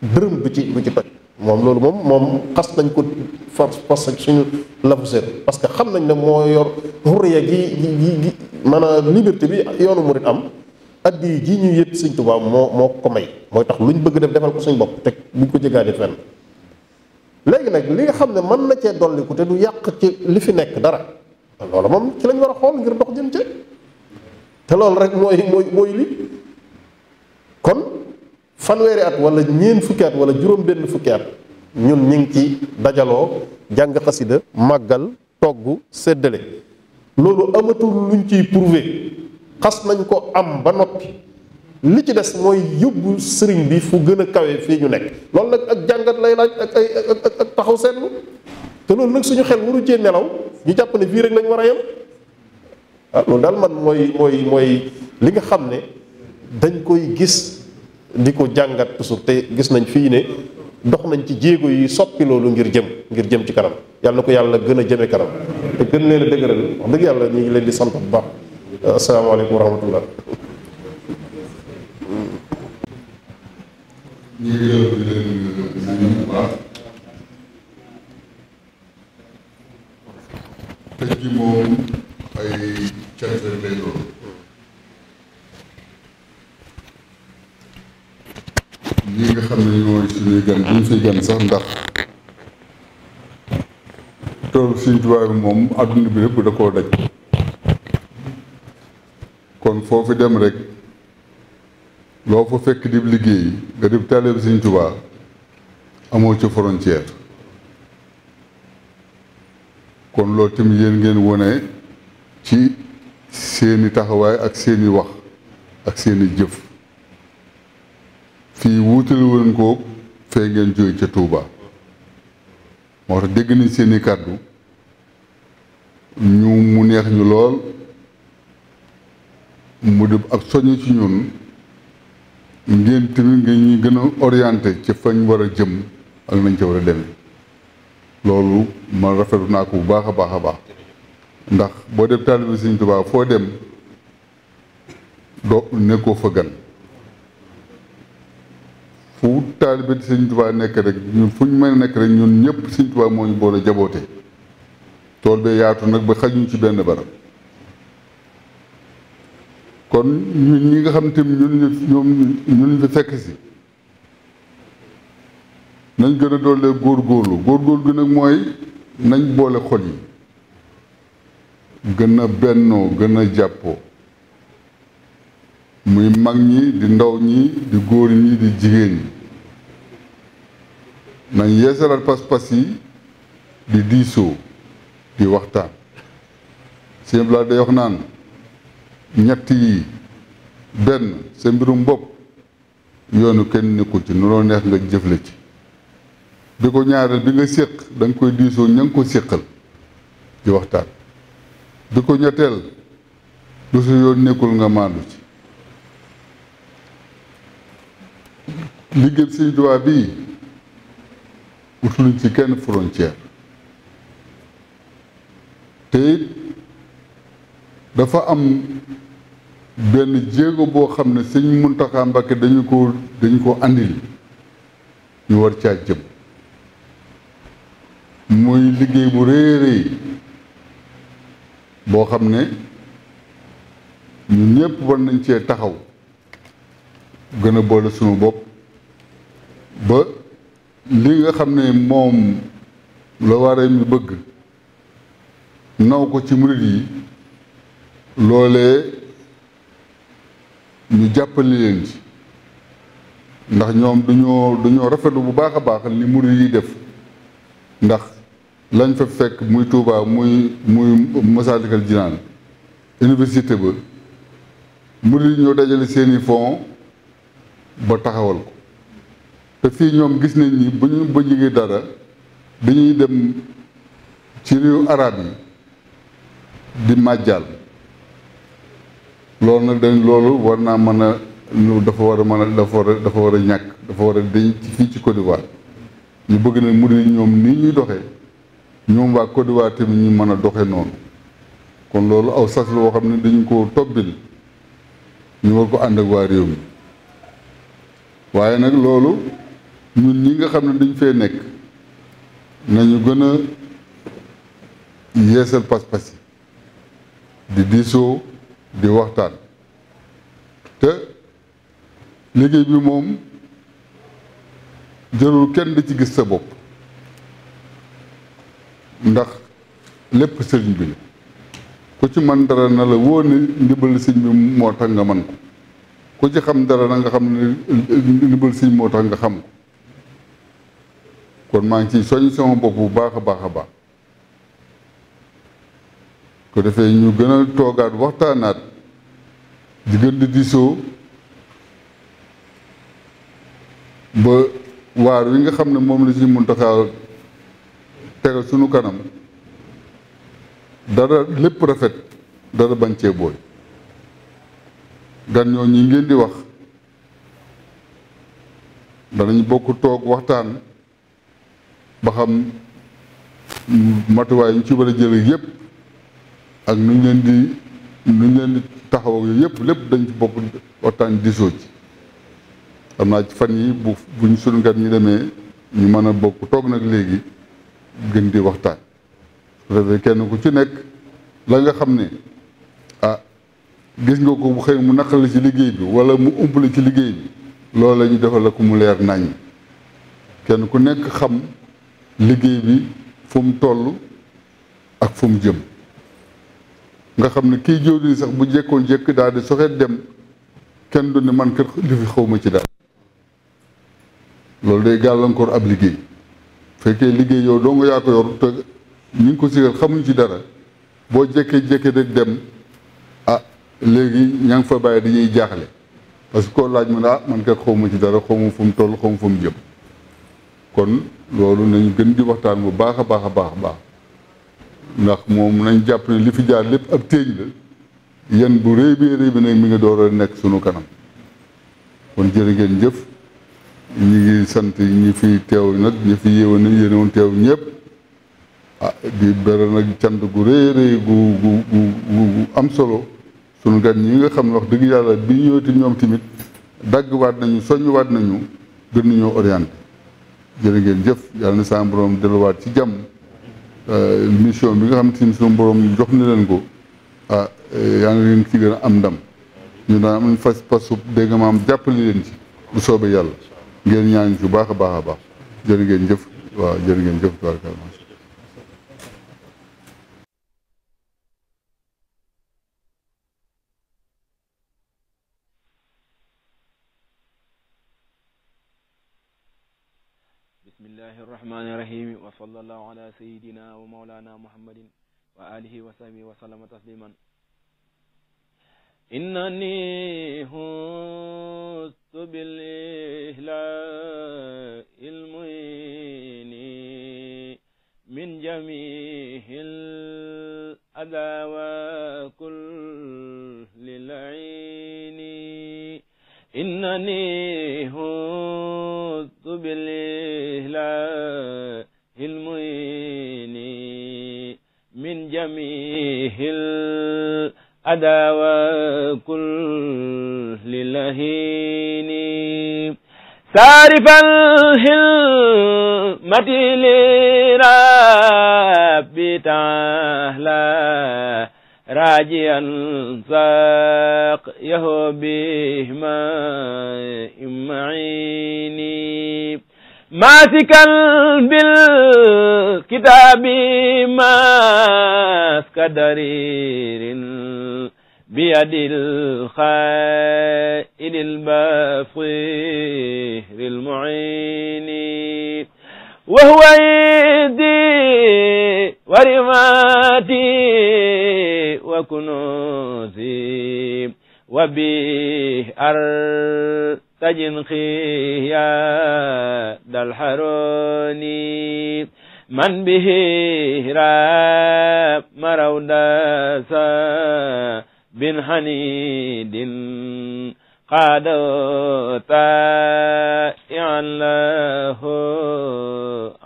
dërëm bu ci bu ci toj moom loolu moom moom xas nañ ko far fas ak suñu lafuseet parce que xam nañ ne moo yor hurriya gi gi gi a liberté bi yoonu murit am addi ji ñu yëpp sëñ Tuubaa moo moo ko may mooy tax luñ bëgg def defal ko suñu bopp teg buñ ko jëgaane fenn léegi nag li nga xam ne mën na cee dolliku te du yàq ci li fi nekk dara loolu moom ci lañ war a xool ngir dox jëm ci te loolu rek mooy mooy mooy li kon fanweeri at wala ñeen fukki at wala juróom benn fukki at ñun ñu ngi ci dajaloo jàng xasida màggal togg séddale loolu amatul luñ ciy prouver xas nañ ko am ba noppi li ci des mooy yóbbu sëriñ bi fu gën a kawe fii ñu nekk loolu nag ak jàngat lay laaj ak ak taxaw seetlu te loolu nag suñu xel waru cee nelaw ñu jàpp ne fii rek lañ war a yem ah daal man mooy mooy li nga xam ne dañ koy gis di ko jàngat toujours te gis nañ fii ne dox nañ ci jéego yi soppi loolu ngir jëm ngir jëm ci kanam yàlla na ko yàlla gën a jëme kanam te gën leen a dëgëral dëgg yàlla ñu ngi leen di sant bu baax. asalaamaaleykum wa rahmatullah. ñu ngi moom ay cant lay doon. ñi nga xam ne ñooy suñuy gan bu ñu fiy gan sax ndax. toolu Sëñ Tuubaa bi moom àdduna bi lépp da koo daj. kon foofu dem rekk loo fa fekk di liggéey nga dib taalibe Sëriñ Tuubaa amoo ci frontière kon loolu tamit yéen ngeen wone ci seeni taxawaay ak seeni wax ak seeni jëf fii wuutale woon ko fee ngeen jóge ca Touba moo tax dégg nañ seeni kàddu ñu mu neex ñu lool mu def ak soññ ci ñun ngeen tamit nga ñuy gën a orienté ci fañ war a jëm ak nañ ca war a demee loolu ma rafetlu naa ko bu baax a baax a baax ndax boo def taalibe Sëriñ Tuubaa foo dem doo nekkoo fa gan fu taalibe Sëriñ Tuubaa nekk rek ñun fu ñu mën a nekk rek ñun ñëpp Sëriñ Tuubaa moo ñu boole jaboote tool bee yaatu nag ba xajuñ ci benn bara kon ñun ñi nga xam tamit ñun ñoom ñun ñu fekk si nañ gën a doole góor góor gi nag mooy nañ boole xol yi gën a bennoo gën a jàppoo muy mag ñi di ndaw ñi di góor ñi di jigéen ñi nañ yeesalaat pas-pas yi di diisoo di waxtaan sëñ Bala day wax naan ñett yi benn sa mbirum bopp yoonu kenn nekkul ci nu loo neex nga jëfle ci bi ko ñaareel bi nga séq da koy diisoo ña nga ko séqal di waxtaan bi ko ñetteel du su yoon nekkul nga maandu ci liggéey Sëñ Tuubaa bii utuluñ ci kenn frontière te it dafa am benn jéego boo xam ne sëñ Muntaxa Mbàkke dañu ko dañu ko andil ñu war caa jëm muy liggéey bu rëy rëy boo xam ne ñun ñëpp war nañ cee taxaw gën a boole sunu bopp ba li nga xam ne moom la waree mi bëgg naw ko ci murit yi loolee ñu jàppale leen ci ndax ñoom duñoo duñoo rafetlu bu baax a baax li murid yi def ndax lañ fa fekk muy tuubaa muy muy Masaalikal Jinaan université ba murid yu ñoo dajale seeni fonds ba taxawal ko te fii ñoom gis nañ ni ñu ba jigee dara dañuy dem ci réew arab yi di màjjal loolu nag dañ loolu war naa mën a dafa war a mën a dafa war a ñàkk dafa war a deñ fii ci Côte d'Ivoire ñu bëgg na mu di ñoom nii ñuy doxe ñoom waa Côte d'Ivoire ñu mën a doxe noonu kon loolu aw sas la woo xam ne dañu ko tobbil ñu war ko ànd ak waa réew mi waaye nag loolu ñun ñi nga xam ne dañu fee nekk nañu gën a yeesal pas-pas yi di diisoo di waxtaan te liggéey bi moom jërul kenn di ci gis sa bopp ndax lépp sëriñ bi la ku ci man dara na la wóor ne ndimbal sëriñ bi moo tax nga man ko ku ci xam dara na nga xam ne ndimbal sëriñ moo tax nga xam ko kon maa ngi ciy soñ sama bopp bu baax a baax a baax ko defee ñu gën a toogaat waxtaanaat di gën di diisoo ba waar wi nga xam ne moom la ci Muntaxa tegal sunu kanam dara lépp rafet dara bañ cee boole gan ñoo ñi ngeen di wax danañ bokk toog waxtaan ba xam matuwaay ñu ci war a jël yépp ak nu ñu leen di nu ñu leen di taxaw yooyu yëpp lépp dañ ci bokk waxtaan diisoo ci xam fan yi bu buñ sunu gan ñu demee ñu mën a bokk toog nag léegi gën di waxtaan su defee kenn ku ci nekk la nga xam ne ah gis nga ko bu xëy mu naqale ci liggéey bi wala mu umpale ci liggéey bi loolu la ñu defal la ko mu leer nañ kenn ku nekk xam liggéey bi fu mu toll ak fu jëm nga xam ne kii jëw sax bu jekkoon jekk daal di soxeet dem kenn du ne man kër li fi xaw ma ci daal loolu day gàllankoor ab liggéey fekkee liggéey yow doo nga yaa ko yor te ñu ngi ko sigal xamuñ ci dara boo jekkee jekkee rek dem ah léegi ña ngi fa bàyyi dañuy jaaxle parce que laaj mu ne ah man kër xaw ma ci dara xaw ma fu mu toll xaw ma jëm kon loolu nañ gën di waxtaan bu baax a baax a baax a baax ndax moom nañ jàpp ne li fi jaar lépp ab téeñ la yan bu rëy bi rëy bi nag mi ngi door a nekk sunu kanam kon jërë ngeen jëf ñi ngi sant ñi fi teew nag ñi fi yéewoon nañ teew ñëpp ah nag cant gu rëy rëy am solo sunu gan ñi nga xam ne wax dëgg yàlla bi ñëwati ñoom tamit dagg waat nañu soññ waat nañu gën nañoo orienté jërë ngeen jëf yàlla na saa borom delluwaat ci jàmm Euh, mission bi nga xam ne suñu borom jox na leen ko ah eh, yaa ngi leen ci gën a am ndam ñu daan am fas fasub ma am maam jàppale leen ci bu soobee yàlla ngeen ñaan ci baax a baax a baax jërë ngeen jëf waaw jërë ngeen jëf tubaarkalla bismillahi arrahmani irrahimi wa sallallahu ala sayidina wa maulana muhammadin wa alihi wa sahbihi wa sallama tasliman innani hustu bil ihla ilmuyni min jamihil adawa kullil ayni إنني هزت بالإله المين من جميع الأداوى كل لهين سارف الهلمة لربي تعالى راجيا ساقيه بماء معين ماسكا بالكتاب ماسك درير بيد الخائن البصير المعين وهو عيدي ورماتي وكنوزي وبه أرتجن خياد الحروني من به راب مرودسا بن حنيد قالوا طائع الله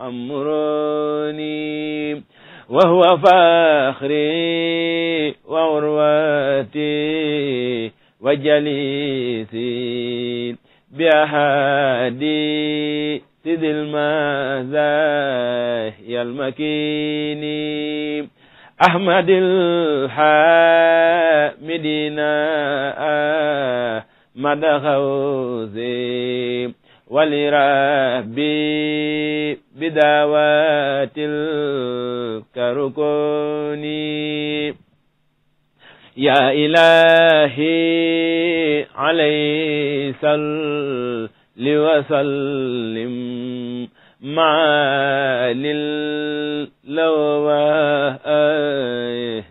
أمرني وهو فاخري وعروتي وجليسي بأحاديث ذي المزايا المكيني أحمد الحامدين مدى غوزي ولربي بدعوات الكركوني يا إلهي عليه صل وسلم مع للوى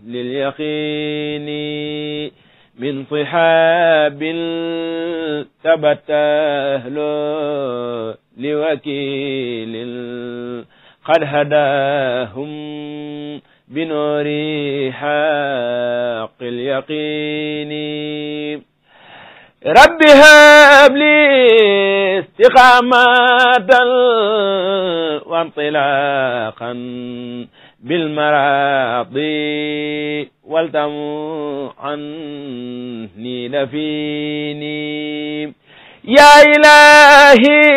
لليقين من صحاب تبتهل لوكيل قد هداهم بنور حق اليقين رب هب لي استقامة وانطلاقا بالمراضي والتموا عني نفيني يا إلهي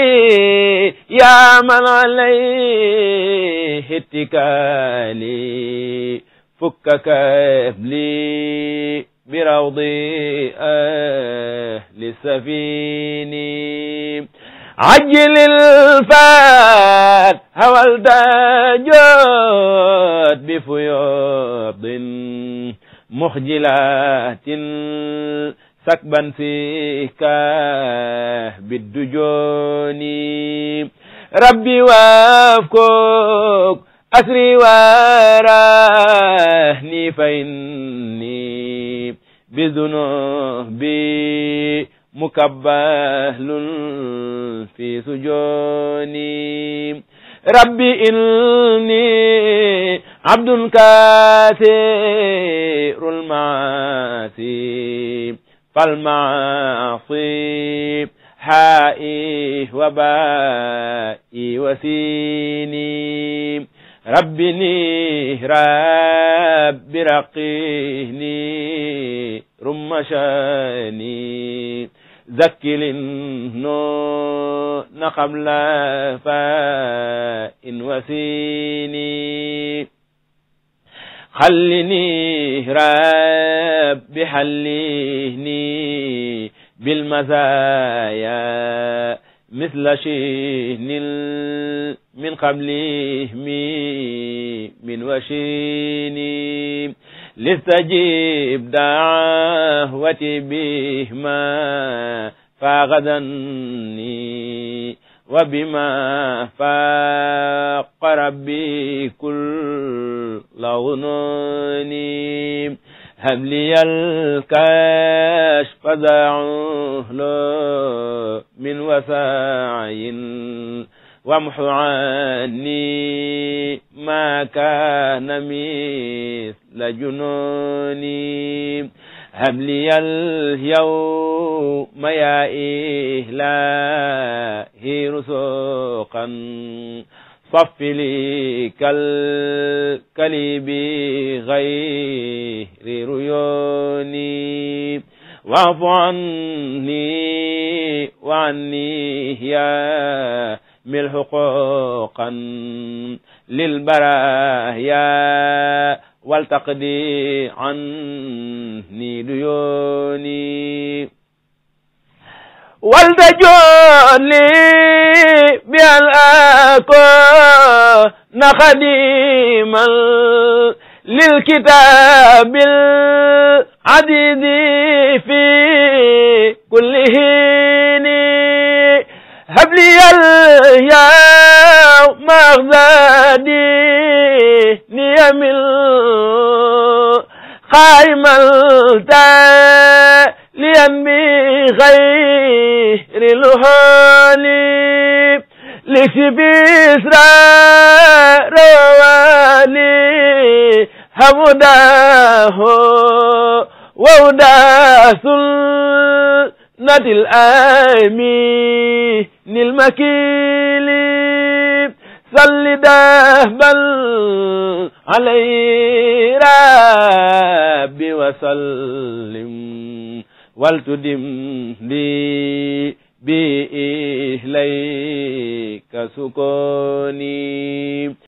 يا من عليه اتكالي فك كبلي بروض أهل سفيني عجل الفات والتجد بفيوض مخجلات سكبا فيك بالدجون ربي وافكك أسري ورهني فإني بذنوبي مكبل في سجوني ربي إني عبد كثير المعاصي فالمعاصي حائي وبائي وسيني ربني رب رقيني رمشاني zakkilin no na xam la fa in wasini xallini rabbi xallini bil masaaya misla shinin min qablihmi min washini listajib daawati bihima faaxadanni wa bima faaqa rabbi kulla gununi habli alkashfa daahu min wasaayin وامح عني ما كان مثل جنوني هب لي اليوم يا إلهي رزقا صف لي كالكلي بغير ريوني واعف عني وعني يا مل حقوقا للبرايا والتقدي عني ديوني والتجوني بأن أكون خديما للكتاب العديد في كل هيني هب لي اليوم أغزادي نيم القائم التاليا بغير الهالي لسبيس روالي همداه ووداث نادي الآمين المكيل صل دهبا عليه ربي وسلم والتدم لي بإهليك سكوني